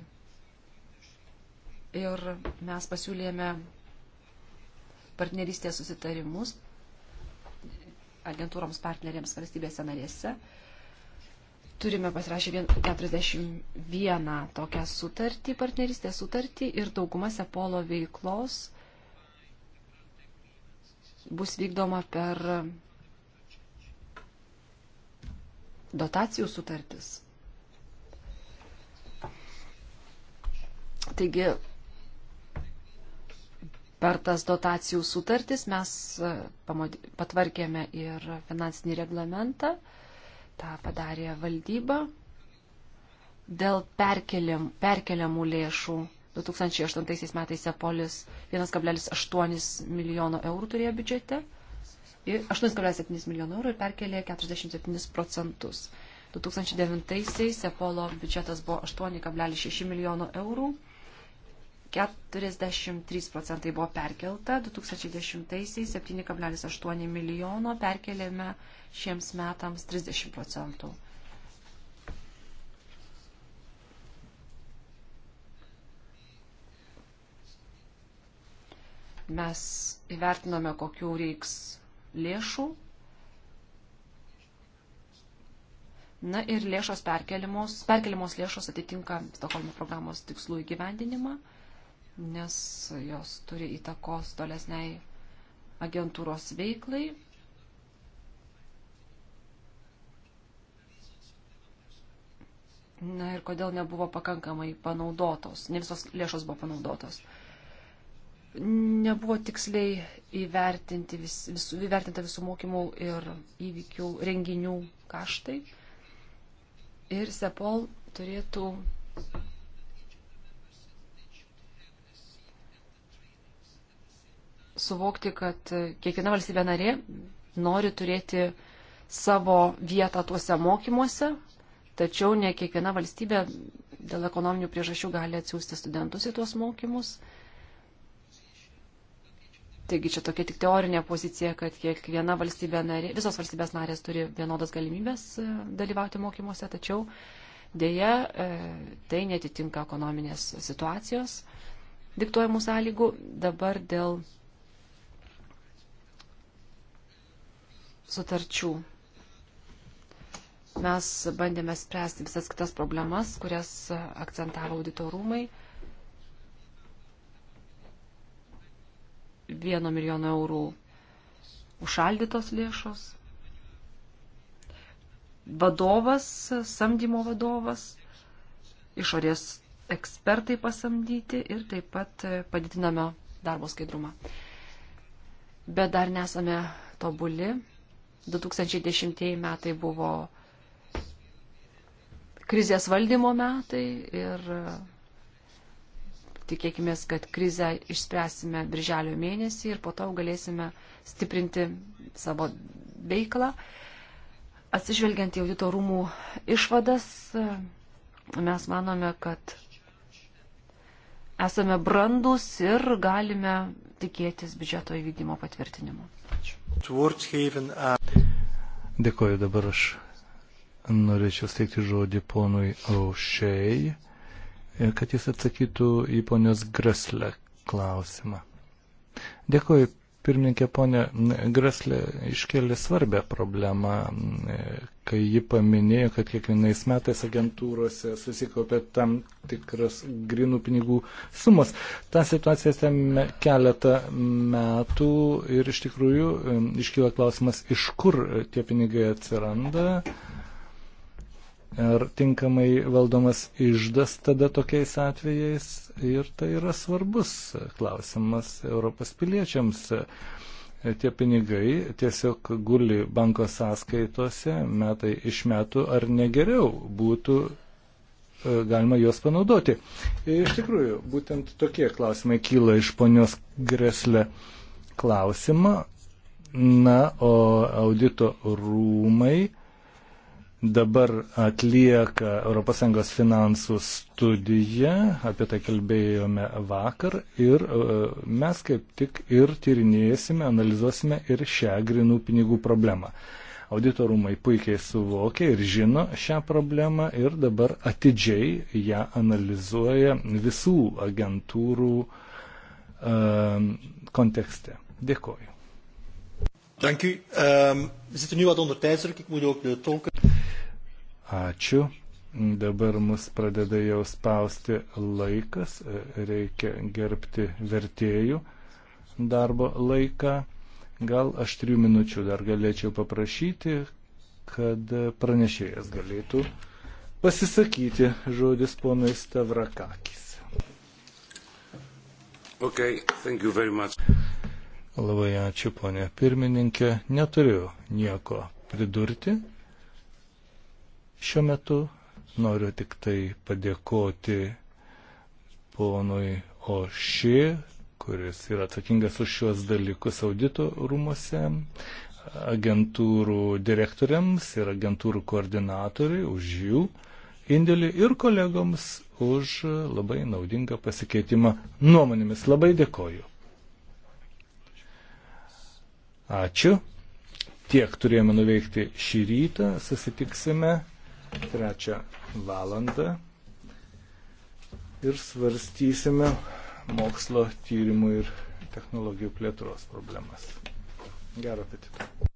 Ir mes pasiūlėme partnerystės susitarimus agentūroms partneriams valstybėse narėse. Turime pasirašę 41 tokią sutartį, partnerystės sutartį ir daugumas Apollo veiklos bus vykdoma per dotacijų sutartis. Taigi, per tas dotacijų sutartis mes e, patvarkėme ir finansinį reglamentą, tą padarė valdyba dėl perkeliam, perkeliamų lėšų. 2008 metais Sepolis 1,8 milijono eurų turėjo biudžete. 8,7 milijonų eurų ir perkelė 47 procentus. 2009-aisiais Apollo biudžetas buvo 8,6 milijono eurų. 43 procentai buvo perkelta, 2010-aisiais 7,8 milijono perkelėme šiems metams 30 procentų. Mes įvertinome, kokių reiks lėšų. Na ir lėšos perkeliamos, perkeliamos lėšos atitinka Stokholmo programos tikslų įgyvendinimą, nes jos turi įtakos tolesniai agentūros veiklai. Na ir kodėl nebuvo pakankamai panaudotos, ne visos lėšos buvo panaudotos. Uh, nebuvo tiksliai įvertinti vis, vis, įvertinta visų mokymų ir įvykių renginių kaštai. Ir SEPOL turėtų suvokti, kad kiekviena valstybė narė nori turėti savo vietą tuose mokymuose, tačiau ne kiekviena valstybė dėl ekonominių priežasčių gali atsiųsti studentus į tuos mokymus. Taigi čia tokia tik teorinė pozicija, kad kiekviena valstybė narė, visos valstybės narės turi vienodas galimybės e, dalyvauti mokymuose, tačiau dėja e, tai netitinka ekonominės situacijos diktuojamų sąlygų. Dabar dėl sutarčių. Mes bandėme spręsti visas kitas problemas, kurias akcentavo auditorumai. rūmai 1 milijono eurų užšaldytos lėšos. Vadovas, samdymo vadovas, išorės ekspertai pasamdyti ir taip pat padidiname darbo skaidrumą. Bet dar nesame tobuli. 2010 metai buvo krizės valdymo metai ir Tikėkime, kad krizę išspręsime birželio mėnesį ir po to galėsime stiprinti savo veiklą. Atsižvelgiant į audito rūmų išvadas, mes manome, kad esame brandus ir galime tikėtis biudžeto įvykdymo patvirtinimo. Dėkoju, dabar aš norėčiau steigti žodį ponui Aušėjai kad jis atsakytų į ponios Greslę klausimą. Dėkuoju, pirmininkė ponė Greslė iškėlė svarbę problemą, kai ji paminėjo, kad kiekvienais metais agentūrose susikaupė tam tikras grinų pinigų sumas. Ta situacija stebime keletą metų ir iš tikrųjų e, iškyla klausimas, iš kur tie pinigai atsiranda ar tinkamai valdomas išdas tada tokiais atvejais. Ir tai yra svarbus klausimas Europos piliečiams. Tie pinigai tiesiog guli banko sąskaitose metai iš metų, ar negeriau būtų e, galima juos panaudoti. E, iš tikrųjų, būtent tokie klausimai kyla iš ponios Greslė klausimą. Na, o audito rūmai dabar atlieka ES finansų studiją, apie tai kalbėjome vakar ir e, mes kaip tik ir tyrinėsime, analizuosime ir šią grinų pinigų problemą. Auditorumai puikiai suvokia ir žino šią problemą ir dabar atidžiai ją analizuoja visų agentūrų um, kontekste. Dėkoju. Dank u. Um, ehm, we zitten nu wat onder tijdsdruk. Ik moet ook de tolken. Ačiū. Dabar mus pradeda jau spausti laikas, reikia gerbti vertėjų darbo laiką. Gal aš trijų minučių dar galėčiau paprašyti, kad pranešėjas galėtų pasisakyti žodis ponui Stavrakakis. Okay, Labai ačiū, ponė pirmininkė. Neturiu nieko pridurti. Šiuo metu noriu tik tai padėkoti ponui Oši, kuris yra atsakingas už šios dalykus audito rūmose, agentūrų direktoriams ir agentūrų koordinatoriai už jų indėlį ir kolegoms už labai naudingą pasikeitimą nuomonėmis. Labai dėkoju. Ačiū. Tiek turėjome nuveikti šį rytą. Susitiksime trečią valandą ir svarstysime mokslo tyrimų ir technologijų plėtros problemas. Gero apetito.